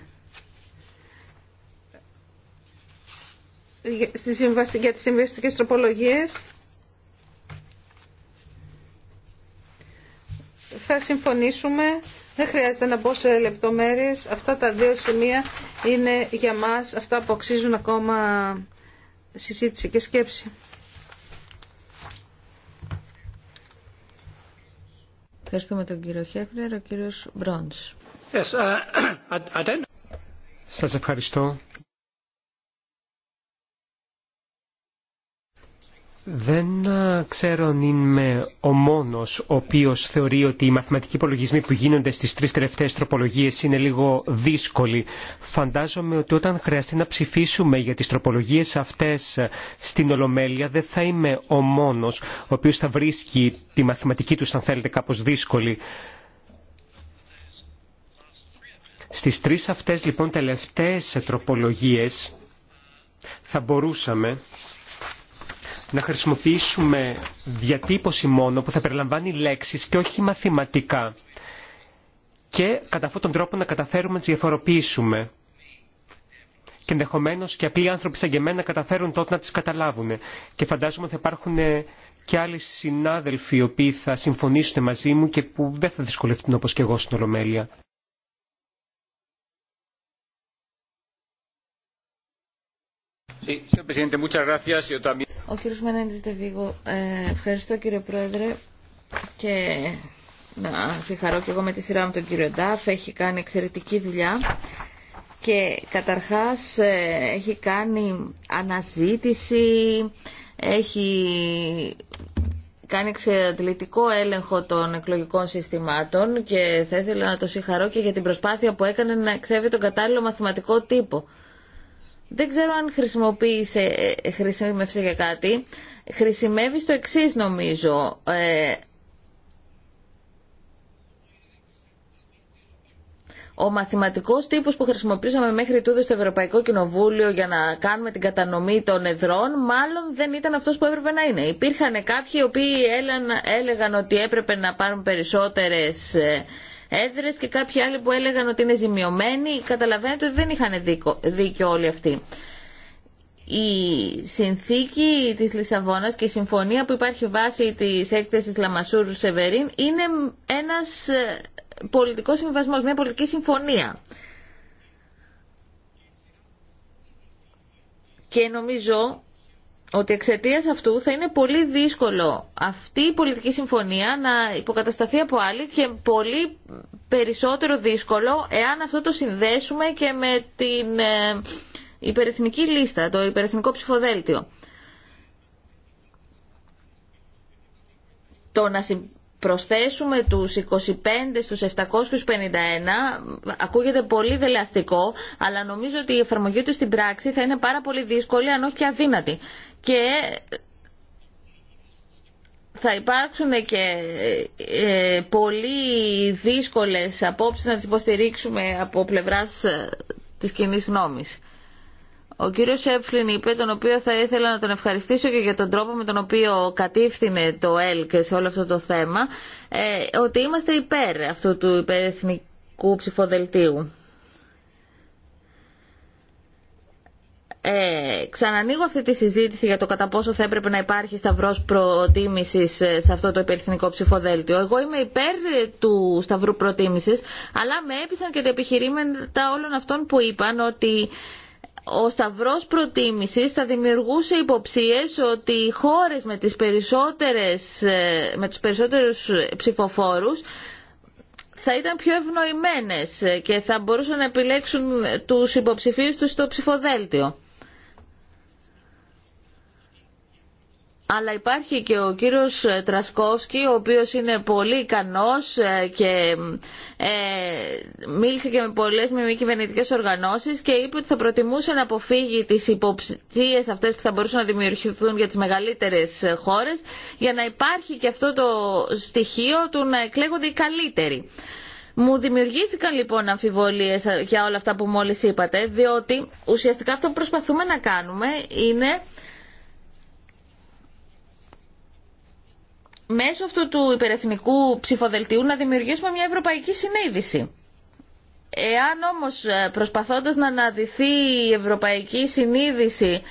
για τις συμβαστικές τροπολογίες. Θα συμφωνήσουμε, δεν χρειάζεται να μπω σε λεπτομέρειες. Αυτά τα δύο σημεία είναι για μας αυτά που αξίζουν ακόμα συζήτηση και σκέψη. Ευχαριστούμε τον κύριο Χέφνερ, ο κύριος Μπρόντς. Yes, uh, Σας ευχαριστώ. Δεν ξέρω αν είμαι ο μόνος ο οποίος θεωρεί ότι οι μαθηματικοί υπολογισμοί που γίνονται στις τρεις τελευταίες τροπολογίες είναι λίγο δύσκολοι. Φαντάζομαι ότι όταν χρειαστεί να ψηφίσουμε για τις τροπολογίες αυτές στην Ολομέλεια δεν θα είμαι ο μόνος ο οποίος θα βρίσκει τη μαθηματική τους αν θέλετε κάπως δύσκολη. Στις τρεις αυτές λοιπόν τελευταίες τροπολογίες θα μπορούσαμε να χρησιμοποιήσουμε διατύπωση μόνο που θα περιλαμβάνει λέξεις και όχι μαθηματικά και κατά αυτόν τον τρόπο να καταφέρουμε να τις διαφοροποιήσουμε και ενδεχομένω και απλοί άνθρωποι σαν και εμένα καταφέρουν τότε να τις καταλάβουν και φαντάζομαι ότι θα υπάρχουν και άλλοι συνάδελφοι οι οποίοι θα συμφωνήσουν μαζί μου και που δεν θα δυσκολευτούν όπως και εγώ στην Ολομέλεια. Ο κύριος Μενέντης ε, ευχαριστώ κύριε Πρόεδρε και να συγχαρώ και εγώ με τη σειρά μου τον κύριο Ντάφ, έχει κάνει εξαιρετική δουλειά και καταρχάς ε, έχει κάνει αναζήτηση, έχει κάνει εξαιρετικό έλεγχο των εκλογικών συστημάτων και θα ήθελα να το συγχαρώ και για την προσπάθεια που έκανε να εξεύει τον κατάλληλο μαθηματικό τύπο. Δεν ξέρω αν χρησιμοποίησε, χρησιμεύσε για κάτι. Χρησιμεύει στο εξή νομίζω. Ε, ο μαθηματικός τύπος που χρησιμοποιήσαμε μέχρι τούδε στο Ευρωπαϊκό Κοινοβούλιο για να κάνουμε την κατανομή των εδρών, μάλλον δεν ήταν αυτός που έπρεπε να είναι. Υπήρχαν κάποιοι οι οποίοι έλεγαν ότι έπρεπε να πάρουν περισσότερες ε, έδρες και κάποιοι άλλοι που έλεγαν ότι είναι ζημιωμένοι. Καταλαβαίνετε ότι δεν είχαν δίκιο όλοι αυτοί. Η συνθήκη της Λισαβόνας και η συμφωνία που υπάρχει βάση της έκθεσης Λαμασούρου Σεβερίν είναι ένας ε, πολιτικός συμβασμός, μια πολιτική συμφωνία. Και νομίζω ότι εξαιτία αυτού θα είναι πολύ δύσκολο αυτή η πολιτική συμφωνία να υποκατασταθεί από άλλη και πολύ περισσότερο δύσκολο εάν αυτό το συνδέσουμε και με την ε, υπερεθνική λίστα, το υπερεθνικό ψηφοδέλτιο. Το να προσθέσουμε τους 25 στους 751 ακούγεται πολύ δελαστικό, αλλά νομίζω ότι η εφαρμογή του στην πράξη θα είναι πάρα πολύ δύσκολη αν όχι και αδύνατη και θα υπάρξουν και ε, πολύ δύσκολες απόψεις να τις υποστηρίξουμε από πλευράς ε, της κοινή γνώμης. Ο κύριος Σέπφλιν είπε, τον οποίο θα ήθελα να τον ευχαριστήσω και για τον τρόπο με τον οποίο κατήφθηνε το και σε όλο αυτό το θέμα, ε, ότι είμαστε υπέρ αυτού του υπερεθνικού ψηφοδελτίου. ε, ξανανοίγω αυτή τη συζήτηση για το κατά πόσο θα έπρεπε να υπάρχει σταυρός προτίμησης ε, σε αυτό το υπερηθνικό ψηφοδέλτιο. Εγώ είμαι υπέρ ε, του σταυρού προτίμησης, αλλά με έπεισαν και τα επιχειρήματα όλων αυτών που είπαν ότι ο σταυρός προτίμησης θα δημιουργούσε υποψίες ότι οι χώρες με, τις περισσότερες, ε, με τους περισσότερους ψηφοφόρους θα ήταν πιο ευνοημένες και θα μπορούσαν να επιλέξουν τους υποψηφίους τους στο ψηφοδέλτιο. αλλά υπάρχει και ο κύριος ε, Τρασκόσκη, ο οποίος είναι πολύ ικανός ε, και ε, μίλησε και με πολλές μη κυβερνητικέ οργανώσεις και είπε ότι θα προτιμούσε να αποφύγει τις υποψίες αυτές που θα μπορούσαν να δημιουργηθούν για τις μεγαλύτερες χώρες, για να υπάρχει και αυτό το στοιχείο του να εκλέγονται οι καλύτεροι. Μου δημιουργήθηκαν λοιπόν αμφιβολίες για όλα αυτά που μόλις είπατε, διότι ουσιαστικά αυτό που προσπαθούμε να κάνουμε είναι μέσω αυτού του υπερεθνικού ψηφοδελτίου να δημιουργήσουμε μια ευρωπαϊκή συνείδηση. Εάν όμως ε, προσπαθώντας να αναδυθεί η ευρωπαϊκή συνείδηση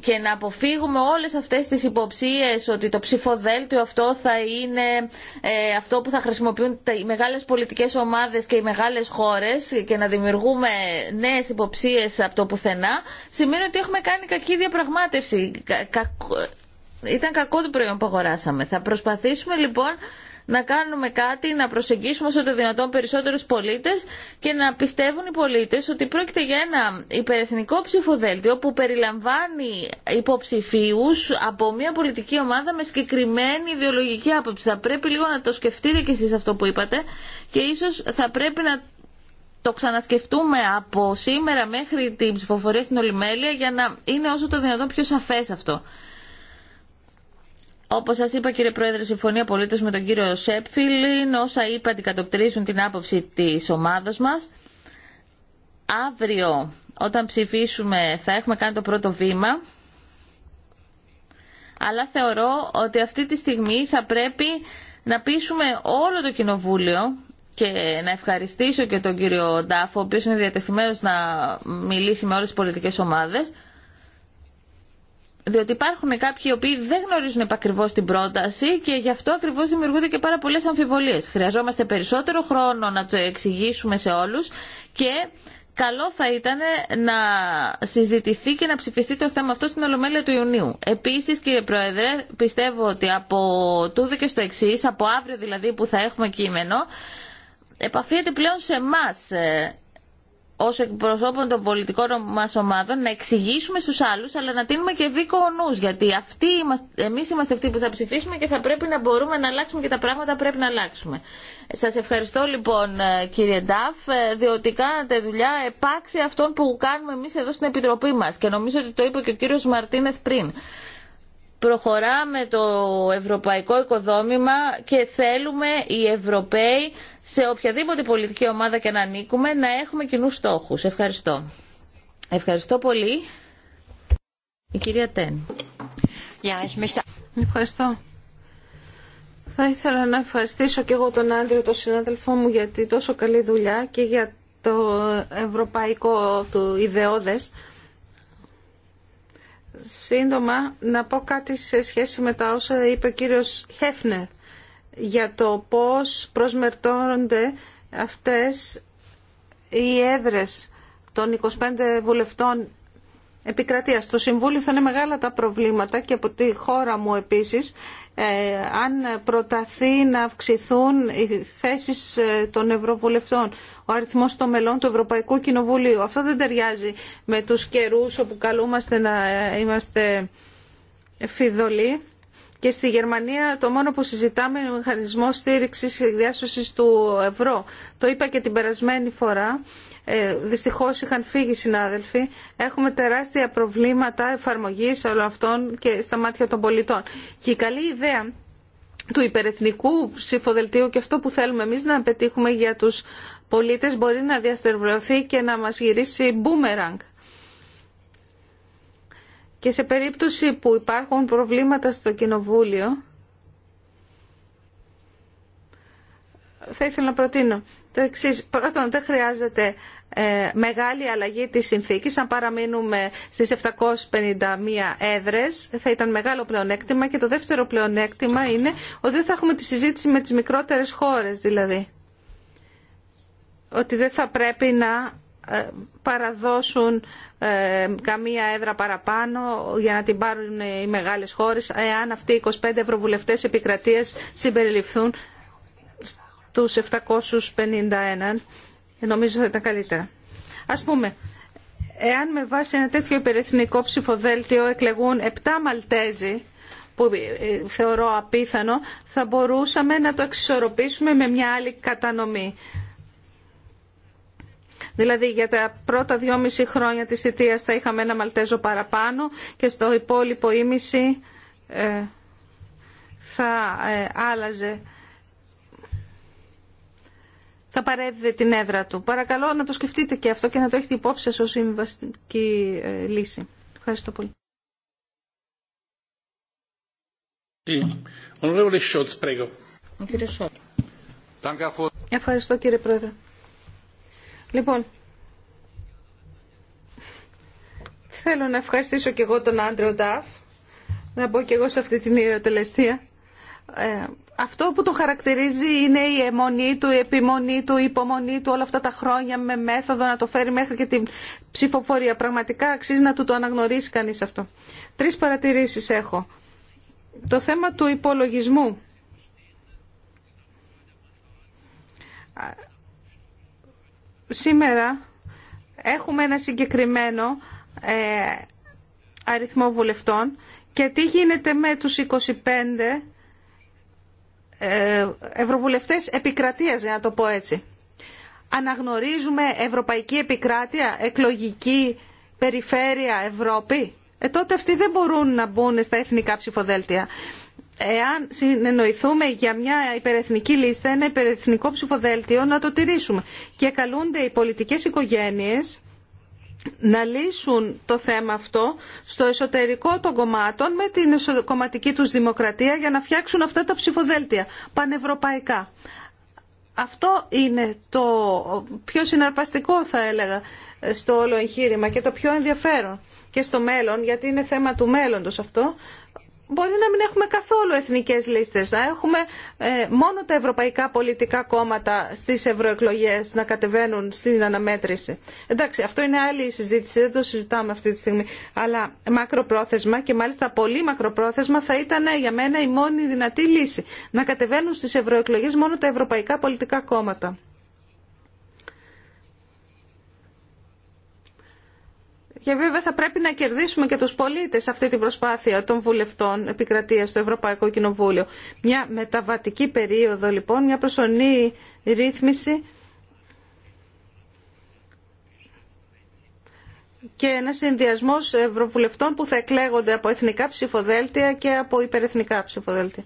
και να αποφύγουμε όλες αυτές τις υποψίες ότι το ψηφοδέλτιο αυτό θα είναι ε, αυτό που θα χρησιμοποιούν τα, οι μεγάλες πολιτικές ομάδες και οι μεγάλες χώρες και να δημιουργούμε νέες υποψίες από το πουθενά σημαίνει ότι έχουμε κάνει κακή διαπραγμάτευση ήταν κακό το προϊόν που αγοράσαμε. Θα προσπαθήσουμε λοιπόν να κάνουμε κάτι, να προσεγγίσουμε όσο το δυνατόν περισσότερου πολίτε και να πιστεύουν οι πολίτε ότι πρόκειται για ένα υπερεθνικό ψηφοδέλτιο που περιλαμβάνει υποψηφίου από μια πολιτική ομάδα με συγκεκριμένη ιδεολογική άποψη. Θα πρέπει λίγο να το σκεφτείτε κι εσεί αυτό που είπατε και ίσω θα πρέπει να το ξανασκεφτούμε από σήμερα μέχρι την ψηφοφορία στην Ολυμέλεια για να είναι όσο το δυνατόν πιο σαφέ αυτό. Όπω σα είπα, κύριε Πρόεδρε, συμφωνεί απολύτω με τον κύριο Σέπφιλιν. Όσα είπα αντικατοπτρίζουν την άποψη τη ομάδα μα. Αύριο, όταν ψηφίσουμε, θα έχουμε κάνει το πρώτο βήμα. Αλλά θεωρώ ότι αυτή τη στιγμή θα πρέπει να πείσουμε όλο το Κοινοβούλιο και να ευχαριστήσω και τον κύριο Ντάφο, ο οποίος είναι διατεθειμένος να μιλήσει με όλες τις πολιτικές ομάδες, διότι υπάρχουν κάποιοι οι οποίοι δεν γνωρίζουν επακριβώς την πρόταση και γι' αυτό ακριβώς δημιουργούνται και πάρα πολλές αμφιβολίες. Χρειαζόμαστε περισσότερο χρόνο να το εξηγήσουμε σε όλους και καλό θα ήταν να συζητηθεί και να ψηφιστεί το θέμα αυτό στην Ολομέλεια του Ιουνίου. Επίσης κύριε Πρόεδρε πιστεύω ότι από τούδο και στο εξή, από αύριο δηλαδή που θα έχουμε κείμενο, επαφείται πλέον σε εμά ε, ως εκπροσώπων των πολιτικών μας ομάδων να εξηγήσουμε στους άλλους αλλά να τίνουμε και δίκο νους γιατί αυτοί, εμείς είμαστε αυτοί που θα ψηφίσουμε και θα πρέπει να μπορούμε να αλλάξουμε και τα πράγματα πρέπει να αλλάξουμε. Σας ευχαριστώ λοιπόν ε, κύριε Νταφ ε, διότι κάνατε δουλειά επάξια αυτών που κάνουμε εμείς εδώ στην Επιτροπή μας και νομίζω ότι το είπε και ο κύριος Μαρτίνεθ πριν προχωράμε το ευρωπαϊκό οικοδόμημα και θέλουμε οι Ευρωπαίοι σε οποιαδήποτε πολιτική ομάδα και να ανήκουμε να έχουμε κοινού στόχους. Ευχαριστώ. Ευχαριστώ πολύ. Η κυρία Τέν. Ευχαριστώ. Θα ήθελα να ευχαριστήσω και εγώ τον Άντριο, τον συνάδελφό μου, γιατί τόσο καλή δουλειά και για το ευρωπαϊκό του ιδεώδες σύντομα να πω κάτι σε σχέση με τα όσα είπε ο κύριος Χέφνερ για το πώς προσμερτώνονται αυτές οι έδρες των 25 βουλευτών επικρατεία. Στο Συμβούλιο θα είναι μεγάλα τα προβλήματα και από τη χώρα μου επίσης ε, αν προταθεί να αυξηθούν οι θέσεις ε, των Ευρωβουλευτών, ο αριθμός των μελών του Ευρωπαϊκού Κοινοβουλίου. Αυτό δεν ταιριάζει με τους καιρούς όπου καλούμαστε να ε, είμαστε φιδωλοί. Και στη Γερμανία το μόνο που συζητάμε είναι ο μηχανισμό στήριξη και διάσωση του ευρώ. Το είπα και την περασμένη φορά. Ε, δυστυχώς είχαν φύγει συνάδελφοι. Έχουμε τεράστια προβλήματα εφαρμογής όλων αυτών και στα μάτια των πολιτών. Και η καλή ιδέα του υπερεθνικού ψηφοδελτίου και αυτό που θέλουμε εμείς να πετύχουμε για τους πολίτες μπορεί να διαστερβλωθεί και να μας γυρίσει μπούμεραγκ. Και σε περίπτωση που υπάρχουν προβλήματα στο Κοινοβούλιο, θα ήθελα να προτείνω το εξή. Πρώτον, δεν χρειάζεται ε, μεγάλη αλλαγή τη συνθήκη. Αν παραμείνουμε στις 751 έδρες θα ήταν μεγάλο πλεονέκτημα και το δεύτερο πλεονέκτημα είναι ότι δεν θα έχουμε τη συζήτηση με τις μικρότερες χώρες δηλαδή. Ότι δεν θα πρέπει να ε, παραδώσουν ε, καμία έδρα παραπάνω για να την πάρουν οι μεγάλες χώρες εάν αυτοί οι 25 ευρωβουλευτές επικρατείες συμπεριληφθούν του 751, ε, νομίζω θα ήταν καλύτερα. Ας πούμε, εάν με βάση ένα τέτοιο υπερεθνικό ψηφοδέλτιο εκλεγούν 7 Μαλτέζοι, που ε, θεωρώ απίθανο, θα μπορούσαμε να το εξισορροπήσουμε με μια άλλη κατανομή. Δηλαδή για τα πρώτα δυόμιση χρόνια της θητείας θα είχαμε ένα Μαλτέζο παραπάνω και στο υπόλοιπο ήμιση ε, θα άλλαζε θα παρέδιδε την έδρα του. Παρακαλώ να το σκεφτείτε και αυτό και να το έχετε υπόψη σας ως συμβαστική ε, λύση. Ευχαριστώ πολύ. Ευχαριστώ κύριε Πρόεδρε. Λοιπόν, θέλω να ευχαριστήσω και εγώ τον Άντριο Νταφ, να μπω και εγώ σε αυτή την ιεροτελεστία. Ε, αυτό που το χαρακτηρίζει είναι η αιμονή του, η επιμονή του, η υπομονή του όλα αυτά τα χρόνια με μέθοδο να το φέρει μέχρι και την ψηφοφορία. Πραγματικά αξίζει να του το αναγνωρίσει κανείς αυτό. Τρεις παρατηρήσεις έχω. Το θέμα του υπολογισμού. Σήμερα έχουμε ένα συγκεκριμένο ε, αριθμό βουλευτών και τι γίνεται με τους 25 ε, ευρωβουλευτές επικρατείας, για να το πω έτσι. Αναγνωρίζουμε ευρωπαϊκή επικράτεια, εκλογική περιφέρεια Ευρώπη. Ε, τότε αυτοί δεν μπορούν να μπουν στα εθνικά ψηφοδέλτια. Εάν συνεννοηθούμε για μια υπερεθνική λίστα, ένα υπερεθνικό ψηφοδέλτιο, να το τηρήσουμε. Και καλούνται οι πολιτικές οικογένειες να λύσουν το θέμα αυτό στο εσωτερικό των κομμάτων με την κομματική τους δημοκρατία για να φτιάξουν αυτά τα ψηφοδέλτια πανευρωπαϊκά. Αυτό είναι το πιο συναρπαστικό θα έλεγα στο όλο εγχείρημα και το πιο ενδιαφέρον και στο μέλλον γιατί είναι θέμα του μέλλοντος αυτό μπορεί να μην έχουμε καθόλου εθνικές λίστες, να έχουμε ε, μόνο τα ευρωπαϊκά πολιτικά κόμματα στις ευρωεκλογέ να κατεβαίνουν στην αναμέτρηση. Εντάξει, αυτό είναι άλλη συζήτηση, δεν το συζητάμε αυτή τη στιγμή. Αλλά μακροπρόθεσμα και μάλιστα πολύ μακροπρόθεσμα θα ήταν ε, για μένα η μόνη δυνατή λύση. Να κατεβαίνουν στις ευρωεκλογέ μόνο τα ευρωπαϊκά πολιτικά κόμματα. Και βέβαια θα πρέπει να κερδίσουμε και τους πολίτες αυτή την προσπάθεια των βουλευτών επικρατείας στο Ευρωπαϊκό Κοινοβούλιο. Μια μεταβατική περίοδο λοιπόν, μια προσωνή ρύθμιση και ένα συνδυασμό ευρωβουλευτών που θα εκλέγονται από εθνικά ψηφοδέλτια και από υπερεθνικά ψηφοδέλτια.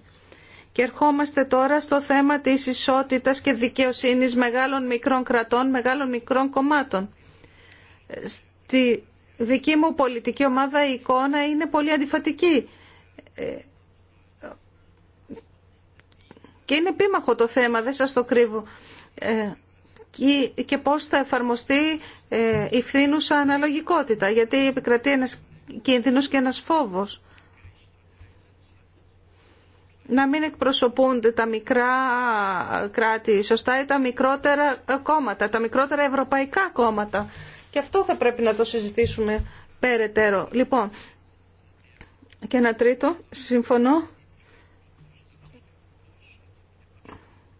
Και ερχόμαστε τώρα στο θέμα της ισότητας και δικαιοσύνης μεγάλων μικρών κρατών, μεγάλων μικρών κομμάτων. Στη δική μου πολιτική ομάδα η εικόνα είναι πολύ αντιφατική. Ε, και είναι επίμαχο το θέμα, δεν σας το κρύβω. Ε, και πώς θα εφαρμοστεί ε, η φθήνουσα αναλογικότητα, γιατί επικρατεί ένας κίνδυνος και ένας φόβος. Να μην εκπροσωπούνται τα μικρά κράτη, σωστά, ή τα μικρότερα κόμματα, τα μικρότερα ευρωπαϊκά κόμματα. Και αυτό θα πρέπει να το συζητήσουμε περαιτέρω. Λοιπόν, και ένα τρίτο, συμφωνώ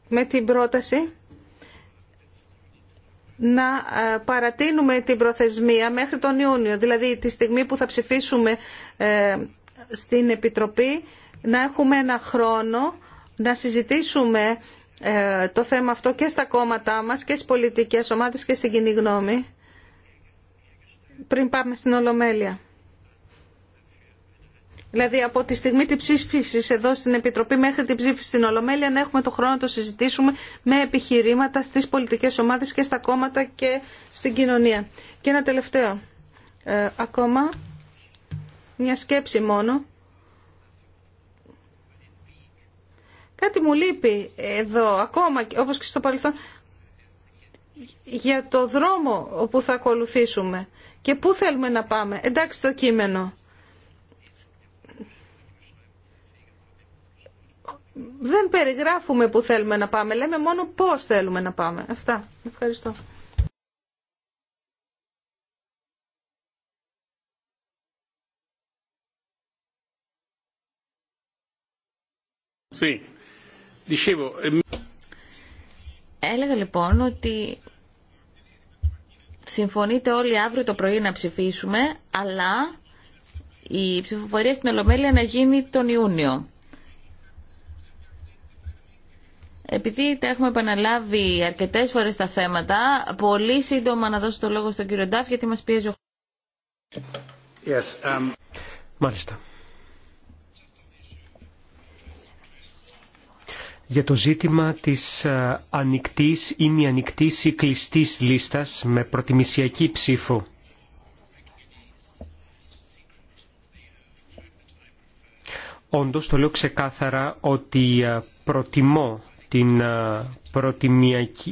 με την πρόταση να ε, παρατείνουμε την προθεσμία μέχρι τον Ιούνιο, δηλαδή τη στιγμή που θα ψηφίσουμε ε, στην Επιτροπή, να έχουμε ένα χρόνο να συζητήσουμε ε, το θέμα αυτό και στα κόμματά μας και στις πολιτικές ομάδες και στην κοινή γνώμη πριν πάμε στην Ολομέλεια. Δηλαδή από τη στιγμή της ψήφιση εδώ στην Επιτροπή μέχρι την ψήφιση στην Ολομέλεια να έχουμε το χρόνο να το συζητήσουμε με επιχειρήματα στις πολιτικές ομάδες και στα κόμματα και στην κοινωνία. Και ένα τελευταίο. Ε, ακόμα μια σκέψη μόνο. Κάτι μου λείπει εδώ ακόμα όπως και στο παρελθόν για το δρόμο όπου θα ακολουθήσουμε και πού θέλουμε να πάμε. Εντάξει το κείμενο. Δεν περιγράφουμε που θέλουμε να πάμε, λέμε μόνο πώς θέλουμε να πάμε. Αυτά. Ευχαριστώ. Eh, Έλεγα λοιπόν ότι συμφωνείτε όλοι αύριο το πρωί να ψηφίσουμε, αλλά η ψηφοφορία στην Ολομέλεια να γίνει τον Ιούνιο. Επειδή τα έχουμε επαναλάβει αρκετέ φορέ τα θέματα, πολύ σύντομα να δώσω το λόγο στον κύριο Ντάφ γιατί μα πιέζει ο yes, um... Μάλιστα. για το ζήτημα της ε, ανοιχτή ή μη ανοιχτή ή κλειστή λίστας με προτιμησιακή ψήφο. Όντως το λέω ξεκάθαρα ότι ε, προτιμώ την ε,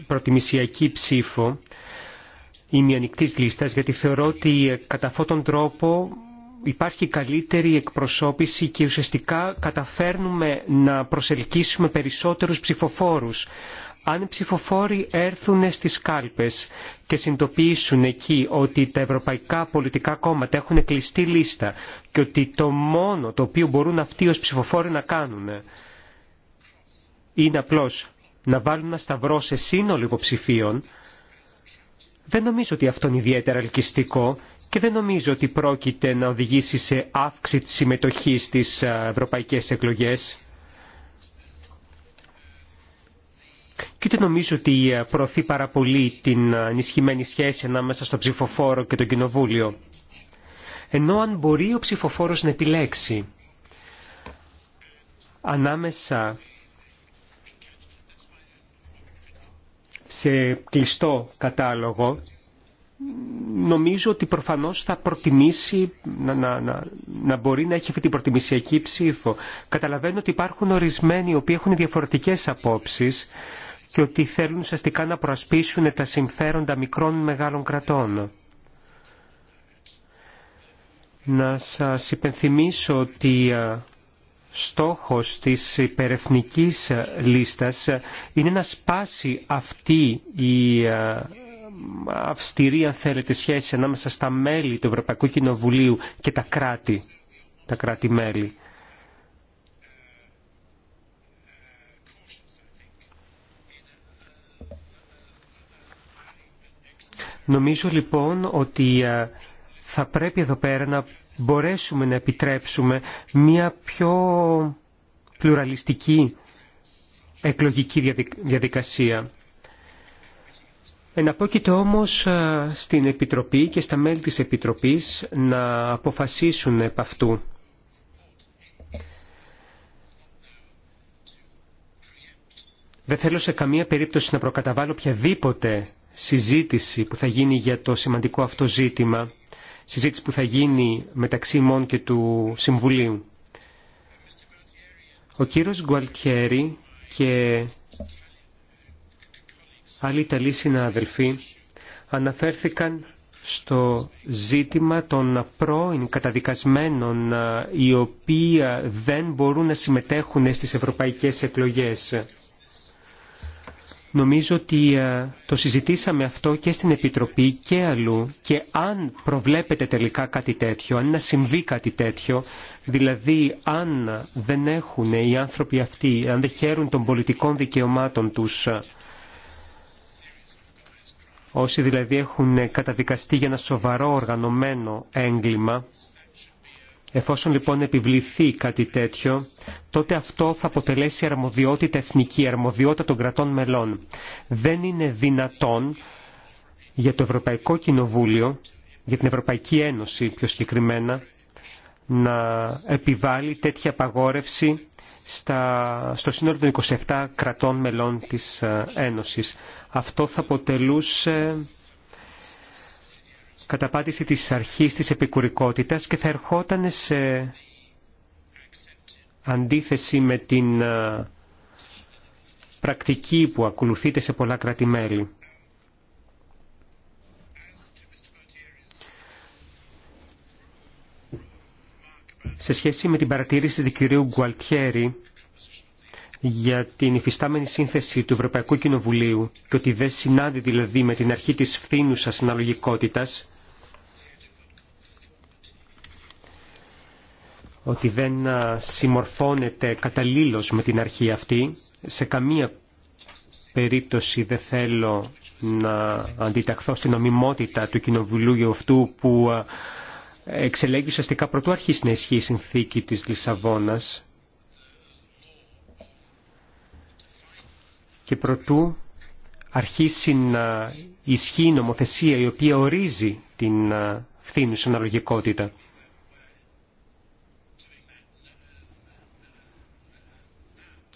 προτιμησιακή ψήφο ή μη ανοιχτή λίστας γιατί θεωρώ ότι κατά αυτόν τον τρόπο υπάρχει καλύτερη εκπροσώπηση και ουσιαστικά καταφέρνουμε να προσελκύσουμε περισσότερους ψηφοφόρους. Αν οι ψηφοφόροι έρθουν στις κάλπες και συνειδητοποιήσουν εκεί ότι τα ευρωπαϊκά πολιτικά κόμματα έχουν κλειστή λίστα και ότι το μόνο το οποίο μπορούν αυτοί ως ψηφοφόροι να κάνουν είναι απλώς να βάλουν ένα σταυρό σε σύνολο υποψηφίων, δεν νομίζω ότι αυτό είναι ιδιαίτερα ελκυστικό και δεν νομίζω ότι πρόκειται να οδηγήσει σε αύξηση της συμμετοχής στις ε, ευρωπαϊκές εκλογές. Και δεν νομίζω ότι ε, προωθεί πάρα πολύ την ενισχυμένη σχέση ανάμεσα στο ψηφοφόρο και το κοινοβούλιο. Ενώ αν μπορεί ο ψηφοφόρος να επιλέξει ανάμεσα σε κλειστό κατάλογο νομίζω ότι προφανώς θα προτιμήσει να, να, να, μπορεί να έχει αυτή την προτιμησιακή ψήφο. Καταλαβαίνω ότι υπάρχουν ορισμένοι οι οποίοι έχουν διαφορετικές απόψεις και ότι θέλουν ουσιαστικά να προασπίσουν τα συμφέροντα μικρών μεγάλων κρατών. Να σας υπενθυμίσω ότι στόχος της υπερεθνικής λίστας ε, είναι να σπάσει αυτή η αυστηρή αν θέλετε σχέση ανάμεσα στα μέλη του Ευρωπαϊκού Κοινοβουλίου και τα κράτη, τα κράτη-μέλη. Νομίζω λοιπόν ότι ε, θα πρέπει εδώ πέρα να μπορέσουμε να επιτρέψουμε μια πιο πλουραλιστική εκλογική διαδικασία. Εναπόκειται όμως ε, στην Επιτροπή και στα μέλη της Επιτροπής να αποφασίσουν επ' αυτού. Δεν θέλω σε καμία περίπτωση να προκαταβάλω οποιαδήποτε συζήτηση που θα γίνει για το σημαντικό αυτό ζήτημα, συζήτηση που θα γίνει μεταξύ μόν και του Συμβουλίου. Ο κύριος Γκουαλτιέρη και Άλλοι Ιταλοί συναδελφοί αναφέρθηκαν στο ζήτημα των πρώην καταδικασμένων οι οποίοι δεν μπορούν να συμμετέχουν στις ευρωπαϊκές εκλογές. Νομίζω ότι το συζητήσαμε αυτό και στην Επιτροπή και αλλού και αν προβλέπετε τελικά κάτι τέτοιο, αν να συμβεί κάτι τέτοιο, δηλαδή αν δεν έχουν οι άνθρωποι αυτοί, αν δεν χαίρουν των πολιτικών δικαιωμάτων τους όσοι δηλαδή έχουν καταδικαστεί για ένα σοβαρό οργανωμένο έγκλημα, εφόσον λοιπόν επιβληθεί κάτι τέτοιο, τότε αυτό θα αποτελέσει αρμοδιότητα εθνική, αρμοδιότητα των κρατών μελών. Δεν είναι δυνατόν για το Ευρωπαϊκό Κοινοβούλιο, για την Ευρωπαϊκή Ένωση πιο συγκεκριμένα, να επιβάλλει τέτοια απαγόρευση στα, στο σύνολο των 27 κρατών μελών της ε, Ένωσης. Αυτό θα αποτελούσε καταπάτηση της αρχής της επικουρικότητας και θα ερχόταν σε αντίθεση με την ε, πρακτική που ακολουθείται σε πολλά κράτη-μέλη. σε σχέση με την παρατήρηση του κυρίου Γκουαλτιέρη για την υφιστάμενη σύνθεση του Ευρωπαϊκού Κοινοβουλίου και ότι δεν συνάδει δηλαδή με την αρχή της φθήνουσας συναλλογικότητας ότι δεν συμμορφώνεται καταλήλως με την αρχή αυτή. Σε καμία περίπτωση δεν θέλω να αντιταχθώ στην ομιμότητα του Κοινοβουλίου αυτού που εξελέγει ουσιαστικά πρωτού αρχίσει να ισχύει η συνθήκη της Λισαβόνας και πρωτού αρχίσει να ισχύει η νομοθεσία η οποία ορίζει την φθήνουσα αναλογικότητα.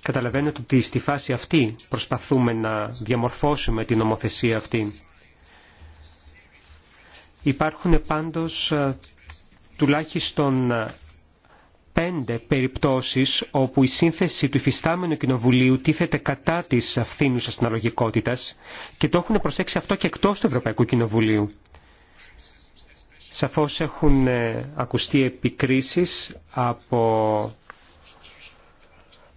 Καταλαβαίνετε ότι στη φάση αυτή προσπαθούμε να διαμορφώσουμε την νομοθεσία αυτή. Υπάρχουν πάντως τουλάχιστον ε, πέντε περιπτώσεις όπου η σύνθεση του υφιστάμενου κοινοβουλίου τίθεται κατά της αυθήνουσας αναλογικότητας και το έχουν προσέξει αυτό και εκτός του Ευρωπαϊκού Κοινοβουλίου. Σαφώς έχουν ε, ακουστεί επικρίσεις από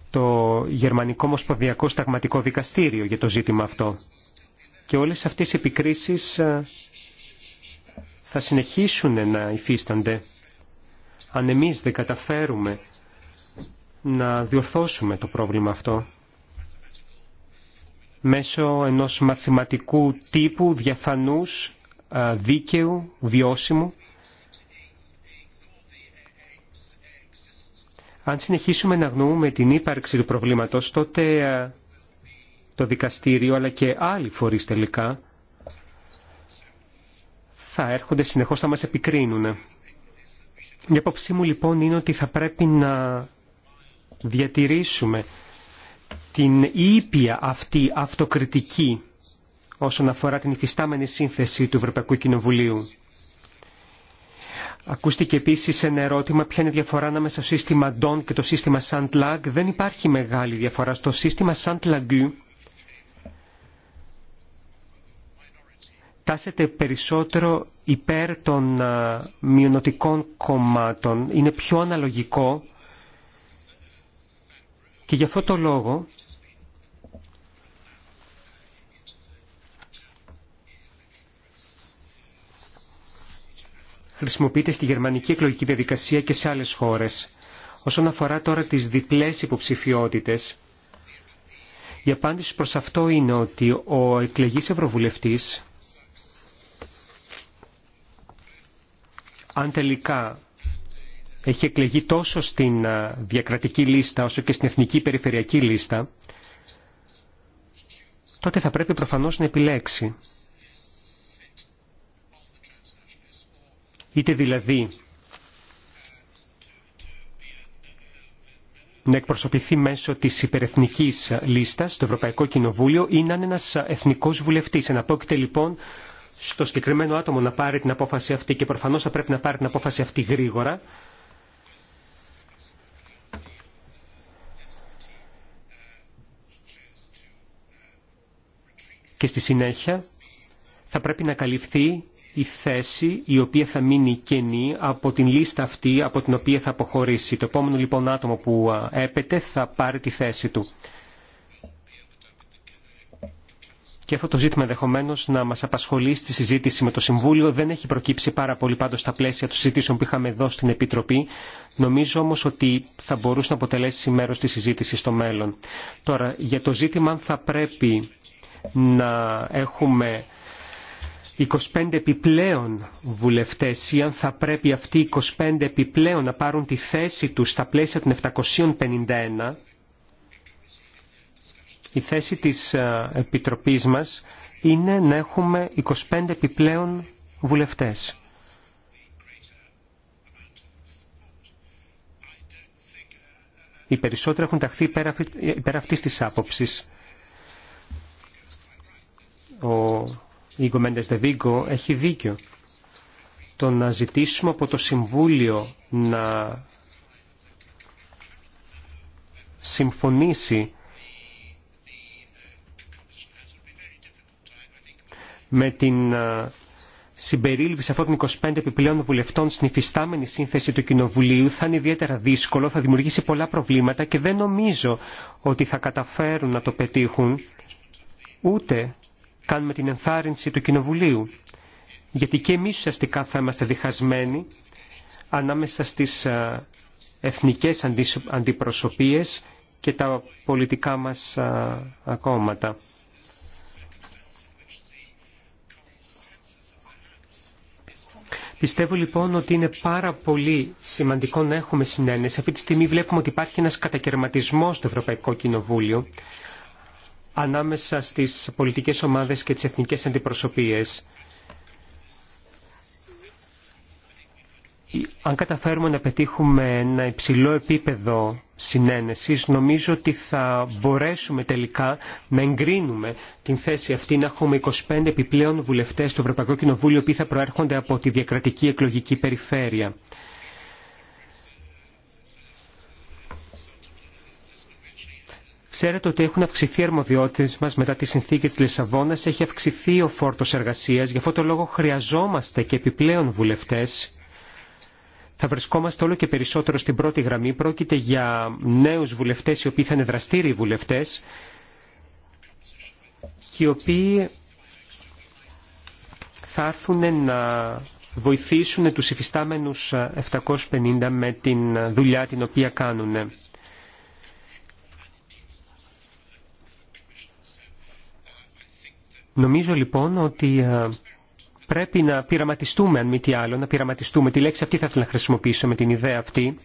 το Γερμανικό μοσποδιακό Σταγματικό Δικαστήριο για το ζήτημα αυτό. Και όλες αυτές οι επικρίσεις ε, θα συνεχίσουν να υφίστανται αν εμείς δεν καταφέρουμε να διορθώσουμε το πρόβλημα αυτό μέσω ενός μαθηματικού τύπου διαφανούς, δίκαιου, βιώσιμου. Αν συνεχίσουμε να γνωρούμε την ύπαρξη του προβλήματος, τότε το δικαστήριο αλλά και άλλοι φορείς τελικά θα έρχονται συνεχώς να μας επικρίνουν. Η απόψή μου λοιπόν είναι ότι θα πρέπει να διατηρήσουμε την ήπια αυτή αυτοκριτική όσον αφορά την υφιστάμενη σύνθεση του Ευρωπαϊκού Κοινοβουλίου. Ακούστηκε επίση ένα ερώτημα ποια είναι η διαφορά ανάμεσα στο σύστημα DON και το σύστημα SANTLAG. Δεν υπάρχει μεγάλη διαφορά. Στο σύστημα SANTLAGU, τάσεται περισσότερο υπέρ των μειονοτικών κομμάτων. Είναι πιο αναλογικό και γι' αυτό το λόγο χρησιμοποιείται στη γερμανική εκλογική διαδικασία και σε άλλες χώρες. Όσον αφορά τώρα τις διπλές υποψηφιότητες, η απάντηση προς αυτό είναι ότι ο εκλεγής ευρωβουλευτής αν τελικά έχει εκλεγεί τόσο στην διακρατική λίστα όσο και στην εθνική περιφερειακή λίστα, τότε θα πρέπει προφανώς να επιλέξει. Είτε δηλαδή να εκπροσωπηθεί μέσω της υπερεθνικής λίστας στο Ευρωπαϊκό Κοινοβούλιο ή να είναι ένας εθνικός βουλευτής. Εναπόκειται λοιπόν στο συγκεκριμένο άτομο να πάρει την απόφαση αυτή και προφανώς θα πρέπει να πάρει την απόφαση αυτή γρήγορα. Και στη συνέχεια θα πρέπει να καλυφθεί η θέση η οποία θα μείνει κενή από την λίστα αυτή από την οποία θα αποχωρήσει. Το επόμενο λοιπόν άτομο που έπεται θα πάρει τη θέση του και αυτό το ζήτημα ενδεχομένω να μα απασχολεί στη συζήτηση με το Συμβούλιο. Δεν έχει προκύψει πάρα πολύ πάντω στα πλαίσια των συζητήσεων που είχαμε εδώ στην Επιτροπή. Νομίζω όμω ότι θα μπορούσε να αποτελέσει μέρο τη συζήτηση στο μέλλον. Τώρα, για το ζήτημα αν θα πρέπει να έχουμε 25 επιπλέον βουλευτές ή αν θα πρέπει αυτοί οι 25 επιπλέον να πάρουν τη θέση του στα πλαίσια των 751 η θέση της ε, Επιτροπής μας είναι να έχουμε 25 επιπλέον βουλευτές. Οι περισσότεροι έχουν ταχθεί πέρα αυτής της άποψης. Ο Ιγκο Μέντες Δεβίγκο έχει δίκιο. Το να ζητήσουμε από το Συμβούλιο να συμφωνήσει με την ε, συμπερίληψη αυτών των 25 επιπλέον βουλευτών στην υφιστάμενη σύνθεση του Κοινοβουλίου θα είναι ιδιαίτερα δύσκολο, θα δημιουργήσει πολλά προβλήματα και δεν νομίζω ότι θα καταφέρουν να το πετύχουν ούτε καν με την ενθάρρυνση του Κοινοβουλίου. Γιατί και εμείς ουσιαστικά θα είμαστε διχασμένοι ανάμεσα στις ε, εθνικές αντιπροσωπίες και τα πολιτικά μας ε, κόμματα. Πιστεύω λοιπόν ότι είναι πάρα πολύ σημαντικό να έχουμε συνένεση. Αυτή τη στιγμή βλέπουμε ότι υπάρχει ένας κατακαιρματισμός στο Ευρωπαϊκό Κοινοβούλιο ανάμεσα στις πολιτικές ομάδες και τις εθνικές αντιπροσωπείες. Αν καταφέρουμε να πετύχουμε ένα υψηλό επίπεδο συνένεσης νομίζω ότι θα μπορέσουμε τελικά να εγκρίνουμε την θέση αυτή να έχουμε 25 επιπλέον βουλευτές στο Ευρωπαϊκό Κοινοβούλιο που θα προέρχονται από τη διακρατική εκλογική περιφέρεια. Ξέρετε ότι έχουν αυξηθεί οι αρμοδιότητε μα μετά τη συνθήκη τη Λισαβόνα, έχει αυξηθεί ο φόρτο εργασία, γι' αυτό το λόγο χρειαζόμαστε και επιπλέον βουλευτέ θα βρισκόμαστε όλο και περισσότερο στην πρώτη γραμμή. Πρόκειται για νέους βουλευτές οι οποίοι θα είναι δραστήριοι βουλευτές και οι οποίοι θα έρθουν να βοηθήσουν τους υφιστάμενους 750 με την δουλειά την οποία κάνουν. Νομίζω λοιπόν ότι ε, πρέπει να πειραματιστούμε, αν μη τι άλλο, να πειραματιστούμε. Τη λέξη αυτή θα ήθελα να χρησιμοποιήσω με την ιδέα αυτή.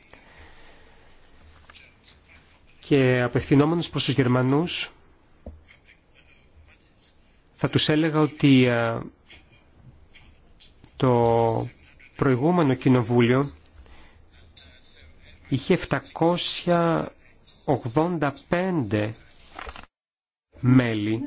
Και απευθυνόμενος προς τους Γερμανούς, θα τους έλεγα ότι ε, το προηγούμενο κοινοβούλιο είχε 785 μέλη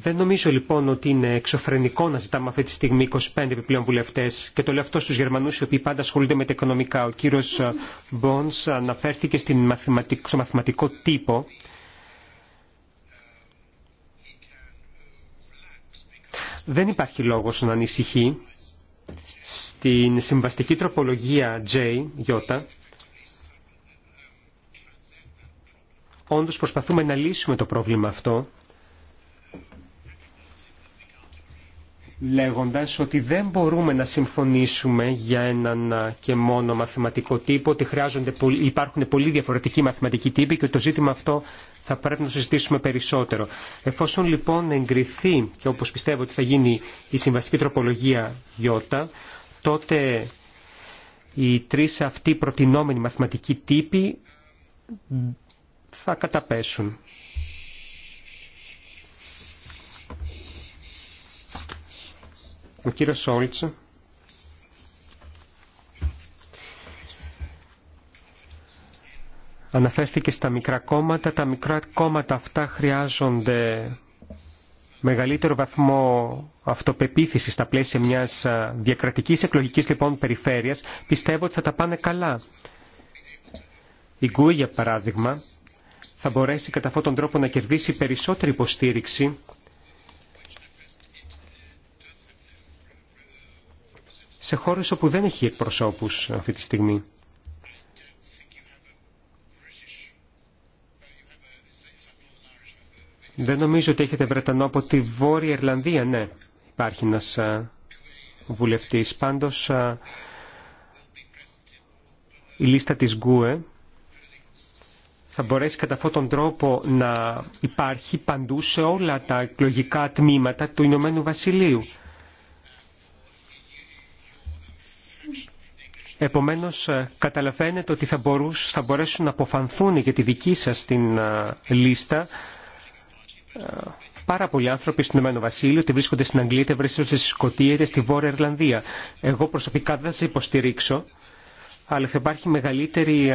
δεν νομίζω λοιπόν ότι είναι εξωφρενικό να ζητάμε αυτή τη στιγμή 25 επιπλέον βουλευτέ και το λέω αυτό στου Γερμανού οι οποίοι πάντα ασχολούνται με τα οικονομικά. Ο κύριο ε, Μπόν αναφέρθηκε στην στο μαθηματικό τύπο. Δεν υπάρχει λόγος να ανησυχεί. Στην συμβαστική τροπολογία J, J, όντως προσπαθούμε να λύσουμε το πρόβλημα αυτό λέγοντας ότι δεν μπορούμε να συμφωνήσουμε για έναν και μόνο μαθηματικό τύπο, ότι χρειάζονται, υπάρχουν πολύ διαφορετικοί μαθηματικοί τύποι και το ζήτημα αυτό θα πρέπει να συζητήσουμε περισσότερο. Εφόσον λοιπόν εγκριθεί και όπως πιστεύω ότι θα γίνει η συμβαστική τροπολογία Ι, τότε οι τρεις αυτοί προτινόμενοι μαθηματικοί τύποι θα καταπέσουν. Ο κύριος Σόλτς αναφέρθηκε στα μικρά κόμματα. Τα μικρά κόμματα αυτά χρειάζονται μεγαλύτερο βαθμό αυτοπεποίθησης στα πλαίσια μιας διακρατικής εκλογικής λοιπόν περιφέρειας. Πιστεύω ότι θα τα πάνε καλά. Η Γκου, για παράδειγμα, θα μπορέσει κατά αυτόν τον τρόπο να κερδίσει περισσότερη υποστήριξη σε χώρες όπου δεν έχει εκπροσώπους αυτή τη στιγμή. Δεν νομίζω ότι έχετε Βρετανό από τη Βόρεια Ιρλανδία, ναι. Υπάρχει ένας βουλευτής. Πάντως, η λίστα της Γκουε θα μπορέσει κατά αυτόν τον τρόπο να υπάρχει παντού σε όλα τα εκλογικά τμήματα του Ηνωμένου Βασιλείου. Επομένως, ε, καταλαβαίνετε ότι θα, μπορούς, θα μπορέσουν να αποφανθούν για τη δική σας την ε, λίστα ε, πάρα πολλοί άνθρωποι στον Ηνωμένο Βασίλειο, ότι βρίσκονται στην Αγγλία, είτε βρίσκονται στη Σκωτία, είτε στη Βόρεια Ιρλανδία. Εγώ προσωπικά δεν θα υποστηρίξω, αλλά θα υπάρχει μεγαλύτερη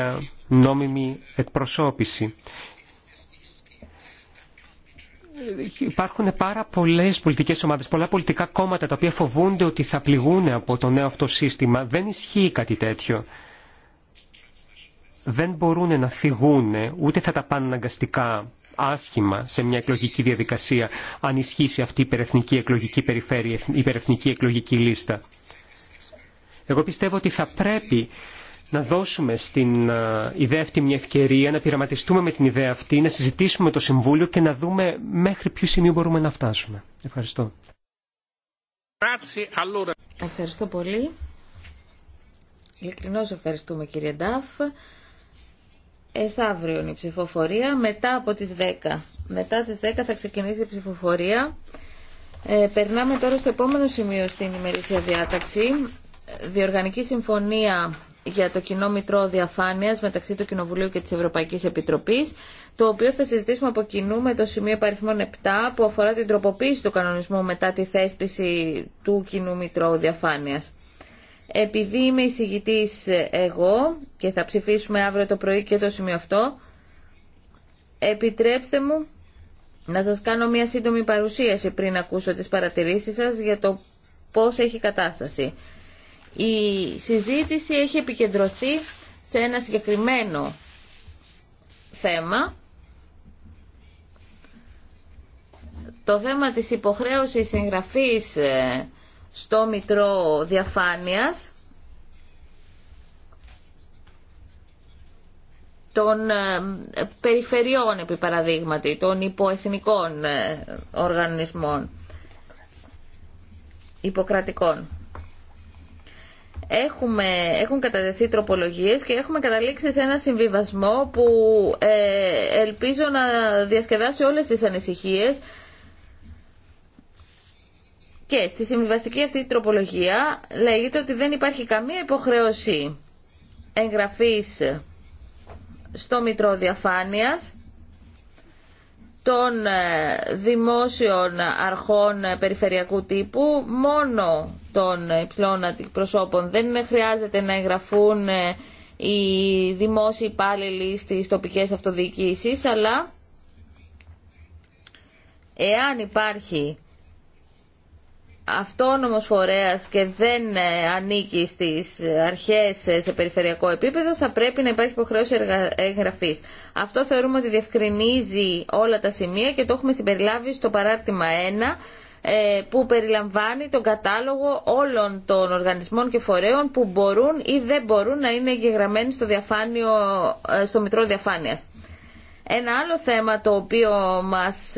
νόμιμη εκπροσώπηση υπάρχουν πάρα πολλέ πολιτικέ ομάδε, πολλά πολιτικά κόμματα τα οποία φοβούνται ότι θα πληγούν από το νέο αυτό σύστημα. Δεν ισχύει κάτι τέτοιο. Δεν μπορούν να θυγούν, ούτε θα τα πάνε αναγκαστικά άσχημα σε μια εκλογική διαδικασία, αν ισχύσει αυτή η υπερεθνική εκλογική περιφέρεια, η υπερεθνική εκλογική λίστα. Εγώ πιστεύω ότι θα πρέπει να δώσουμε στην ιδέα αυτή μια ευκαιρία, να πειραματιστούμε με την ιδέα αυτή, να συζητήσουμε το Συμβούλιο και να δούμε μέχρι ποιο σημείο μπορούμε να φτάσουμε. Ευχαριστώ. Ευχαριστώ πολύ. Ειλικρινώς ευχαριστούμε κύριε Ντάφ. Εσ' αύριο είναι η ψηφοφορία, μετά από τις 10. Μετά τις 10 θα ξεκινήσει η ψηφοφορία. Ε, περνάμε τώρα στο επόμενο σημείο στην ημερήσια διάταξη. Ε, διοργανική συμφωνία για το κοινό μητρό διαφάνεια μεταξύ του Κοινοβουλίου και τη Ευρωπαϊκή Επιτροπή, το οποίο θα συζητήσουμε από κοινού με το σημείο παριθμών 7 που αφορά την τροποποίηση του κανονισμού μετά τη θέσπιση του κοινού μητρό διαφάνειας. Επειδή είμαι εισηγητή εγώ και θα ψηφίσουμε αύριο το πρωί και το σημείο αυτό, επιτρέψτε μου να σας κάνω μια σύντομη παρουσίαση πριν ακούσω τις παρατηρήσεις σας για το πώς έχει κατάσταση. Η συζήτηση έχει επικεντρωθεί σε ένα συγκεκριμένο θέμα. Το θέμα της υποχρέωσης εγγραφής ε, στο Μητρό Διαφάνειας των ε, περιφερειών, επί παραδείγματι, των υποεθνικών ε, οργανισμών υποκρατικών. Έχουμε, έχουν κατατεθεί τροπολογίες και έχουμε καταλήξει σε ένα συμβιβασμό που ε, ελπίζω να διασκεδάσει όλες τις ανησυχίες και στη συμβιβαστική αυτή τροπολογία λέγεται ότι δεν υπάρχει καμία υποχρέωση εγγραφής στο Μητρό Διαφάνειας των ε, δημόσιων αρχών ε, περιφερειακού τύπου μόνο των υψηλών αντιπροσώπων. Δεν χρειάζεται να εγγραφούν ε, οι δημόσιοι υπάλληλοι στις τοπικές αυτοδιοικήσεις, αλλά εάν υπάρχει αυτόνομος φορέας και δεν ε, ανήκει στις ε, αρχές ε, σε περιφερειακό επίπεδο θα πρέπει να υπάρχει υποχρέωση εγγραφής. Αυτό θεωρούμε ότι διευκρινίζει όλα τα σημεία και το έχουμε συμπεριλάβει στο παράρτημα 1 που περιλαμβάνει τον κατάλογο όλων των οργανισμών και φορέων που μπορούν ή δεν μπορούν να είναι εγγεγραμμένοι στο, διαφάνιο, στο Μητρό Διαφάνειας. Ένα άλλο θέμα το οποίο μας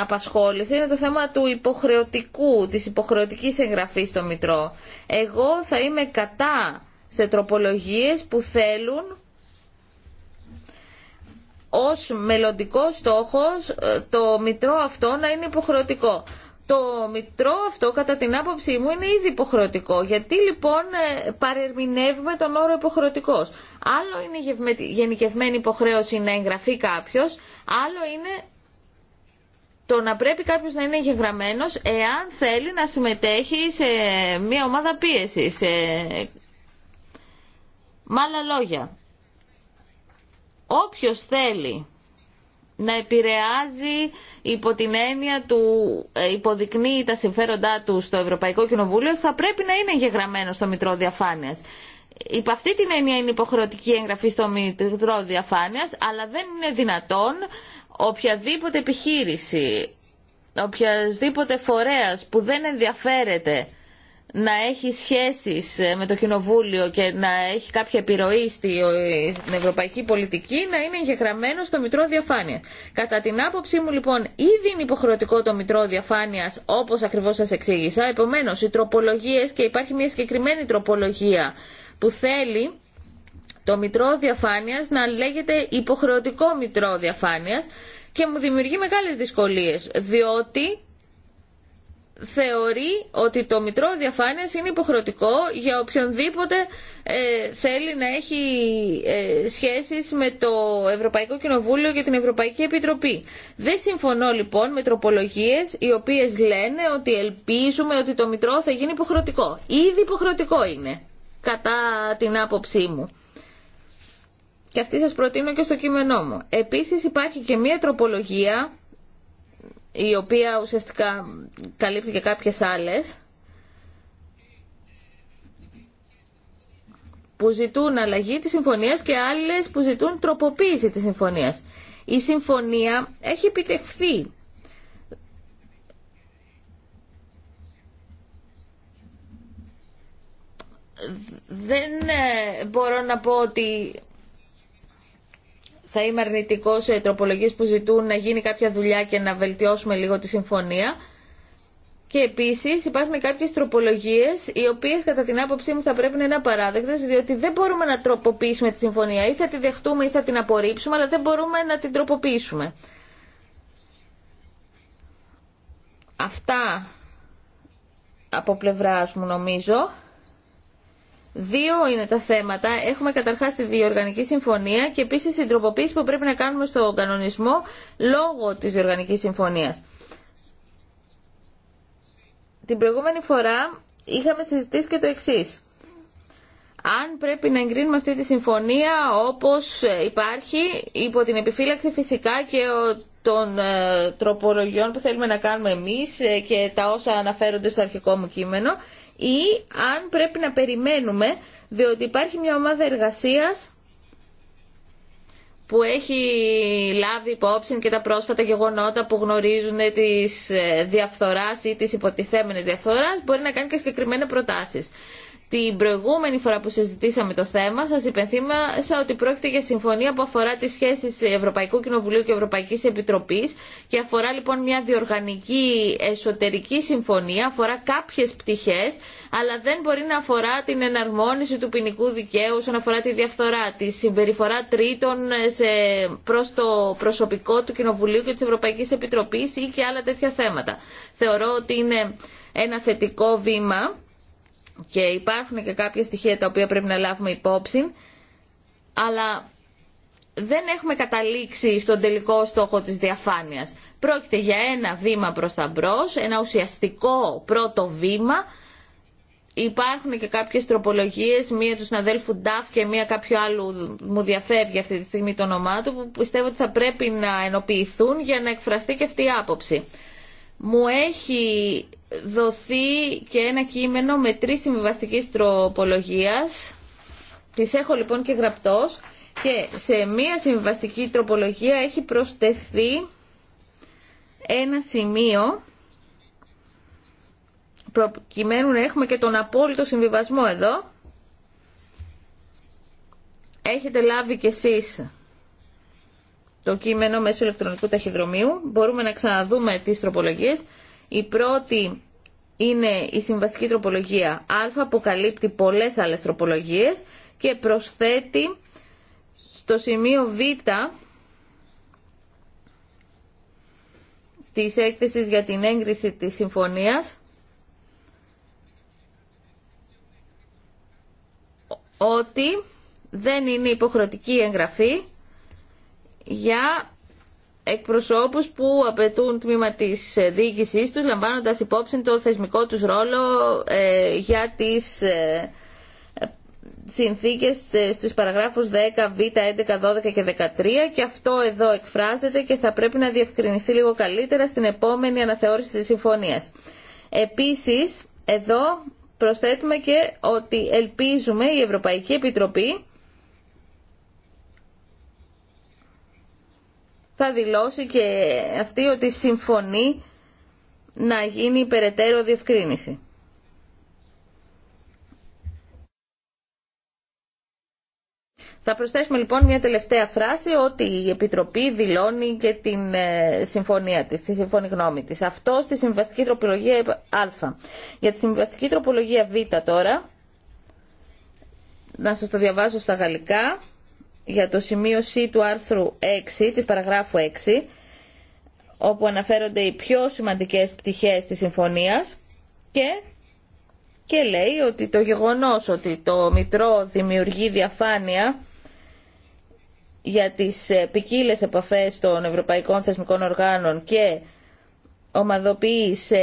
απασχόληση είναι το θέμα του υποχρεωτικού, της υποχρεωτικής εγγραφής στο Μητρό. Εγώ θα είμαι κατά σε τροπολογίες που θέλουν ως μελλοντικό στόχος ε, το Μητρό αυτό να είναι υποχρεωτικό. Το μητρό αυτό κατά την άποψή μου είναι ήδη υποχρεωτικό. Γιατί λοιπόν ε, παρερμηνεύουμε τον όρο υποχρεωτικός. Άλλο είναι η γενικευμένη υποχρέωση να εγγραφεί κάποιο, άλλο είναι το να πρέπει κάποιος να είναι εγγεγραμμένος εάν θέλει να συμμετέχει σε μια ομάδα πίεσης. Σε... Με άλλα λόγια, όποιος θέλει να επηρεάζει υπό την έννοια του ε, υποδεικνύει τα συμφέροντά του στο Ευρωπαϊκό Κοινοβούλιο θα πρέπει να είναι εγγεγραμμένο στο Μητρό Διαφάνειας. Υπ' αυτή την έννοια είναι υποχρεωτική εγγραφή στο Μητρό Διαφάνειας αλλά δεν είναι δυνατόν οποιαδήποτε επιχείρηση, οποιασδήποτε φορέας που δεν ενδιαφέρεται να έχει σχέσεις ε, με το Κοινοβούλιο και να έχει κάποια επιρροή ε, στην ευρωπαϊκή πολιτική να είναι εγγεγραμμένο στο Μητρό Διαφάνεια. Κατά την άποψή μου λοιπόν ήδη είναι υποχρεωτικό το Μητρό διαφάνεια, όπως ακριβώς σας εξήγησα. Επομένως οι τροπολογίες και υπάρχει μια συγκεκριμένη τροπολογία που θέλει το μητρό διαφάνειας να λέγεται υποχρεωτικό μητρό διαφάνειας και μου δημιουργεί μεγάλες δυσκολίες, διότι θεωρεί ότι το μητρό διαφάνειας είναι υποχρεωτικό για οποιονδήποτε ε, θέλει να έχει ε, σχέσεις με το Ευρωπαϊκό Κοινοβούλιο και την Ευρωπαϊκή Επιτροπή. Δεν συμφωνώ λοιπόν με τροπολογίες οι οποίες λένε ότι ελπίζουμε ότι το μητρό θα γίνει υποχρεωτικό. Ήδη υποχρεωτικό είναι, κατά την άποψή μου και αυτή σας προτείνω και στο κείμενό μου. Επίσης υπάρχει και μία τροπολογία η οποία ουσιαστικά καλύπτει και κάποιες άλλες που ζητούν αλλαγή της συμφωνίας και άλλες που ζητούν τροποποίηση της συμφωνίας. Η συμφωνία έχει επιτευχθεί. Δεν ε, μπορώ να πω ότι θα είμαι αρνητικό σε τροπολογίες που ζητούν να γίνει κάποια δουλειά και να βελτιώσουμε λίγο τη συμφωνία. Και επίση υπάρχουν κάποιε τροπολογίε οι οποίε κατά την άποψή μου θα πρέπει να είναι απαράδεκτε, διότι δεν μπορούμε να τροποποιήσουμε τη συμφωνία. Ή θα τη δεχτούμε ή θα την απορρίψουμε, αλλά δεν μπορούμε να την τροποποιήσουμε. Αυτά από πλευρά μου νομίζω. Δύο είναι τα θέματα. Έχουμε καταρχά τη διοργανική συμφωνία και επίση την τροποποίηση που πρέπει να κάνουμε στον κανονισμό λόγω τη διοργανική συμφωνία. Την προηγούμενη φορά είχαμε συζητήσει και το εξή. Αν πρέπει να εγκρίνουμε αυτή τη συμφωνία όπως υπάρχει, υπό την επιφύλαξη φυσικά και των ε, τροπολογιών που θέλουμε να κάνουμε εμείς ε, και τα όσα αναφέρονται στο αρχικό μου κείμενο, ή αν πρέπει να περιμένουμε, διότι υπάρχει μια ομάδα εργασίας που έχει λάβει υπόψη και τα πρόσφατα γεγονότα που γνωρίζουν της ε, διαφθοράς ή της υποτιθέμενης διαφθοράς, μπορεί να κάνει και συγκεκριμένες προτάσεις. Την προηγούμενη φορά που συζητήσαμε το θέμα, σα υπενθύμασα ότι πρόκειται για συμφωνία που αφορά τι σχέσει Ευρωπαϊκού Κοινοβουλίου και Ευρωπαϊκή Επιτροπή και αφορά λοιπόν μια διοργανική εσωτερική συμφωνία, αφορά κάποιε πτυχέ, αλλά δεν μπορεί να αφορά την εναρμόνιση του ποινικού δικαίου όσον αφορά τη διαφθορά, τη συμπεριφορά τρίτων προ το προσωπικό του Κοινοβουλίου και τη Ευρωπαϊκή Επιτροπή ή και άλλα τέτοια θέματα. Θεωρώ ότι είναι ένα θετικό βήμα και υπάρχουν και κάποια στοιχεία τα οποία πρέπει να λάβουμε υπόψη, αλλά δεν έχουμε καταλήξει στον τελικό στόχο της διαφάνειας. Πρόκειται για ένα βήμα προς τα μπρος, ένα ουσιαστικό πρώτο βήμα. Υπάρχουν και κάποιες τροπολογίες, μία του συναδέλφου Νταφ και μία κάποιου άλλου μου διαφεύγει αυτή τη στιγμή το όνομά του, που πιστεύω ότι θα πρέπει να ενοποιηθούν για να εκφραστεί και αυτή η άποψη μου έχει δοθεί και ένα κείμενο με τρεις συμβιβαστική τροπολογίας. Τις έχω λοιπόν και γραπτός και σε μία συμβιβαστική τροπολογία έχει προσθεθεί ένα σημείο προκειμένου να έχουμε και τον απόλυτο συμβιβασμό εδώ. Έχετε λάβει κι εσείς το κείμενο μέσω ηλεκτρονικού ταχυδρομείου. Μπορούμε να ξαναδούμε τις τροπολογίες. Η πρώτη είναι η συμβασική τροπολογία Α που καλύπτει πολλές άλλες τροπολογίες και προσθέτει στο σημείο Β της έκθεσης για την έγκριση της συμφωνίας ότι δεν είναι υποχρεωτική η εγγραφή για εκπροσώπους που απαιτούν τμήμα της ε, διοίκησής τους λαμβάνοντας υπόψη το θεσμικό τους ρόλο ε, για τις ε, συνθήκες ε, στους παραγράφους 10, Β, 11, 12 και 13 και αυτό εδώ εκφράζεται και θα πρέπει να διευκρινιστεί λίγο καλύτερα στην επόμενη αναθεώρηση της συμφωνίας. Επίσης, εδώ προσθέτουμε και ότι ελπίζουμε η Ευρωπαϊκή Επιτροπή θα δηλώσει και αυτή ότι συμφωνεί να γίνει περαιτέρω διευκρίνηση. Θα προσθέσουμε λοιπόν μια τελευταία φράση ότι η Επιτροπή δηλώνει και την ε, συμφωνία της, τη συμφωνή γνώμη της. Αυτό στη συμβαστική τροπολογία Α. Για τη συμβαστική τροπολογία Β τώρα, να σας το διαβάζω στα γαλλικά για το σημείο C του άρθρου 6, της παραγράφου 6, όπου αναφέρονται οι πιο σημαντικές πτυχές της συμφωνίας και, και λέει ότι το γεγονός ότι το Μητρό δημιουργεί διαφάνεια για τις ε, ποικίλε επαφές των ευρωπαϊκών θεσμικών οργάνων και ομαδοποιεί σε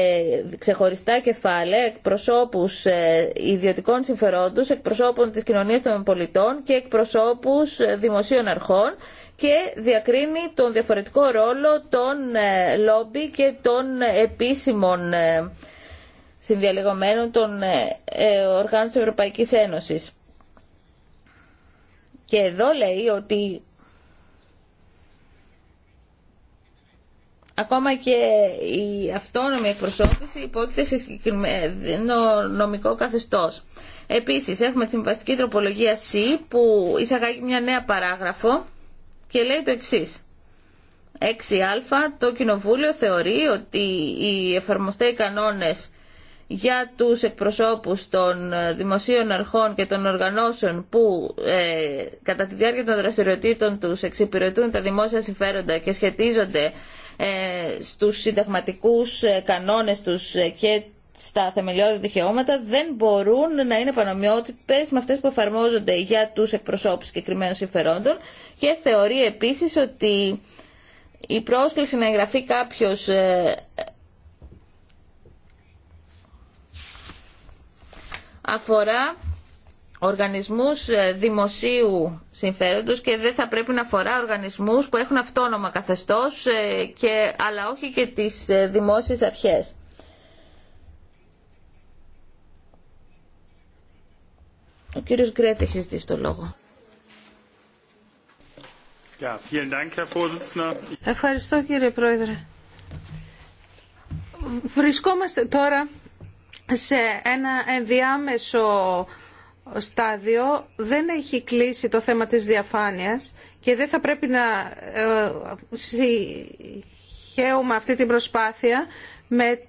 ξεχωριστά κεφάλαια εκπροσώπους ε, ιδιωτικών συμφερόντους, εκπροσώπων της κοινωνίας των πολιτών και εκπροσώπους ε, δημοσίων αρχών και διακρίνει τον διαφορετικό ρόλο των ε, λόμπι και των επίσημων συνδιαλεγωμένων των οργάνων της Ευρωπαϊκής Ένωσης. Και εδώ λέει ότι ακόμα και η αυτόνομη εκπροσώπηση υπόκειται σε συγκεκριμένο νομικό καθεστώς. Επίσης έχουμε τη συμβαστική τροπολογία C που εισαγάγει μια νέα παράγραφο και λέει το εξής. 6α το Κοινοβούλιο θεωρεί ότι οι εφαρμοστέοι κανόνες για τους εκπροσώπους των δημοσίων αρχών και των οργανώσεων που ε, κατά τη διάρκεια των δραστηριοτήτων τους εξυπηρετούν τα δημόσια συμφέροντα και σχετίζονται ε, στους συνταγματικούς ε, κανόνες τους ε, και στα θεμελιώδη δικαιώματα δεν μπορούν να είναι πανομοιότυπες με αυτές που εφαρμόζονται για τους εκπροσώπους συγκεκριμένων συμφερόντων και θεωρεί επίσης ότι η πρόσκληση να εγγραφεί κάποιος αφορά οργανισμούς ε, δημοσίου συμφέροντος και δεν θα πρέπει να αφορά οργανισμούς που έχουν αυτόνομα καθεστώς, ε, και, αλλά όχι και τις ε, δημόσιες αρχές. Ο κύριος Γκρέτ έχει ζητήσει το λόγο. Ευχαριστώ κύριε Πρόεδρε. Βρισκόμαστε τώρα σε ένα ενδιάμεσο στάδιο δεν έχει κλείσει το θέμα της διαφάνειας και δεν θα πρέπει να ε, συγχαίουμε αυτή την προσπάθεια με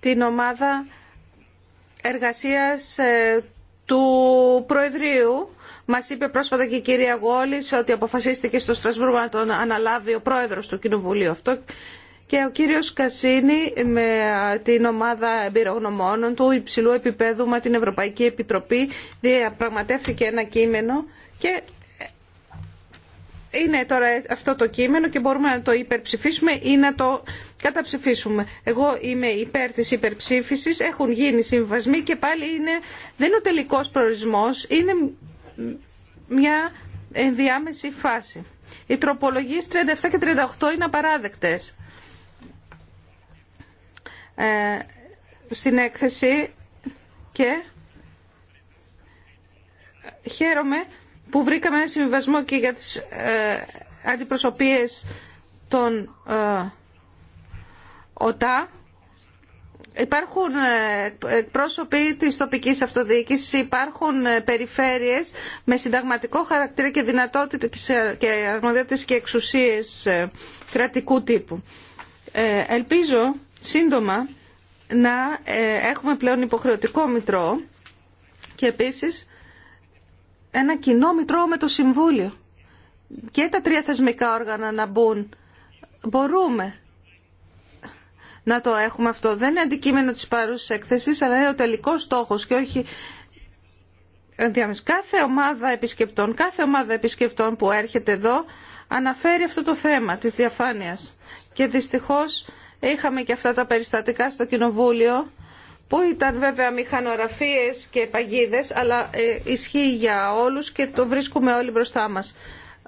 την ομάδα εργασίας ε, του Προεδρείου. Μας είπε πρόσφατα και η κυρία Γόλης ότι αποφασίστηκε στο Στρασβούργο να τον αναλάβει ο Πρόεδρος του Κοινοβουλίου. Αυτό και ο κύριος Κασίνη με την ομάδα εμπειρογνωμόνων του υψηλού επίπεδου με την Ευρωπαϊκή Επιτροπή διαπραγματεύθηκε ένα κείμενο και ε, είναι τώρα αυτό το κείμενο και μπορούμε να το υπερψηφίσουμε ή να το καταψηφίσουμε. Εγώ είμαι υπέρ της υπερψήφισης, έχουν γίνει συμβασμοί και πάλι είναι, δεν είναι ο τελικός προορισμός, είναι μια ενδιάμεση φάση. Οι τροπολογίες 37 και 38 είναι απαράδεκτες. Ε, στην έκθεση και χαίρομαι που βρήκαμε ένα συμβιβασμό και για τις ε, αντιπροσωπείες των ε, ΟΤΑ. Υπάρχουν εκπρόσωποι της τοπικής αυτοδιοίκησης, υπάρχουν περιφέρειες με συνταγματικό χαρακτήρα και δυνατότητα και αρμοδιότητες και εξουσίες κρατικού τύπου. Ελπίζω σύντομα να ε, έχουμε πλέον υποχρεωτικό μητρό και επίσης ένα κοινό μητρό με το Συμβούλιο. Και τα τρία θεσμικά όργανα να μπουν. Μπορούμε να το έχουμε αυτό. Δεν είναι αντικείμενο της παρούσης έκθεσης, αλλά είναι ο τελικός στόχος και όχι ε, Κάθε ομάδα επισκεπτών, κάθε ομάδα επισκεπτών που έρχεται εδώ αναφέρει αυτό το θέμα της διαφάνειας. Και δυστυχώς Είχαμε και αυτά τα περιστατικά στο Κοινοβούλιο που ήταν βέβαια μηχανογραφίες και παγίδες, αλλά ε, ισχύει για όλους και το βρίσκουμε όλοι μπροστά μας.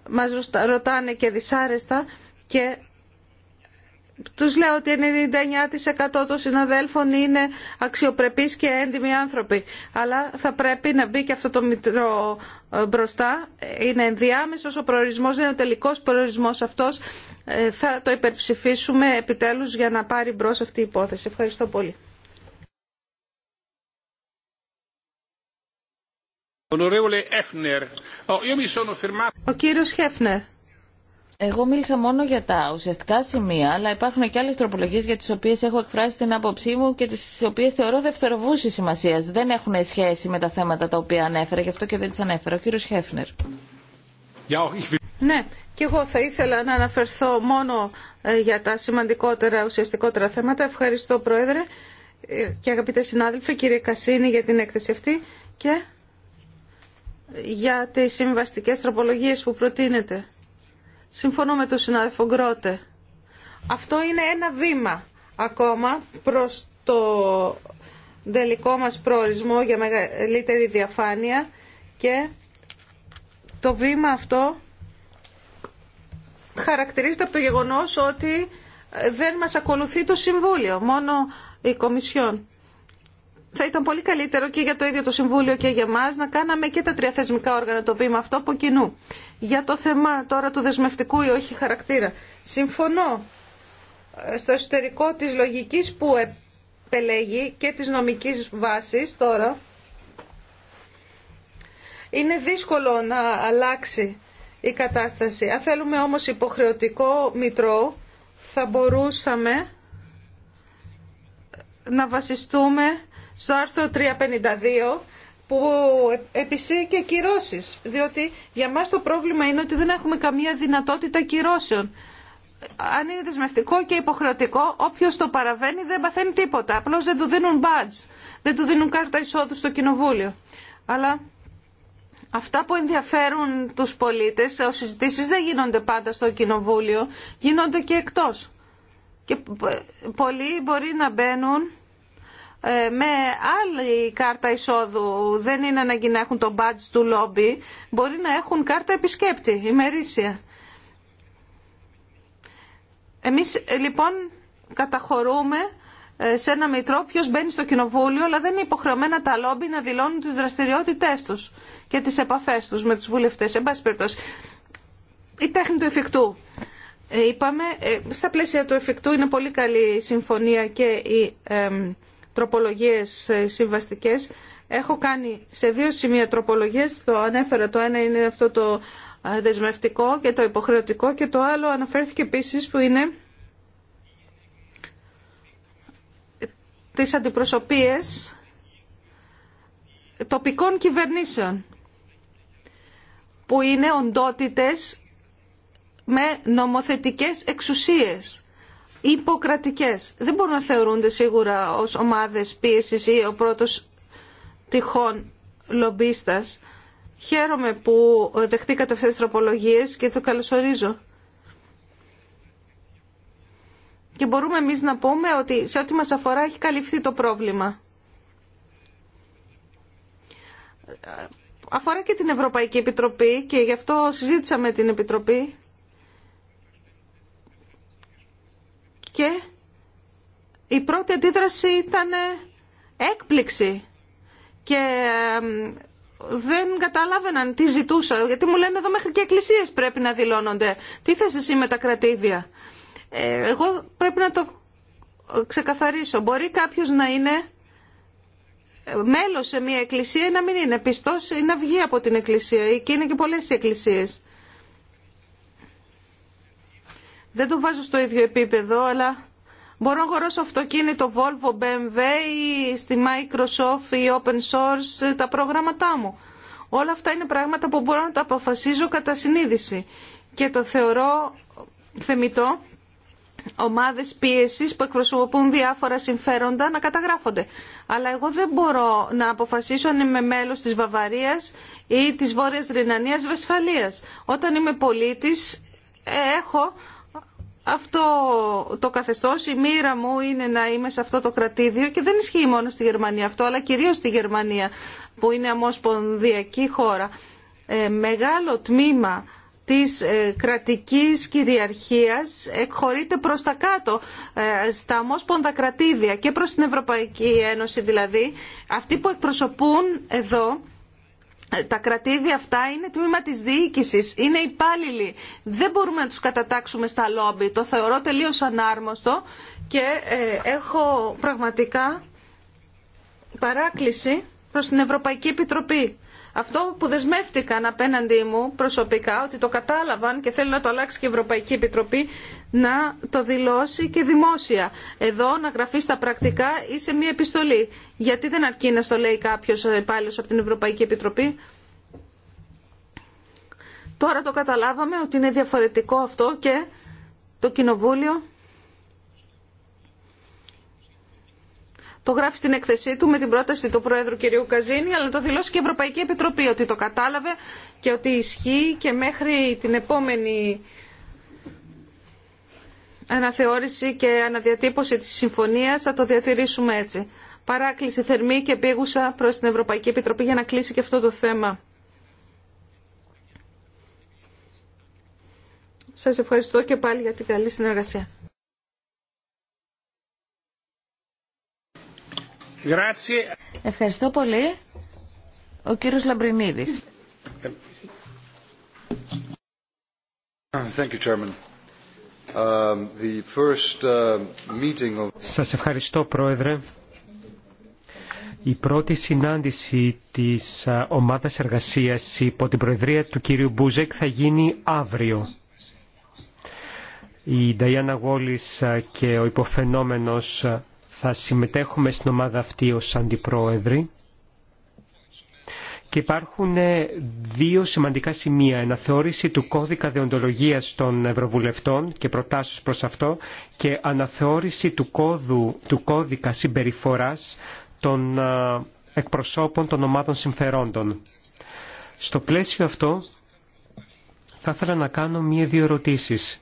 Μας ρωτάνε και δυσάρεστα και τους λέω ότι 99% των συναδέλφων είναι αξιοπρεπείς και έντιμοι άνθρωποι. Αλλά θα πρέπει να μπει και αυτό το μητρό ε, μπροστά. Είναι ενδιάμεσο ο προορισμός, δεν είναι ο τελικός προορισμός αυτός. Ε, θα το υπερψηφίσουμε επιτέλους για να πάρει μπρος αυτή η υπόθεση. Ευχαριστώ πολύ. Ο κύριος Χέφνερ. Εγώ μίλησα μόνο για τα ουσιαστικά σημεία, αλλά υπάρχουν και άλλε τροπολογίε για τι οποίε έχω εκφράσει την άποψή μου και τι οποίε θεωρώ δευτεροβούση σημασία. Δεν έχουν σχέση με τα θέματα τα οποία ανέφερα, γι' αυτό και δεν τι ανέφερα. Ο κύριο Χέφνερ. Ναι, και εγώ θα ήθελα να αναφερθώ μόνο ε, για τα σημαντικότερα, ουσιαστικότερα θέματα. Ευχαριστώ, Πρόεδρε ε, και αγαπητέ συνάδελφοι, κύριε Κασίνη, για την έκθεση αυτή και για τις συμβαστικέ τροπολογίες που προτείνετε. Συμφωνώ με τον συνάδελφο Γκρότε. Αυτό είναι ένα βήμα ακόμα προς το τελικό μας προορισμό για μεγαλύτερη διαφάνεια και το βήμα αυτό χαρακτηρίζεται από το γεγονός ότι δεν μας ακολουθεί το Συμβούλιο, μόνο η Κομισιόν θα ήταν πολύ καλύτερο και για το ίδιο το Συμβούλιο και για μας να κάναμε και τα τρία θεσμικά όργανα το βήμα αυτό από κοινού. Για το θέμα τώρα του δεσμευτικού ή όχι χαρακτήρα. Συμφωνώ ε, στο εσωτερικό της λογικής που επελέγει και της νομικής βάσης τώρα. Είναι δύσκολο να αλλάξει η κατάσταση. Αν θέλουμε όμως υποχρεωτικό μητρό θα μπορούσαμε να βασιστούμε στο άρθρο 352 που επισύρει και κυρώσεις, διότι για μας το πρόβλημα είναι ότι δεν έχουμε καμία δυνατότητα κυρώσεων. Αν είναι δεσμευτικό και υποχρεωτικό, όποιο το παραβαίνει δεν παθαίνει τίποτα. Απλώ δεν του δίνουν badge, δεν του δίνουν κάρτα εισόδου στο κοινοβούλιο. Αλλά αυτά που ενδιαφέρουν του πολίτε οι συζητήσει δεν γίνονται πάντα στο κοινοβούλιο, γίνονται και εκτό. Και πολλοί μπορεί να μπαίνουν ε, με άλλη κάρτα εισόδου δεν είναι ανάγκη να έχουν το badge του λόμπι, μπορεί να έχουν κάρτα επισκέπτη, ημερήσια. Εμείς λοιπόν καταχωρούμε ε, σε ένα μητρό ποιος μπαίνει στο κοινοβούλιο, αλλά δεν είναι υποχρεωμένα τα λόμπι να δηλώνουν τις δραστηριότητές τους και τις επαφές τους με τους βουλευτές. Εν πάση περιπτώσει, η τέχνη του εφικτού. Ε, είπαμε, στα πλαίσια του εφικτού είναι πολύ καλή η συμφωνία και η τροπολογίες ε, συμβαστικές. Έχω κάνει σε δύο σημεία τροπολογίες, το ανέφερα το ένα είναι αυτό το ε, δεσμευτικό και το υποχρεωτικό και το άλλο αναφέρθηκε επίσης που είναι τις αντιπροσωπείες τοπικών κυβερνήσεων που είναι οντότητες με νομοθετικές εξουσίες Υποκρατικέ. Δεν μπορούν να θεωρούνται σίγουρα ως ομάδες πίεσης ή ο πρώτος τυχόν λομπίστα. Χαίρομαι που δεχτήκατε αυτές τις τροπολογίες και το καλωσορίζω. Και μπορούμε εμείς να πούμε ότι σε ό,τι μας αφορά έχει καλυφθεί το πρόβλημα. Αφορά και την Ευρωπαϊκή Επιτροπή και γι' αυτό συζήτησα με την Επιτροπή και η πρώτη αντίδραση ήταν ε, έκπληξη και δεν καταλάβαιναν τι ζητούσα, γιατί μου λένε εδώ μέχρι και εκκλησίες πρέπει να δηλώνονται. Τι θες εσύ με τα κρατήδια. Ε, εγώ πρέπει να το ξεκαθαρίσω. Μπορεί κάποιος να είναι ε, μέλος σε μια εκκλησία ή να μην είναι πιστός ή να βγει από την εκκλησία. Και είναι και πολλές οι εκκλησίες. Δεν το βάζω στο ίδιο επίπεδο, αλλά μπορώ να αγοράσω αυτοκίνητο Volvo, BMW ή στη Microsoft ή open source τα προγράμματά μου. Όλα αυτά είναι πράγματα που μπορώ να τα αποφασίζω κατά συνείδηση και το θεωρώ θεμητό ομάδες πίεσης που εκπροσωπούν διάφορα συμφέροντα να καταγράφονται. Αλλά εγώ δεν μπορώ να αποφασίσω αν είμαι μέλος της Βαβαρίας ή της Βόρειας Ρινανίας Βεσφαλίας. Όταν είμαι πολίτης ε, έχω αυτό το καθεστώς, η μοίρα μου είναι να είμαι σε αυτό το κρατήδιο και δεν ισχύει μόνο στη Γερμανία αυτό, αλλά κυρίως στη Γερμανία που είναι αμοσπονδιακή χώρα. Ε, μεγάλο τμήμα της ε, κρατικής κυριαρχίας εκχωρείται προς τα κάτω ε, στα αμόσπονδα κρατήδια και προς την Ευρωπαϊκή Ένωση δηλαδή. Αυτοί που εκπροσωπούν εδώ τα κρατήδια αυτά είναι τμήμα της διοίκησης, είναι υπάλληλοι. Δεν μπορούμε να τους κατατάξουμε στα λόμπι. Το θεωρώ τελείως ανάρμοστο και ε, έχω πραγματικά παράκληση προς την Ευρωπαϊκή Επιτροπή. Αυτό που δεσμεύτηκαν απέναντί μου προσωπικά, ότι το κατάλαβαν και θέλουν να το αλλάξει και η Ευρωπαϊκή Επιτροπή, να το δηλώσει και δημόσια. Εδώ να γραφεί στα πρακτικά ή σε μια επιστολή. Γιατί δεν αρκεί να στο λέει κάποιο υπάλληλο από την Ευρωπαϊκή Επιτροπή. Τώρα το καταλάβαμε ότι είναι διαφορετικό αυτό και το Κοινοβούλιο το γράφει στην έκθεσή του με την πρόταση του Πρόεδρου κ. Καζίνη, αλλά το δηλώσει και η Ευρωπαϊκή Επιτροπή ότι το κατάλαβε και ότι ισχύει και μέχρι την επόμενη αναθεώρηση και αναδιατύπωση της συμφωνίας θα το διατηρήσουμε έτσι. Παράκληση θερμή και πήγουσα προς την Ευρωπαϊκή Επιτροπή για να κλείσει και αυτό το θέμα. Σας ευχαριστώ και πάλι για την καλή συνεργασία. Ευχαριστώ πολύ. Ο κύριος Λαμπρινίδης. Thank you, Chairman. Um, uh, Σας ευχαριστώ Πρόεδρε. Η πρώτη συνάντηση της ομάδας εργασίας υπό την Προεδρία του κύριου Μπούζεκ θα γίνει αύριο. Η Νταϊάννα Γόλης και ο υποφαινόμενος θα συμμετέχουμε στην ομάδα αυτή ως αντιπρόεδροι. Και υπάρχουν ε, δύο σημαντικά σημεία. Αναθεώρηση του κώδικα δεοντολογίας των Ευρωβουλευτών και προτάσεις προς αυτό και αναθεώρηση του, κώδου, του κώδικα συμπεριφοράς των ε, εκπροσώπων των ομάδων συμφερόντων. Στο πλαίσιο αυτό θα ήθελα να κάνω μία-δύο ερωτήσεις.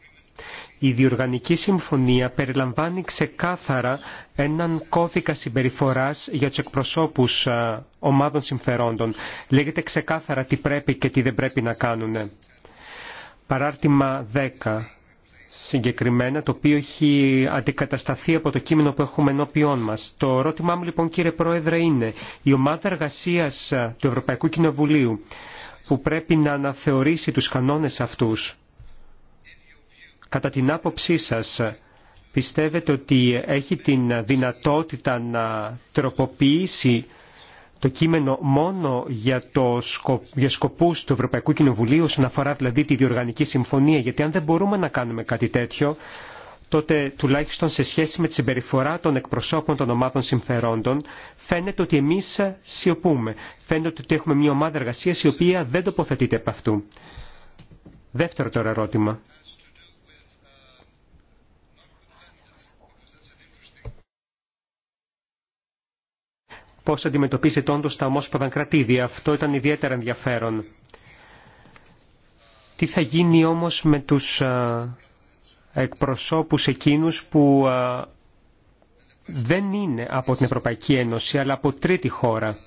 Η διοργανική συμφωνία περιλαμβάνει ξεκάθαρα έναν κώδικα συμπεριφοράς για τους εκπροσώπους ε, ομάδων συμφερόντων. Λέγεται ξεκάθαρα τι πρέπει και τι δεν πρέπει να κάνουν. Παράρτημα 10 συγκεκριμένα, το οποίο έχει αντικατασταθεί από το κείμενο που έχουμε ενώπιόν μας. Το ερώτημά μου λοιπόν κύριε Πρόεδρε είναι η ομάδα εργασίας ε, του Ευρωπαϊκού Κοινοβουλίου που πρέπει να αναθεωρήσει τους κανόνες αυτούς Κατά την άποψή σας, πιστεύετε ότι έχει την δυνατότητα να τροποποιήσει το κείμενο μόνο για, το σκο... για σκοπούς του Ευρωπαϊκού Κοινοβουλίου, όσον αφορά δηλαδή τη διοργανική συμφωνία, γιατί αν δεν μπορούμε να κάνουμε κάτι τέτοιο, τότε τουλάχιστον σε σχέση με τη συμπεριφορά των εκπροσώπων των ομάδων συμφερόντων, φαίνεται ότι εμείς σιωπούμε. Φαίνεται ότι έχουμε μια ομάδα εργασίας η οποία δεν τοποθετείται επ' αυτού. Δεύτερο τώρα ερώτημα. πώς αντιμετωπίζεται όντω τα ομόσπονδα κρατήδια. Αυτό ήταν ιδιαίτερα ενδιαφέρον. Τι θα γίνει όμως με τους ε, εκπροσώπους εκείνους που ε, δεν είναι από την Ευρωπαϊκή Ένωση αλλά από τρίτη χώρα.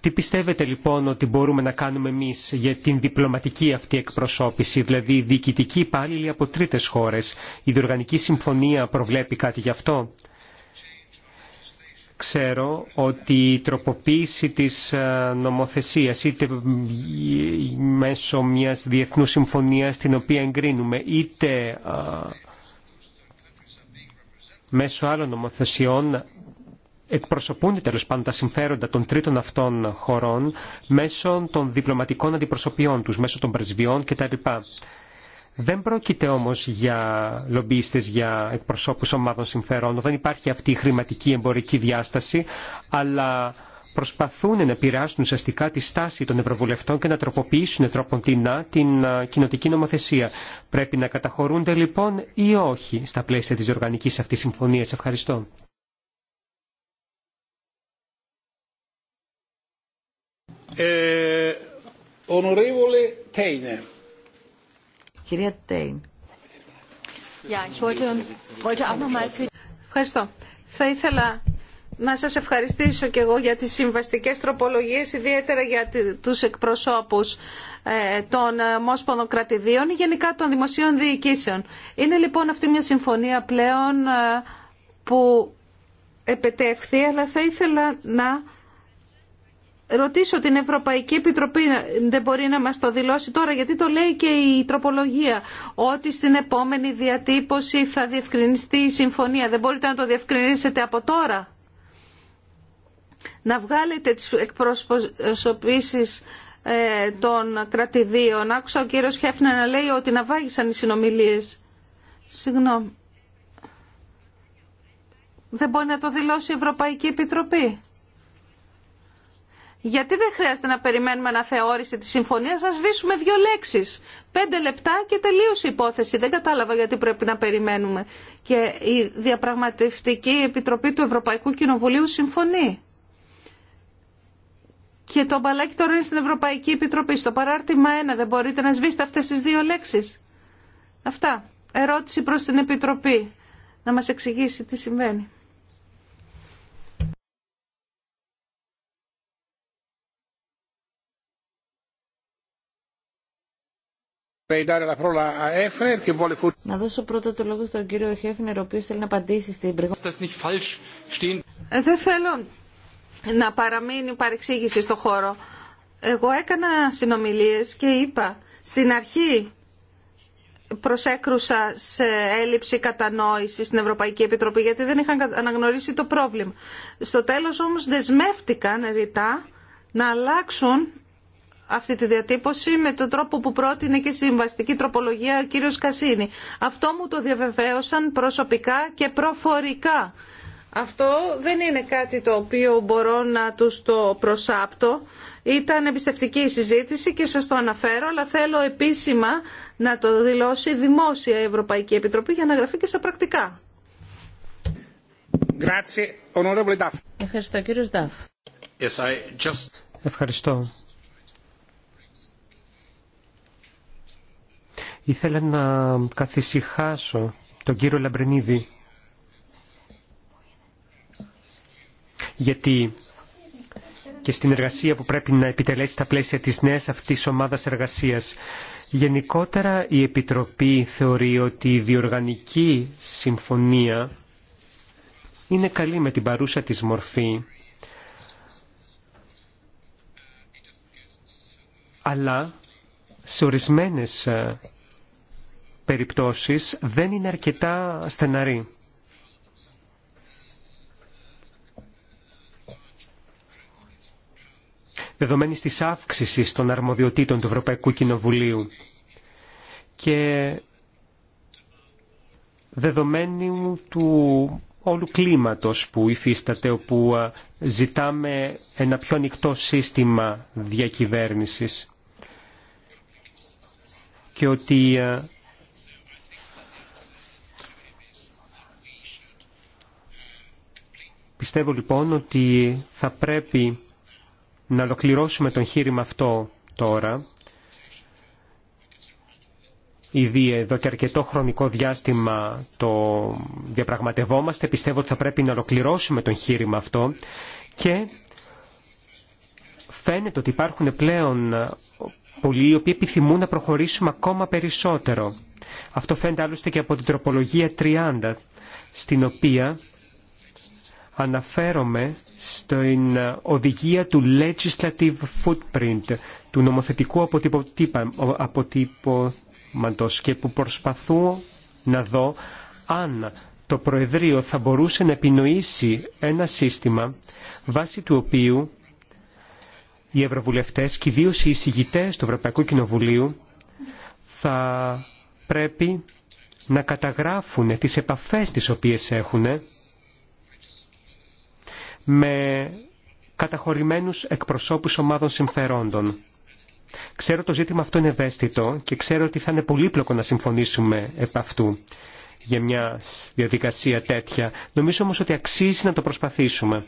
Τι πιστεύετε λοιπόν ότι μπορούμε να κάνουμε εμείς για την διπλωματική αυτή εκπροσώπηση, δηλαδή διοικητική υπάλληλη από τρίτες χώρες. Η Διοργανική Συμφωνία προβλέπει κάτι γι' αυτό ξέρω ότι η τροποποίηση της ε, νομοθεσίας είτε μέσω μιας διεθνούς συμφωνίας την οποία εγκρίνουμε είτε ε, μέσω άλλων νομοθεσιών εκπροσωπούνται τέλο πάντων τα συμφέροντα των τρίτων αυτών χωρών μέσω των διπλωματικών αντιπροσωπιών τους, μέσω των πρεσβειών κτλ. Δεν πρόκειται όμως για λομπίστες, για εκπροσώπους ομάδων συμφερόντων, δεν υπάρχει αυτή η χρηματική εμπορική διάσταση, αλλά προσπαθούν να πειράσουν ουσιαστικά τη στάση των Ευρωβουλευτών και να τροποποιήσουν τρόπον την κοινοτική νομοθεσία. Πρέπει να καταχωρούνται λοιπόν ή όχι στα πλαίσια της οργανικής αυτής συμφωνίας. Ευχαριστώ. Ε, Κυρία Τέιν. Ευχαριστώ. Θα ήθελα να σας ευχαριστήσω και εγώ για τις συμβαστικές τροπολογίες, ιδιαίτερα για τους εκπροσώπους ε, των ε, Μόσπονδων κρατηδίων γενικά των δημοσίων διοικήσεων. Είναι λοιπόν αυτή μια συμφωνία πλέον ε, που επετεύχθη, αλλά θα ήθελα να ρωτήσω την Ευρωπαϊκή Επιτροπή, δεν μπορεί να μας το δηλώσει τώρα, γιατί το λέει και η τροπολογία, ότι στην επόμενη διατύπωση θα διευκρινιστεί η συμφωνία. Δεν μπορείτε να το διευκρινίσετε από τώρα. Να βγάλετε τις εκπροσωπήσεις ε, των κρατηδίων. Άκουσα ο κύριος Χέφνα να λέει ότι να βάγισαν οι συνομιλίες. Συγγνώμη. Δεν μπορεί να το δηλώσει η Ευρωπαϊκή Επιτροπή. Γιατί δεν χρειάζεται να περιμένουμε αναθεώρηση τη συμφωνία, να σβήσουμε δύο λέξει. Πέντε λεπτά και τελείωσε η υπόθεση. Δεν κατάλαβα γιατί πρέπει να περιμένουμε. Και η Διαπραγματευτική Επιτροπή του Ευρωπαϊκού Κοινοβουλίου συμφωνεί. Και το μπαλάκι τώρα είναι στην Ευρωπαϊκή Επιτροπή. Στο παράρτημα 1 δεν μπορείτε να σβήσετε αυτέ τι δύο λέξει. Αυτά. Ερώτηση προ την Επιτροπή. Να μα εξηγήσει τι συμβαίνει. Να δώσω πρώτα το λόγο στον κύριο Χέφνερ, ο οποίος θέλει να απαντήσει στην προηγούμενη. Ε, δεν θέλω να παραμείνει παρεξήγηση στο χώρο. Εγώ έκανα συνομιλίες και είπα στην αρχή προσέκρουσα σε έλλειψη κατανόηση στην Ευρωπαϊκή Επιτροπή γιατί δεν είχαν αναγνωρίσει το πρόβλημα. Στο τέλος όμως δεσμεύτηκαν ρητά να αλλάξουν αυτή τη διατύπωση με τον τρόπο που πρότεινε και συμβαστική τροπολογία ο κύριος Κασίνη. Αυτό μου το διαβεβαίωσαν προσωπικά και προφορικά. Αυτό δεν είναι κάτι το οποίο μπορώ να τους το προσάπτω. Ήταν εμπιστευτική η συζήτηση και σας το αναφέρω, αλλά θέλω επίσημα να το δηλώσει δημόσια η Ευρωπαϊκή Επιτροπή για να γραφεί και στα πρακτικά. Ευχαριστώ, κύριος Ευχαριστώ. Ήθελα να καθησυχάσω τον κύριο Λαμπρενίδη. Γιατί και στην εργασία που πρέπει να επιτελέσει τα πλαίσια της νέας αυτής ομάδας εργασίας. Γενικότερα η Επιτροπή θεωρεί ότι η διοργανική συμφωνία είναι καλή με την παρούσα της μορφή, αλλά σε ορισμένες ε, περιπτώσεις δεν είναι αρκετά στεναρή. δεδομένης της αύξησης των αρμοδιοτήτων του Ευρωπαϊκού Κοινοβουλίου και δεδομένου του όλου κλίματος που υφίσταται, όπου ζητάμε ένα πιο ανοιχτό σύστημα διακυβέρνησης και ότι Πιστεύω λοιπόν ότι θα πρέπει να ολοκληρώσουμε τον εγχείρημα αυτό τώρα. Ήδη εδώ και αρκετό χρονικό διάστημα το διαπραγματευόμαστε. Πιστεύω ότι θα πρέπει να ολοκληρώσουμε τον εγχείρημα αυτό και φαίνεται ότι υπάρχουν πλέον πολλοί οι οποίοι επιθυμούν να προχωρήσουμε ακόμα περισσότερο. Αυτό φαίνεται άλλωστε και από την τροπολογία 30, στην οποία αναφέρομαι στην ε, οδηγία του legislative footprint, του νομοθετικού αποτύπωματος και που προσπαθώ να δω αν το Προεδρείο θα μπορούσε να επινοήσει ένα σύστημα βάσει του οποίου οι ευρωβουλευτές και ιδίω οι εισηγητές του Ευρωπαϊκού Κοινοβουλίου θα πρέπει να καταγράφουν τις επαφές τις οποίες έχουν με καταχωρημένους εκπροσώπους ομάδων συμφερόντων. Ξέρω το ζήτημα αυτό είναι ευαίσθητο και ξέρω ότι θα είναι πολύπλοκο να συμφωνήσουμε επ' αυτού για μια διαδικασία τέτοια. Νομίζω όμως ότι αξίζει να το προσπαθήσουμε.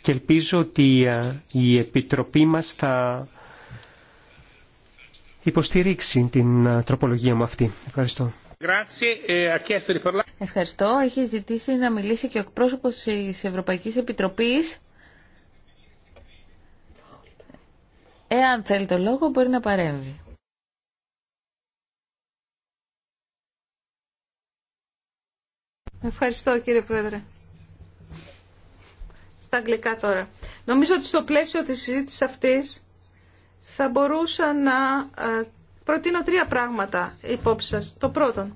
Και ελπίζω ότι η Επιτροπή μας θα υποστηρίξει την τροπολογία μου αυτή. Ευχαριστώ. Eh, Ευχαριστώ. Έχει ζητήσει να μιλήσει και ο πρόσωπος της Ευρωπαϊκής Επιτροπής. Εάν θέλει το λόγο μπορεί να παρέμβει. Ευχαριστώ κύριε Πρόεδρε. Στα αγγλικά τώρα. Νομίζω ότι στο πλαίσιο της συζήτησης αυτής θα μπορούσα να ε, Προτείνω τρία πράγματα υπόψη σας. Το πρώτο.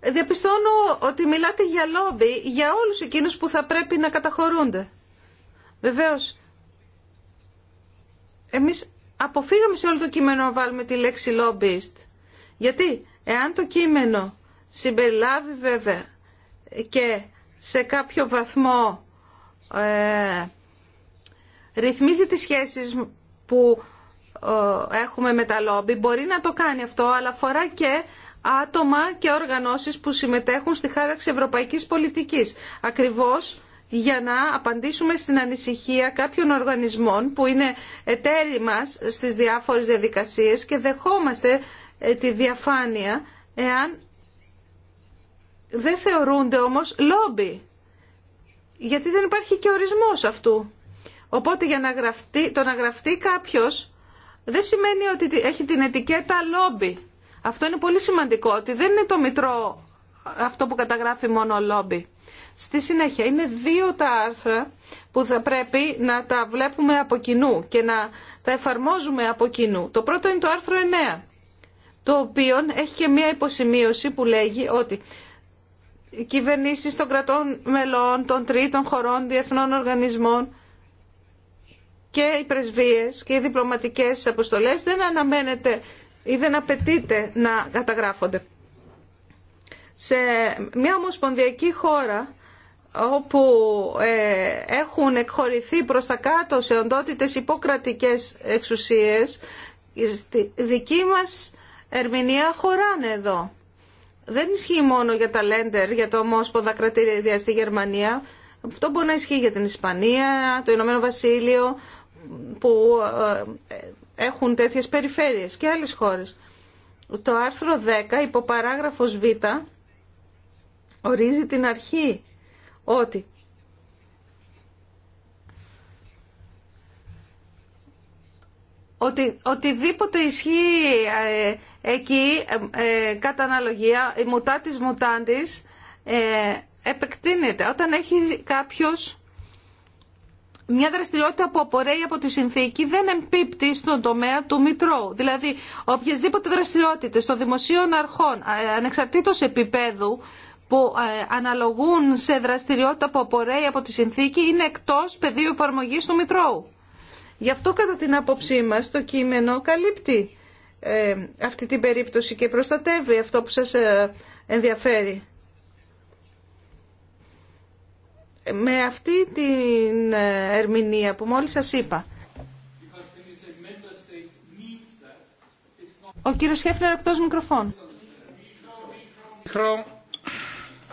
Διαπιστώνω ότι μιλάτε για λόμπι για όλους εκείνους που θα πρέπει να καταχωρούνται. Βεβαίως, εμείς αποφύγαμε σε όλο το κείμενο να βάλουμε τη λέξη λόμπιστ. Γιατί, εάν το κείμενο συμπεριλάβει βέβαια και σε κάποιο βαθμό ε, ρυθμίζει τις σχέσεις που ε, έχουμε με τα λόμπι. Μπορεί να το κάνει αυτό, αλλά αφορά και άτομα και οργανώσεις που συμμετέχουν στη χάραξη ευρωπαϊκής πολιτικής. Ακριβώς για να απαντήσουμε στην ανησυχία κάποιων οργανισμών που είναι εταίροι μας στις διάφορες διαδικασίες και δεχόμαστε ε, τη διαφάνεια εάν δεν θεωρούνται όμως λόμπι. Γιατί δεν υπάρχει και ορισμός αυτού. Οπότε για να γραφτεί, το να γραφτεί κάποιο δεν σημαίνει ότι έχει την ετικέτα λόμπι. Αυτό είναι πολύ σημαντικό, ότι δεν είναι το μητρό αυτό που καταγράφει μόνο λόμπι. Στη συνέχεια είναι δύο τα άρθρα που θα πρέπει να τα βλέπουμε από κοινού και να τα εφαρμόζουμε από κοινού. Το πρώτο είναι το άρθρο 9, το οποίο έχει και μία υποσημείωση που λέγει ότι οι κυβερνήσεις των κρατών μελών, των τρίτων χωρών, διεθνών οργανισμών και οι πρεσβείες και οι διπλωματικές αποστολές δεν αναμένεται ή δεν απαιτείται να καταγράφονται. Σε μια ομοσπονδιακή χώρα όπου ε, έχουν εκχωρηθεί προς τα κάτω σε οντότητες υποκρατικές εξουσίες, στη δική μας ερμηνεία χωράνε εδώ. Δεν ισχύει μόνο για τα Λέντερ, για το ομόσπονδα κρατήρια στη Γερμανία. Αυτό μπορεί να ισχύει για την Ισπανία, το Ηνωμένο Βασίλειο, που ε, έχουν τέτοιες περιφέρειες και άλλες χώρες. Το άρθρο 10 υπό παράγραφος Β ορίζει την αρχή ότι ότι οτιδήποτε ισχύει ε, εκεί ε, κατά αναλογία η μουτά της μουτάντης επεκτείνεται. Όταν έχει κάποιος μια δραστηριότητα που απορρέει από τη συνθήκη δεν εμπίπτει στον τομέα του Μητρώου. Δηλαδή, οποιασδήποτε δραστηριότητες των δημοσίων αρχών, ε, ανεξαρτήτως επίπεδου, που ε, αναλογούν σε δραστηριότητα που απορρέει από τη συνθήκη, είναι εκτός πεδίου εφαρμογή του Μητρώου. Γι' αυτό, κατά την άποψή μας, το κείμενο καλύπτει ε, αυτή την περίπτωση και προστατεύει αυτό που σας ενδιαφέρει. με αυτή την ε, ερμηνεία που μόλις σας είπα. Ο κύριος Χέφνερ εκτός μικροφών.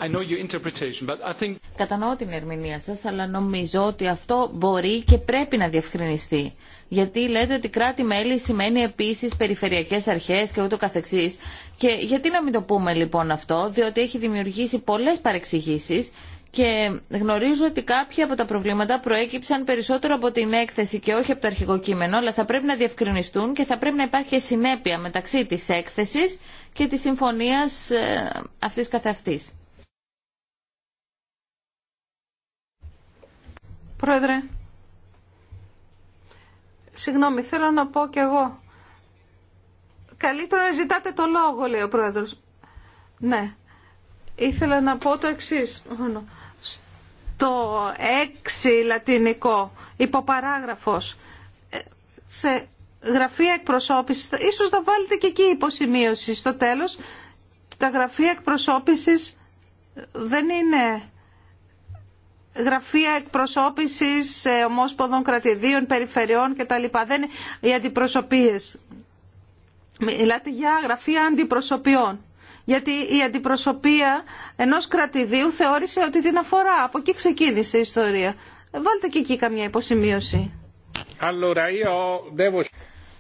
I Κατανοώ την ερμηνεία σας, αλλά νομίζω ότι αυτό μπορεί και πρέπει να διευκρινιστεί. Γιατί λέτε ότι κράτη-μέλη σημαίνει επίσης περιφερειακές αρχές και ούτω καθεξής. Και γιατί να μην το πούμε λοιπόν αυτό, διότι έχει δημιουργήσει πολλές παρεξηγήσεις και γνωρίζω ότι κάποια από τα προβλήματα προέκυψαν περισσότερο από την έκθεση και όχι από το αρχικό κείμενο, αλλά θα πρέπει να διευκρινιστούν και θα πρέπει να υπάρχει και συνέπεια μεταξύ της έκθεσης και της συμφωνίας ε, αυτής καθεαυτής. Πρόεδρε, συγγνώμη, θέλω να πω κι εγώ. Καλύτερα να ζητάτε το λόγο, λέει ο πρόεδρος. Ναι ήθελα να πω το εξής. το έξι λατινικό, υποπαράγραφος, σε γραφεία εκπροσώπησης, ίσως θα βάλετε και εκεί υποσημείωση στο τέλος, τα γραφεία εκπροσώπησης δεν είναι γραφεία εκπροσώπησης ομόσποδων κρατηδίων, περιφερειών κτλ. Δεν είναι οι αντιπροσωπείες. Μιλάτε για γραφεία αντιπροσωπιών γιατί η αντιπροσωπεία ενός κρατηδίου θεώρησε ότι την αφορά. Από εκεί ξεκίνησε η ιστορία. Βάλτε και εκεί καμιά υποσημείωση.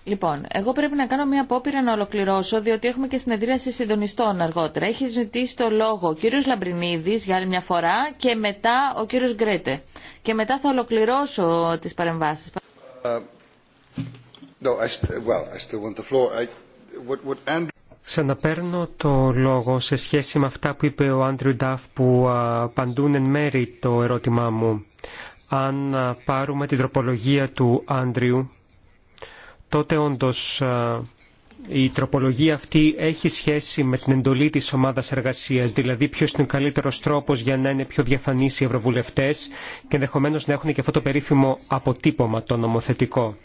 Λοιπόν, εγώ πρέπει να κάνω μια απόπειρα να ολοκληρώσω, διότι έχουμε και συνεδρίαση συντονιστών αργότερα. Έχει ζητήσει το λόγο ο κύριο Λαμπρινίδη για άλλη μια φορά και μετά ο κύριο Γκρέτε. Και μετά θα ολοκληρώσω τι παρεμβάσει. Uh, no, Ξαναπέρνω το λόγο σε σχέση με αυτά που είπε ο Άντριου Νταφ που απαντούν εν μέρη το ερώτημά μου. Αν πάρουμε την τροπολογία του Άντριου, τότε όντως η τροπολογία αυτή έχει σχέση με την εντολή της ομάδας εργασίας, δηλαδή ποιος είναι ο καλύτερος τρόπος για να είναι πιο διαφανείς οι ευρωβουλευτές και ενδεχομένως να έχουν και αυτό το περίφημο αποτύπωμα το νομοθετικό.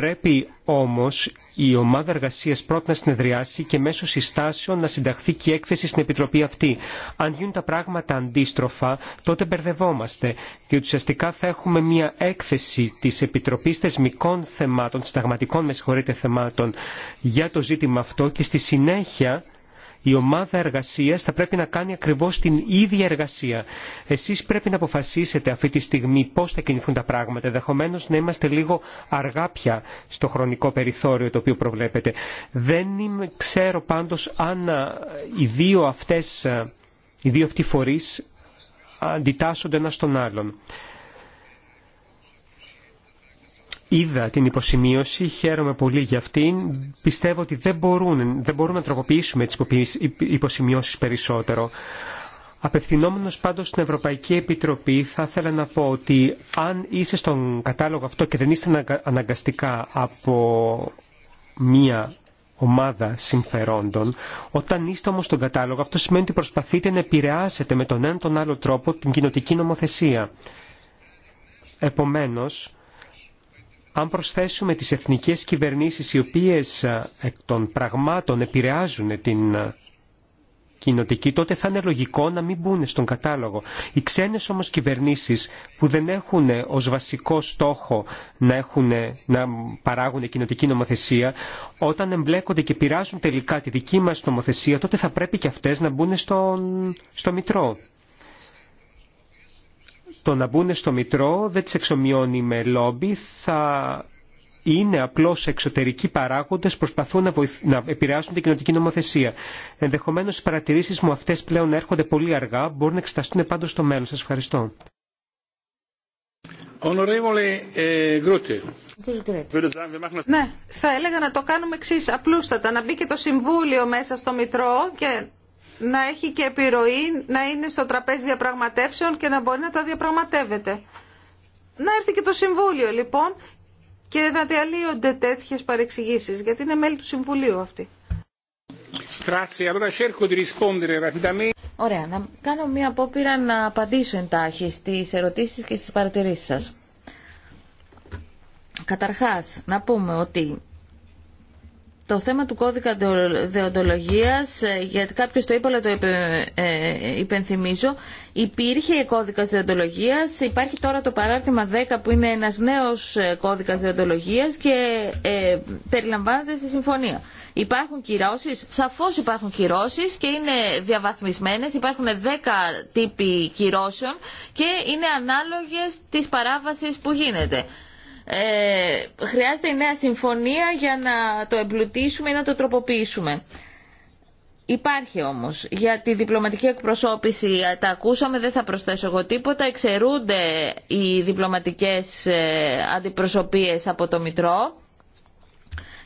Πρέπει όμως η ομάδα εργασία πρώτα να συνεδριάσει και μέσω συστάσεων να συνταχθεί και η έκθεση στην Επιτροπή αυτή. Αν γίνουν τα πράγματα αντίστροφα, τότε μπερδευόμαστε και ουσιαστικά θα έχουμε μια έκθεση τη Επιτροπή Θεσμικών Θεμάτων, Συνταγματικών με θεμάτων για το ζήτημα αυτό και στη συνέχεια η ομάδα εργασία θα πρέπει να κάνει ακριβώ την ίδια εργασία. Εσεί πρέπει να αποφασίσετε αυτή τη στιγμή πώ θα κινηθούν τα πράγματα. Ενδεχομένω να είμαστε λίγο αργά πια στο χρονικό περιθώριο το οποίο προβλέπετε. Δεν ξέρω πάντω αν οι δύο αυτέ οι δύο αυτοί φορεί αντιτάσσονται ένα στον άλλον. Είδα την υποσημείωση, χαίρομαι πολύ για αυτήν. Πιστεύω ότι δεν, μπορούν, δεν μπορούμε να τροποποιήσουμε τις υποσημειώσεις περισσότερο. Απευθυνόμενος πάντως στην Ευρωπαϊκή Επιτροπή θα ήθελα να πω ότι αν είσαι στον κατάλογο αυτό και δεν είστε αναγκαστικά από μία ομάδα συμφερόντων, όταν είστε όμως στον κατάλογο αυτό σημαίνει ότι προσπαθείτε να επηρεάσετε με τον έναν τον άλλο τρόπο την κοινοτική νομοθεσία. Επομένως, αν προσθέσουμε τις εθνικές κυβερνήσεις οι οποίες ε, εκ των πραγμάτων επηρεάζουν την ε, κοινοτική, τότε θα είναι λογικό να μην μπουν στον κατάλογο. Οι ξένες όμως κυβερνήσεις που δεν έχουν ε, ως βασικό στόχο να, έχουν, να παράγουν κοινοτική νομοθεσία, όταν εμπλέκονται και πειράζουν τελικά τη δική μας νομοθεσία, τότε θα πρέπει και αυτές να μπουν στο μητρό το να μπουν στο Μητρό δεν τις εξομοιώνει με λόμπι, θα είναι απλώς εξωτερικοί παράγοντες που προσπαθούν να, βοηθ... επηρεάσουν την κοινωτική νομοθεσία. Ενδεχομένως οι παρατηρήσεις μου αυτές πλέον έρχονται πολύ αργά, μπορούν να εξεταστούν πάντως στο μέλλον. Σας ευχαριστώ. Ε, ναι, θα έλεγα να το κάνουμε εξή απλούστατα, να μπει και το Συμβούλιο μέσα στο Μητρό και να έχει και επιρροή, να είναι στο τραπέζι διαπραγματεύσεων και να μπορεί να τα διαπραγματεύεται. Να έρθει και το Συμβούλιο λοιπόν και να διαλύονται τέτοιες παρεξηγήσεις, γιατί είναι μέλη του Συμβουλίου αυτή. Ωραία, να κάνω μια απόπειρα να απαντήσω εντάχει στι ερωτήσει και στι παρατηρήσει σα. Καταρχάς, να πούμε ότι το θέμα του κώδικα δεοντολογίας, ε, γιατί κάποιος το είπε αλλά το ε, υπενθυμίζω, υπήρχε κώδικας δεοντολογίας, υπάρχει τώρα το παράρτημα 10 που είναι ένας νέος ε, κώδικας δεοντολογίας και περιλαμβάνεται στη συμφωνία. Υπάρχουν κυρώσει, σαφώ υπάρχουν κυρώσει και είναι διαβαθμισμένε. Υπάρχουν 10 τύποι κυρώσεων και είναι ανάλογε τη παράβαση που γίνεται ε, χρειάζεται η νέα συμφωνία για να το εμπλουτίσουμε ή να το τροποποιήσουμε. Υπάρχει όμως. Για τη διπλωματική εκπροσώπηση τα ακούσαμε, δεν θα προσθέσω εγώ τίποτα. Εξαιρούνται οι διπλωματικές ε, αντιπροσωπείες από το Μητρό.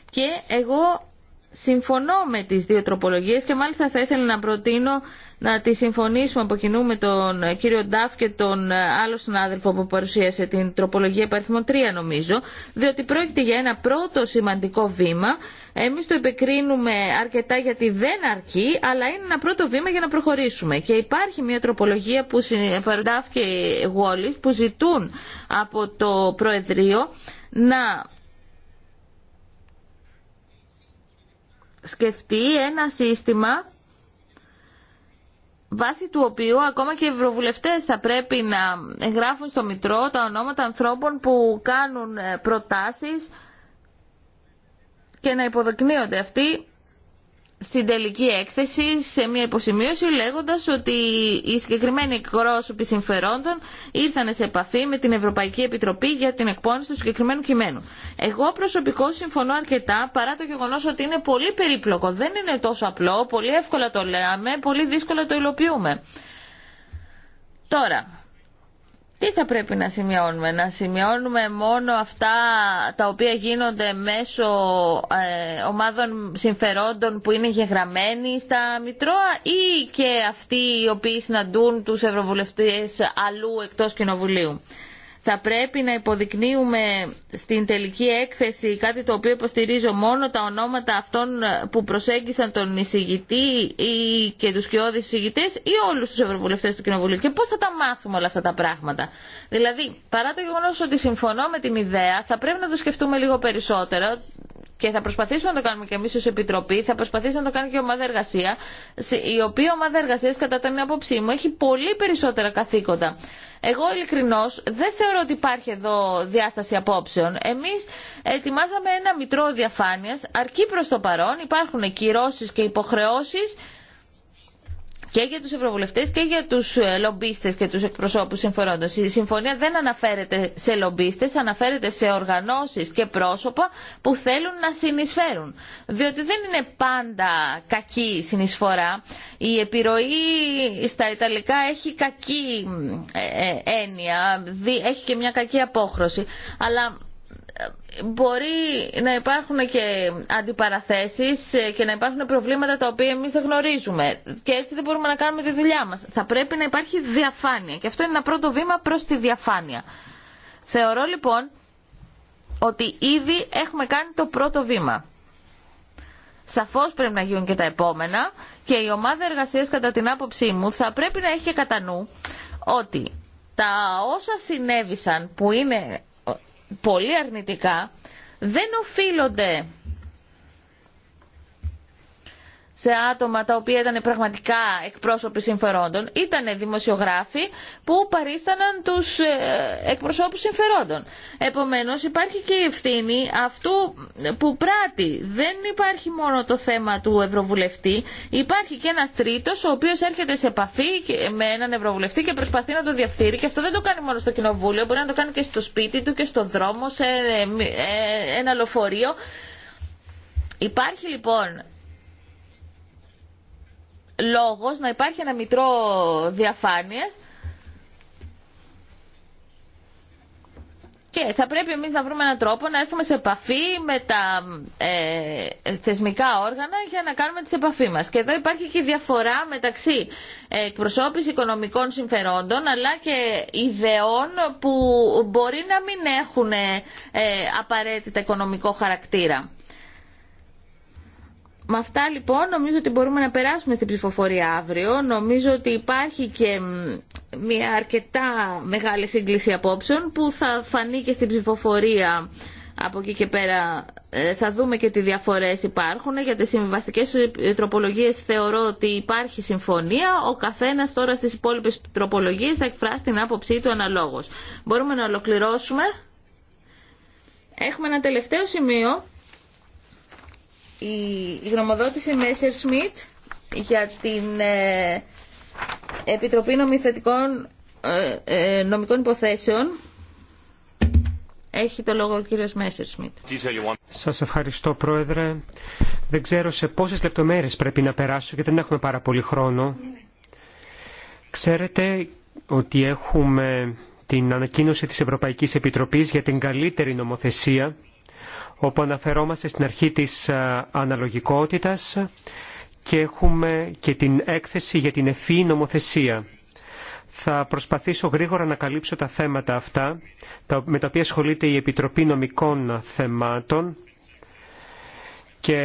Και εγώ συμφωνώ με τις δύο τροπολογίες και μάλιστα θα ήθελα να προτείνω να τη συμφωνήσουμε από κοινού με τον κύριο Ντάφ και τον άλλο συνάδελφο που παρουσίασε την τροπολογία υπαριθμό 3 νομίζω, διότι πρόκειται για ένα πρώτο σημαντικό βήμα. Εμείς το επεκρίνουμε αρκετά γιατί δεν αρκεί, αλλά είναι ένα πρώτο βήμα για να προχωρήσουμε. Και υπάρχει μια τροπολογία που Ντάφ και που ζητούν από το Προεδρείο να σκεφτεί ένα σύστημα βάσει του οποίου ακόμα και οι ευρωβουλευτές θα πρέπει να εγγράφουν στο Μητρό τα ονόματα ανθρώπων που κάνουν ε, προτάσεις και να υποδοκνύονται αυτοί στην τελική έκθεση σε μια υποσημείωση λέγοντας ότι οι συγκεκριμένοι εκπρόσωποι συμφερόντων ήρθαν σε επαφή με την Ευρωπαϊκή Επιτροπή για την εκπόνηση του συγκεκριμένου κειμένου. Εγώ προσωπικώ συμφωνώ αρκετά παρά το γεγονός ότι είναι πολύ περίπλοκο. Δεν είναι τόσο απλό, πολύ εύκολα το λέμε, πολύ δύσκολα το υλοποιούμε. Τώρα, τι θα πρέπει να σημειώνουμε, να σημειώνουμε μόνο αυτά τα οποία γίνονται μέσω ε, ομάδων συμφερόντων που είναι γεγραμμένοι στα Μητρώα ή και αυτοί οι οποίοι συναντούν τους ευρωβουλευτές αλλού εκτός Κοινοβουλίου θα πρέπει να υποδεικνύουμε στην τελική έκθεση κάτι το οποίο υποστηρίζω μόνο τα ονόματα αυτών που προσέγγισαν τον εισηγητή ή και τους κοιόδης εισηγητές ή όλους τους ευρωβουλευτές του Κοινοβουλίου και πώς θα τα μάθουμε όλα αυτά τα πράγματα. Δηλαδή, παρά το γεγονός ότι συμφωνώ με την ιδέα, θα πρέπει να το σκεφτούμε λίγο περισσότερο και θα προσπαθήσουμε να το κάνουμε και εμεί ω Επιτροπή, θα προσπαθήσει να το κάνει και η ομάδα εργασία, η οποία ομάδα εργασία, κατά την άποψή μου, έχει πολύ περισσότερα καθήκοντα. Εγώ ειλικρινώ δεν θεωρώ ότι υπάρχει εδώ διάσταση απόψεων. Εμεί ετοιμάζαμε ένα μητρό διαφάνεια, αρκεί προ το παρόν, υπάρχουν κυρώσει και υποχρεώσει και για τους ευρωβουλευτές και για τους ε, λομπίστες και τους εκπροσώπους συμφερόντος. Η συμφωνία δεν αναφέρεται σε λομπίστες, αναφέρεται σε οργανώσεις και πρόσωπα που θέλουν να συνεισφέρουν. Διότι δεν είναι πάντα κακή συνεισφορά. Η επιρροή στα Ιταλικά έχει κακή ε, ε, έννοια, έχει και μια κακή απόχρωση. Αλλά μπορεί να υπάρχουν και αντιπαραθέσεις ε, και να υπάρχουν προβλήματα τα οποία εμείς δεν γνωρίζουμε και έτσι δεν μπορούμε να κάνουμε τη δουλειά μας. Θα πρέπει να υπάρχει διαφάνεια και αυτό είναι ένα πρώτο βήμα προς τη διαφάνεια. Θεωρώ λοιπόν ότι ήδη έχουμε κάνει το πρώτο βήμα. Σαφώς πρέπει να γίνουν και τα επόμενα και η ομάδα εργασίας κατά την άποψή μου θα πρέπει να έχει κατά νου ότι τα όσα συνέβησαν που είναι πολύ αρνητικά δεν οφείλονται σε άτομα τα οποία ήταν πραγματικά εκπρόσωποι συμφερόντων. Ήταν δημοσιογράφοι που παρίσταναν τους ε, εκπροσώπους συμφερόντων. Επομένως υπάρχει και η ευθύνη αυτού που πράττει. Δεν υπάρχει μόνο το θέμα του ευρωβουλευτή. Υπάρχει και ένας τρίτος ο οποίος έρχεται σε επαφή με έναν ευρωβουλευτή και προσπαθεί να το διαφθείρει. Και αυτό δεν το κάνει μόνο στο κοινοβούλιο. Μπορεί να το κάνει και στο σπίτι του και στο δρόμο, σε ε, ε, ένα λεωφορείο. Υπάρχει λοιπόν λόγος να υπάρχει ένα μητρό διαφάνειας Και θα πρέπει εμείς να βρούμε έναν τρόπο να έρθουμε σε επαφή με τα ε, θεσμικά όργανα για να κάνουμε τις επαφή μας. Και εδώ υπάρχει και διαφορά μεταξύ ε, εκπροσώπησης οικονομικών συμφερόντων αλλά και ιδεών που μπορεί να μην έχουν ε, απαραίτητα οικονομικό χαρακτήρα. Με αυτά λοιπόν νομίζω ότι μπορούμε να περάσουμε στην ψηφοφορία αύριο. Νομίζω ότι υπάρχει και μια αρκετά μεγάλη σύγκληση απόψεων που θα φανεί και στην ψηφοφορία από εκεί και πέρα ε, θα δούμε και τι διαφορές υπάρχουν. Για τις συμβαστικές ε, τροπολογίες θεωρώ ότι υπάρχει συμφωνία. Ο καθένας τώρα στις υπόλοιπε τροπολογίες θα εκφράσει την άποψή του αναλόγως. Μπορούμε να ολοκληρώσουμε. Έχουμε ένα τελευταίο σημείο η γνωμοδότηση Μέσερ Σμιτ για την ε, Επιτροπή Νομιθετικών ε, ε, Νομικών Υποθέσεων έχει το λόγο ο κύριος Μέσερ Σμιτ. Σας ευχαριστώ πρόεδρε. Δεν ξέρω σε πόσες λεπτομέρειες πρέπει να περάσω γιατί δεν έχουμε πάρα πολύ χρόνο. Ξέρετε ότι έχουμε την ανακοίνωση της Ευρωπαϊκής Επιτροπής για την καλύτερη νομοθεσία όπου αναφερόμαστε στην αρχή της ε, αναλογικότητας και έχουμε και την έκθεση για την ευφύη νομοθεσία. Θα προσπαθήσω γρήγορα να καλύψω τα θέματα αυτά, με τα οποία ασχολείται η Επιτροπή Νομικών Θεμάτων και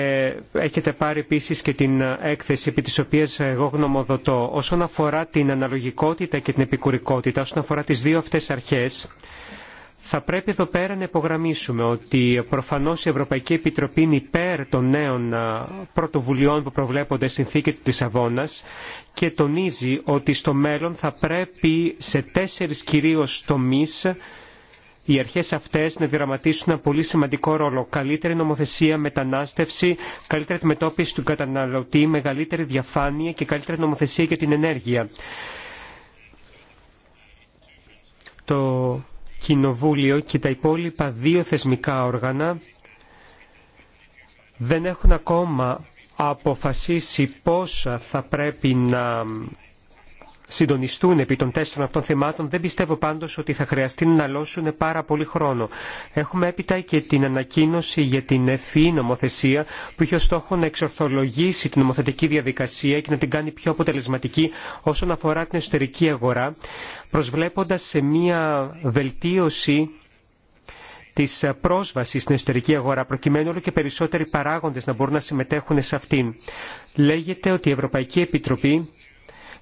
έχετε πάρει επίση και την έκθεση επί της οποίας εγώ γνωμοδοτώ. Όσον αφορά την αναλογικότητα και την επικουρικότητα, όσον αφορά τις δύο αυτές αρχές, θα πρέπει εδώ πέρα να υπογραμμίσουμε ότι προφανώς η Ευρωπαϊκή Επιτροπή είναι υπέρ των νέων πρωτοβουλειών που προβλέπονται στη συνθήκη της Λισαβόνας και τονίζει ότι στο μέλλον θα πρέπει σε τέσσερις κυρίως τομείς οι αρχές αυτές να δραματίσουν ένα πολύ σημαντικό ρόλο. Καλύτερη νομοθεσία, μετανάστευση, καλύτερη αντιμετώπιση του καταναλωτή, μεγαλύτερη διαφάνεια και καλύτερη νομοθεσία για την ενέργεια. Κοινοβούλιο και τα υπόλοιπα δύο θεσμικά όργανα δεν έχουν ακόμα αποφασίσει πόσα θα πρέπει να συντονιστούν επί των τέσσερων αυτών θεμάτων, δεν πιστεύω πάντως ότι θα χρειαστεί να λώσουν πάρα πολύ χρόνο. Έχουμε έπειτα και την ανακοίνωση για την ευφυή νομοθεσία που είχε ως στόχο να εξορθολογήσει την νομοθετική διαδικασία και να την κάνει πιο αποτελεσματική όσον αφορά την εσωτερική αγορά, προσβλέποντας σε μια βελτίωση τη πρόσβαση στην εσωτερική αγορά προκειμένου όλο και περισσότεροι παράγοντε να μπορούν να συμμετέχουν σε αυτήν. Λέγεται ότι η Ευρωπαϊκή Επιτροπή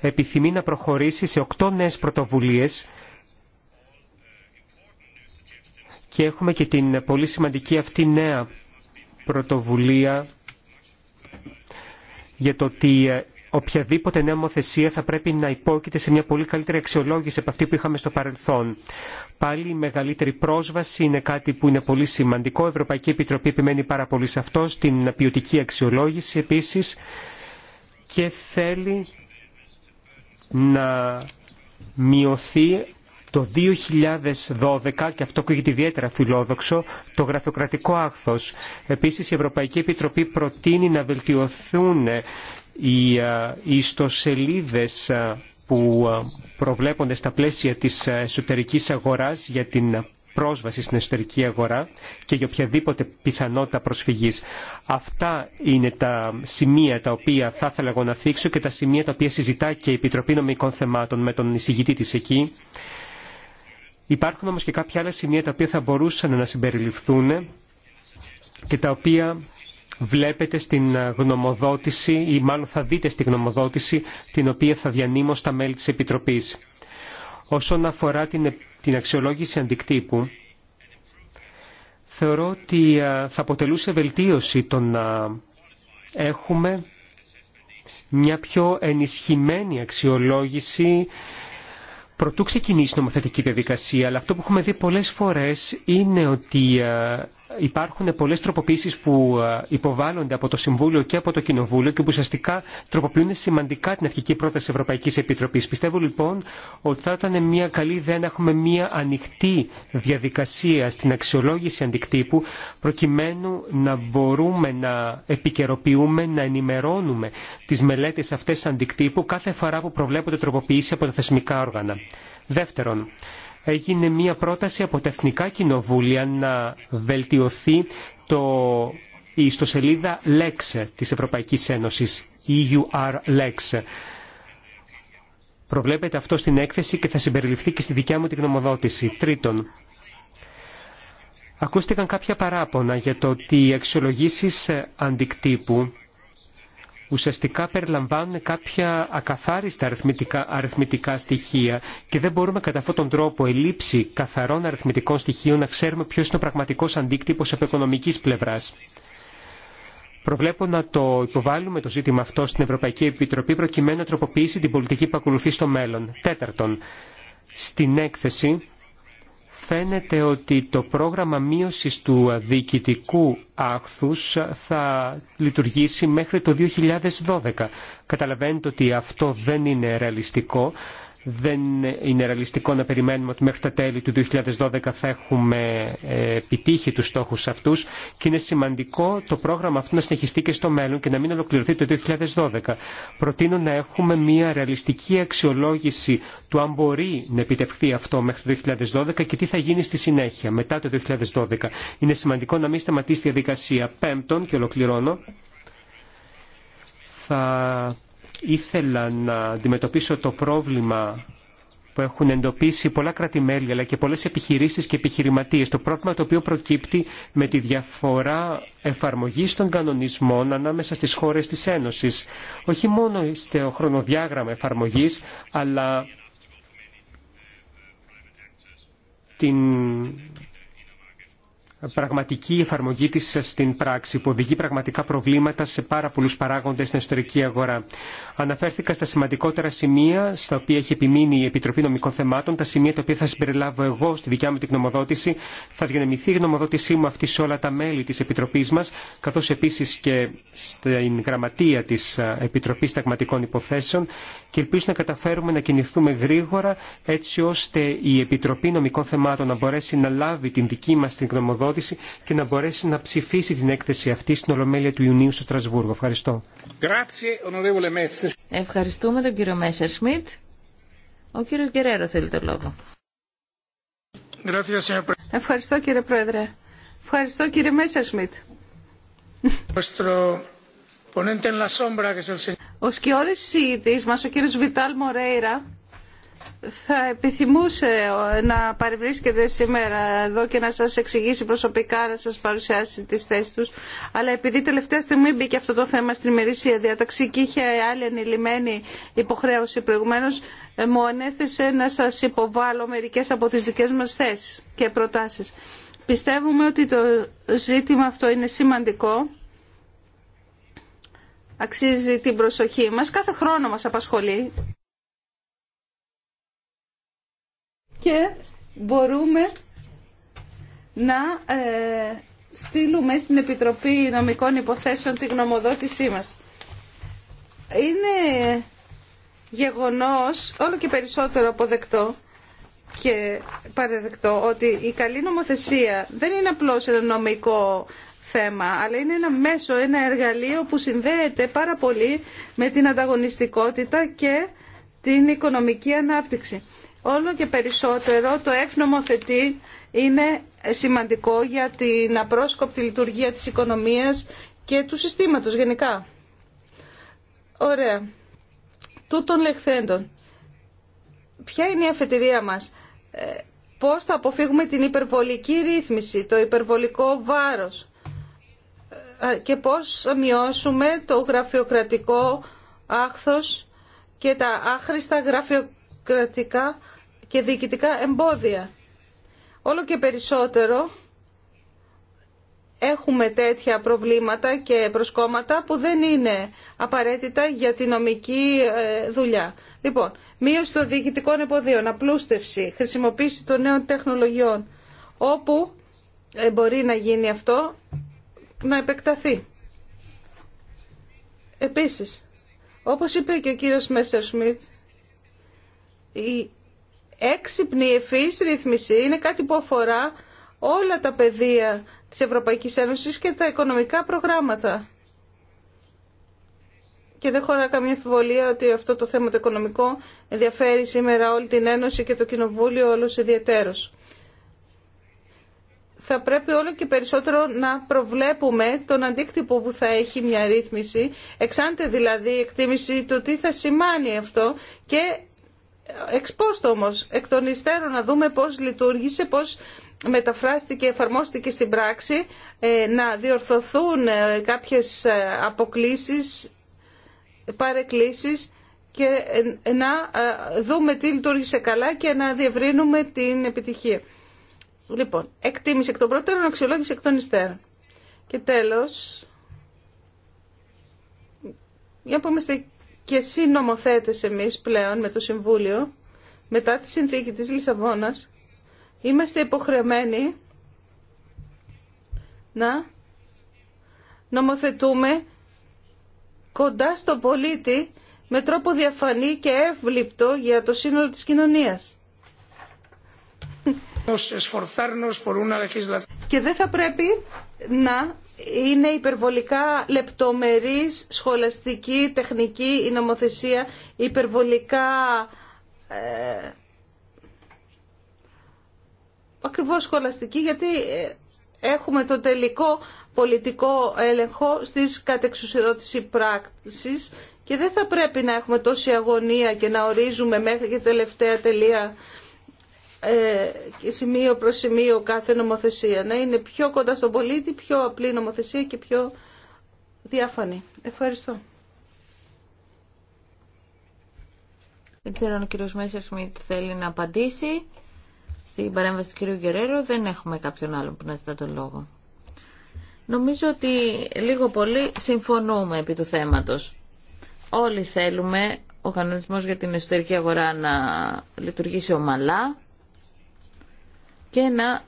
επιθυμεί να προχωρήσει σε οκτώ νέες πρωτοβουλίες και έχουμε και την πολύ σημαντική αυτή νέα πρωτοβουλία για το ότι ε, οποιαδήποτε νέα νομοθεσία θα πρέπει να υπόκειται σε μια πολύ καλύτερη αξιολόγηση από αυτή που είχαμε στο παρελθόν. Πάλι η μεγαλύτερη πρόσβαση είναι κάτι που είναι πολύ σημαντικό. Η Ευρωπαϊκή Επιτροπή επιμένει πάρα πολύ σε αυτό, στην ποιοτική αξιολόγηση επίσης και θέλει να μειωθεί το 2012, και αυτό ακούγεται ιδιαίτερα φιλόδοξο, το γραφειοκρατικό άχθος. Επίσης, η Ευρωπαϊκή Επιτροπή προτείνει να βελτιωθούν οι ε, ιστοσελίδες ε, που ε, προβλέπονται στα πλαίσια της εσωτερικής αγοράς για την πρόσβαση στην εσωτερική αγορά και για οποιαδήποτε πιθανότητα προσφυγής. Αυτά είναι τα σημεία τα οποία θα ήθελα εγώ να θίξω και τα σημεία τα οποία συζητά και η Επιτροπή Νομικών Θεμάτων με τον εισηγητή της εκεί. Υπάρχουν όμως και κάποια άλλα σημεία τα οποία θα μπορούσαν να συμπεριληφθούν και τα οποία βλέπετε στην γνωμοδότηση ή μάλλον θα δείτε στην γνωμοδότηση την οποία θα διανύμω στα μέλη της Επιτροπής. Όσον αφορά την, την αξιολόγηση αντικτύπου, θεωρώ ότι ε, θα αποτελούσε βελτίωση το να έχουμε μια πιο ενισχυμένη αξιολόγηση Προτού ξεκινήσει η νομοθετική διαδικασία, αλλά αυτό που έχουμε δει πολλές φορές είναι ότι ε, υπάρχουν πολλέ τροποποιήσει που ε, υποβάλλονται από το Συμβούλιο και από το Κοινοβούλιο και που ουσιαστικά τροποποιούν σημαντικά την αρχική πρόταση Ευρωπαϊκή Επιτροπή. Πιστεύω λοιπόν ότι θα ήταν μια καλή ιδέα να έχουμε μια ανοιχτή διαδικασία στην αξιολόγηση αντικτύπου προκειμένου να μπορούμε να επικαιροποιούμε, να ενημερώνουμε τι μελέτε αυτέ αντικτύπου κάθε φορά που προβλέπονται τροποποιήσει από τα θεσμικά όργανα. Δεύτερον, έγινε μία πρόταση από τα Εθνικά Κοινοβούλια να βελτιωθεί το, η ιστοσελίδα LEX της Ευρωπαϊκής Ένωσης, EUR LEX. Προβλέπεται αυτό στην έκθεση και θα συμπεριληφθεί και στη δικιά μου την γνωμοδότηση. Τρίτον, ακούστηκαν κάποια παράπονα για το ότι οι αξιολογήσεις αντικτύπου ουσιαστικά περιλαμβάνουν κάποια ακαθάριστα αριθμητικά, αριθμητικά στοιχεία και δεν μπορούμε κατά αυτόν τον τρόπο ελήψη καθαρών αριθμητικών στοιχείων να ξέρουμε ποιος είναι ο πραγματικός αντίκτυπος από οικονομικής πλευράς. Προβλέπω να το υποβάλουμε το ζήτημα αυτό στην Ευρωπαϊκή Επιτροπή προκειμένου να τροποποιήσει την πολιτική που ακολουθεί στο μέλλον. Τέταρτον, στην έκθεση φαίνεται ότι το πρόγραμμα μείωσης του διοικητικού άχθους θα λειτουργήσει μέχρι το 2012. Καταλαβαίνετε ότι αυτό δεν είναι ρεαλιστικό δεν είναι ρεαλιστικό να περιμένουμε ότι μέχρι τα τέλη του 2012 θα έχουμε ε, επιτύχει τους στόχους αυτούς και είναι σημαντικό το πρόγραμμα αυτό να συνεχιστεί και στο μέλλον και να μην ολοκληρωθεί το 2012. Προτείνω να έχουμε μια ρεαλιστική αξιολόγηση του αν μπορεί να επιτευχθεί αυτό μέχρι το 2012 και τι θα γίνει στη συνέχεια μετά το 2012. Είναι σημαντικό να μην σταματήσει τη διαδικασία. Πέμπτον, και ολοκληρώνω, θα Ήθελα να αντιμετωπίσω το πρόβλημα που έχουν εντοπίσει πολλά κράτη-μέλη αλλά και πολλές επιχειρήσεις και επιχειρηματίες. Το πρόβλημα το οποίο προκύπτει με τη διαφορά εφαρμογής των κανονισμών ανάμεσα στις χώρες της Ένωσης. Όχι μόνο στο χρονοδιάγραμμα εφαρμογής, αλλά την πραγματική εφαρμογή τη στην πράξη που οδηγεί πραγματικά προβλήματα σε πάρα πολλού παράγοντε στην εσωτερική αγορά. Αναφέρθηκα στα σημαντικότερα σημεία στα οποία έχει επιμείνει η Επιτροπή Νομικών Θεμάτων, τα σημεία τα οποία θα συμπεριλάβω εγώ στη δικιά μου την γνωμοδότηση. Θα διανεμηθεί η γνωμοδότησή μου αυτή σε όλα τα μέλη τη επιτροπή μα, καθώ επίση και στην γραμματεία της Επιτροπής Ταγματικών Υποθέσεων και ελπίζω να καταφέρουμε να κινηθούμε γρήγορα έτσι ώστε η Επιτροπή Νομικών Θεμάτων να μπορέσει να λάβει την δική μα την γνωμοδότηση και να μπορέσει να ψηφίσει την έκθεση αυτή στην Ολομέλεια του Ιουνίου στο Στρασβούργο. Ευχαριστώ. Ευχαριστούμε τον κύριο Μέσσερ Σμιτ. Ο κύριος Γκερέρο θέλει το λόγο. Ευχαριστώ κύριε Πρόεδρε. Ευχαριστώ κύριε Μέσσερ Σμιτ. Ο σκιώδης συζητής μας, ο κύριος Βιτάλ Μορέιρα, θα επιθυμούσε να παρευρίσκεται σήμερα εδώ και να σας εξηγήσει προσωπικά, να σας παρουσιάσει τις θέσεις τους. Αλλά επειδή τελευταία στιγμή μπήκε αυτό το θέμα στην ημερήσια διαταξή και είχε άλλη ανηλυμένη υποχρέωση προηγουμένως, ε, μου ανέθεσε να σας υποβάλω μερικές από τις δικές μας θέσεις και προτάσεις. Πιστεύουμε ότι το ζήτημα αυτό είναι σημαντικό. Αξίζει την προσοχή μας. Κάθε χρόνο μας απασχολεί. και μπορούμε να ε, στείλουμε στην Επιτροπή Νομικών Υποθέσεων τη γνωμοδότησή μας. Είναι γεγονός όλο και περισσότερο αποδεκτό και παραδεκτό ότι η καλή νομοθεσία δεν είναι απλώς ένα νομικό θέμα, αλλά είναι ένα μέσο, ένα εργαλείο που συνδέεται πάρα πολύ με την ανταγωνιστικότητα και την οικονομική ανάπτυξη όλο και περισσότερο το θετή είναι σημαντικό για την απρόσκοπτη λειτουργία της οικονομίας και του συστήματος γενικά. Ωραία. Τούτων λεχθέντων. Ποια είναι η αφετηρία μας. Ε, πώς θα αποφύγουμε την υπερβολική ρύθμιση, το υπερβολικό βάρος ε, και πώς μειώσουμε το γραφειοκρατικό άχθος και τα άχρηστα γραφειοκρατικά και διοικητικά εμπόδια. Όλο και περισσότερο έχουμε τέτοια προβλήματα και προσκόμματα που δεν είναι απαραίτητα για τη νομική ε, δουλειά. Λοιπόν, μείωση των διοικητικών εμποδίων, απλούστευση, χρησιμοποίηση των νέων τεχνολογιών, όπου ε, μπορεί να γίνει αυτό, να επεκταθεί. Επίσης, όπως είπε και ο κύριος Μέσερ Σμιτ, έξυπνη ευφυής ρύθμιση είναι κάτι που αφορά όλα τα πεδία της Ευρωπαϊκής Ένωσης και τα οικονομικά προγράμματα. Και δεν χωρά καμία αμφιβολία ότι αυτό το θέμα το οικονομικό ενδιαφέρει σήμερα όλη την Ένωση και το Κοινοβούλιο όλος ιδιαίτερος. Θα πρέπει όλο και περισσότερο να προβλέπουμε τον αντίκτυπο που θα έχει μια ρύθμιση, εξάντε δηλαδή η εκτίμηση του τι θα σημάνει αυτό και εξπόστο όμως, εκ των υστέρων να δούμε πώς λειτουργήσε, πώς μεταφράστηκε, εφαρμόστηκε στην πράξη, ε, να διορθωθούν ε, κάποιες ε, αποκλήσεις, παρεκκλήσεις και να δούμε τι λειτουργήσε καλά και να διευρύνουμε την επιτυχία. Λοιπόν, εκτίμηση εκ των πρώτων, αξιολόγηση εκ των υστέρων. Και τέλος, για να πούμε και νομοθέτες εμείς πλέον με το Συμβούλιο, μετά τη συνθήκη της Λισαβόνας, είμαστε υποχρεωμένοι να νομοθετούμε κοντά στο πολίτη με τρόπο διαφανή και εύληπτο για το σύνολο της κοινωνίας. Και δεν θα πρέπει να είναι υπερβολικά λεπτομερής, σχολαστική, τεχνική η νομοθεσία, υπερβολικά... Ε, ακριβώς σχολαστική, γιατί ε, έχουμε το τελικό πολιτικό έλεγχο στις κατεξουσιοδότηση πράξης και δεν θα πρέπει να έχουμε τόση αγωνία και να ορίζουμε μέχρι και τελευταία τελεία ε, σημείο προς σημείο κάθε νομοθεσία. Να είναι πιο κοντά στον πολίτη, πιο απλή νομοθεσία και πιο διάφανη. Ευχαριστώ. Δεν ξέρω αν ο κύριος Μέσσερ Σμιτ θέλει να απαντήσει στην παρέμβαση του κύριου Γκερέρο. Δεν έχουμε κάποιον άλλον που να ζητά τον λόγο. Νομίζω ότι λίγο πολύ συμφωνούμε επί του θέματος. Όλοι θέλουμε ο κανονισμός για την εσωτερική αγορά να λειτουργήσει ομαλά, και να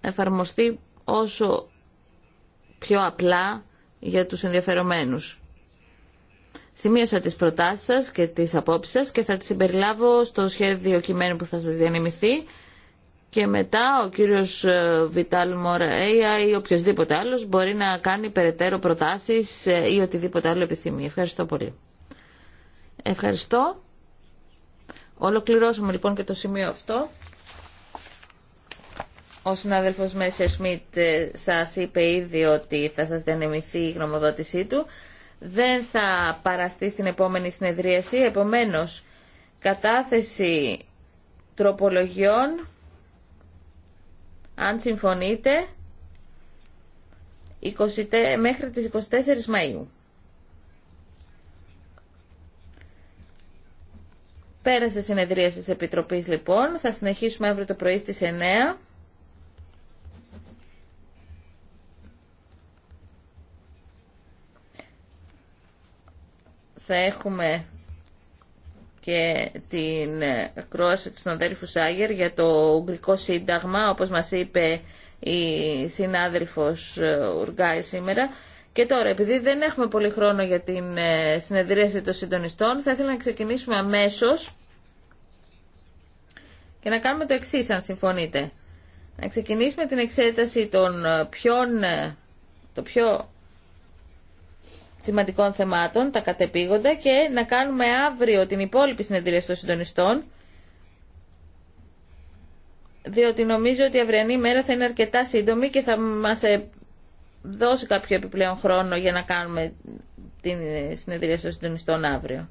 εφαρμοστεί όσο πιο απλά για τους ενδιαφερομένους. Σημείωσα τις προτάσεις σας και τις απόψεις σας και θα τις συμπεριλάβω στο σχέδιο κειμένου που θα σας διανεμηθεί και μετά ο κύριος ε, Βιτάλ Μοραέια ή οποιοδήποτε άλλος μπορεί να κάνει περαιτέρω προτάσεις ε, ή οτιδήποτε άλλο επιθυμεί. Ευχαριστώ πολύ. Ευχαριστώ. Ολοκληρώσαμε λοιπόν και το σημείο αυτό. Ο συνάδελφος Μέσερ Σμιτ ε, σας είπε ήδη ότι θα σας διανεμηθεί η γνωμοδότησή του. Δεν θα παραστεί στην επόμενη συνεδρίαση, επομένως κατάθεση τροπολογιών, αν συμφωνείτε, 20, μέχρι τις 24 Μαΐου. Πέρασε συνεδρία της Επιτροπής λοιπόν, θα συνεχίσουμε αύριο το πρωί στις 9. θα έχουμε και την κρόαση του συναδέλφου Σάγερ για το Ουγγρικό Σύνταγμα, όπως μας είπε η συνάδελφος ε, Ουργάη σήμερα. Και τώρα, επειδή δεν έχουμε πολύ χρόνο για την ε, συνεδρίαση των συντονιστών, θα ήθελα να ξεκινήσουμε αμέσως και να κάνουμε το εξή αν συμφωνείτε. Να ξεκινήσουμε την εξέταση των ε, ποιον, το πιο σημαντικών θεμάτων, τα κατεπήγοντα και να κάνουμε αύριο την υπόλοιπη συνεδρία των συντονιστών διότι νομίζω ότι η αυριανή μέρα θα είναι αρκετά σύντομη και θα μας ε, δώσει κάποιο επιπλέον χρόνο για να κάνουμε την συνεδρία των συντονιστών αύριο.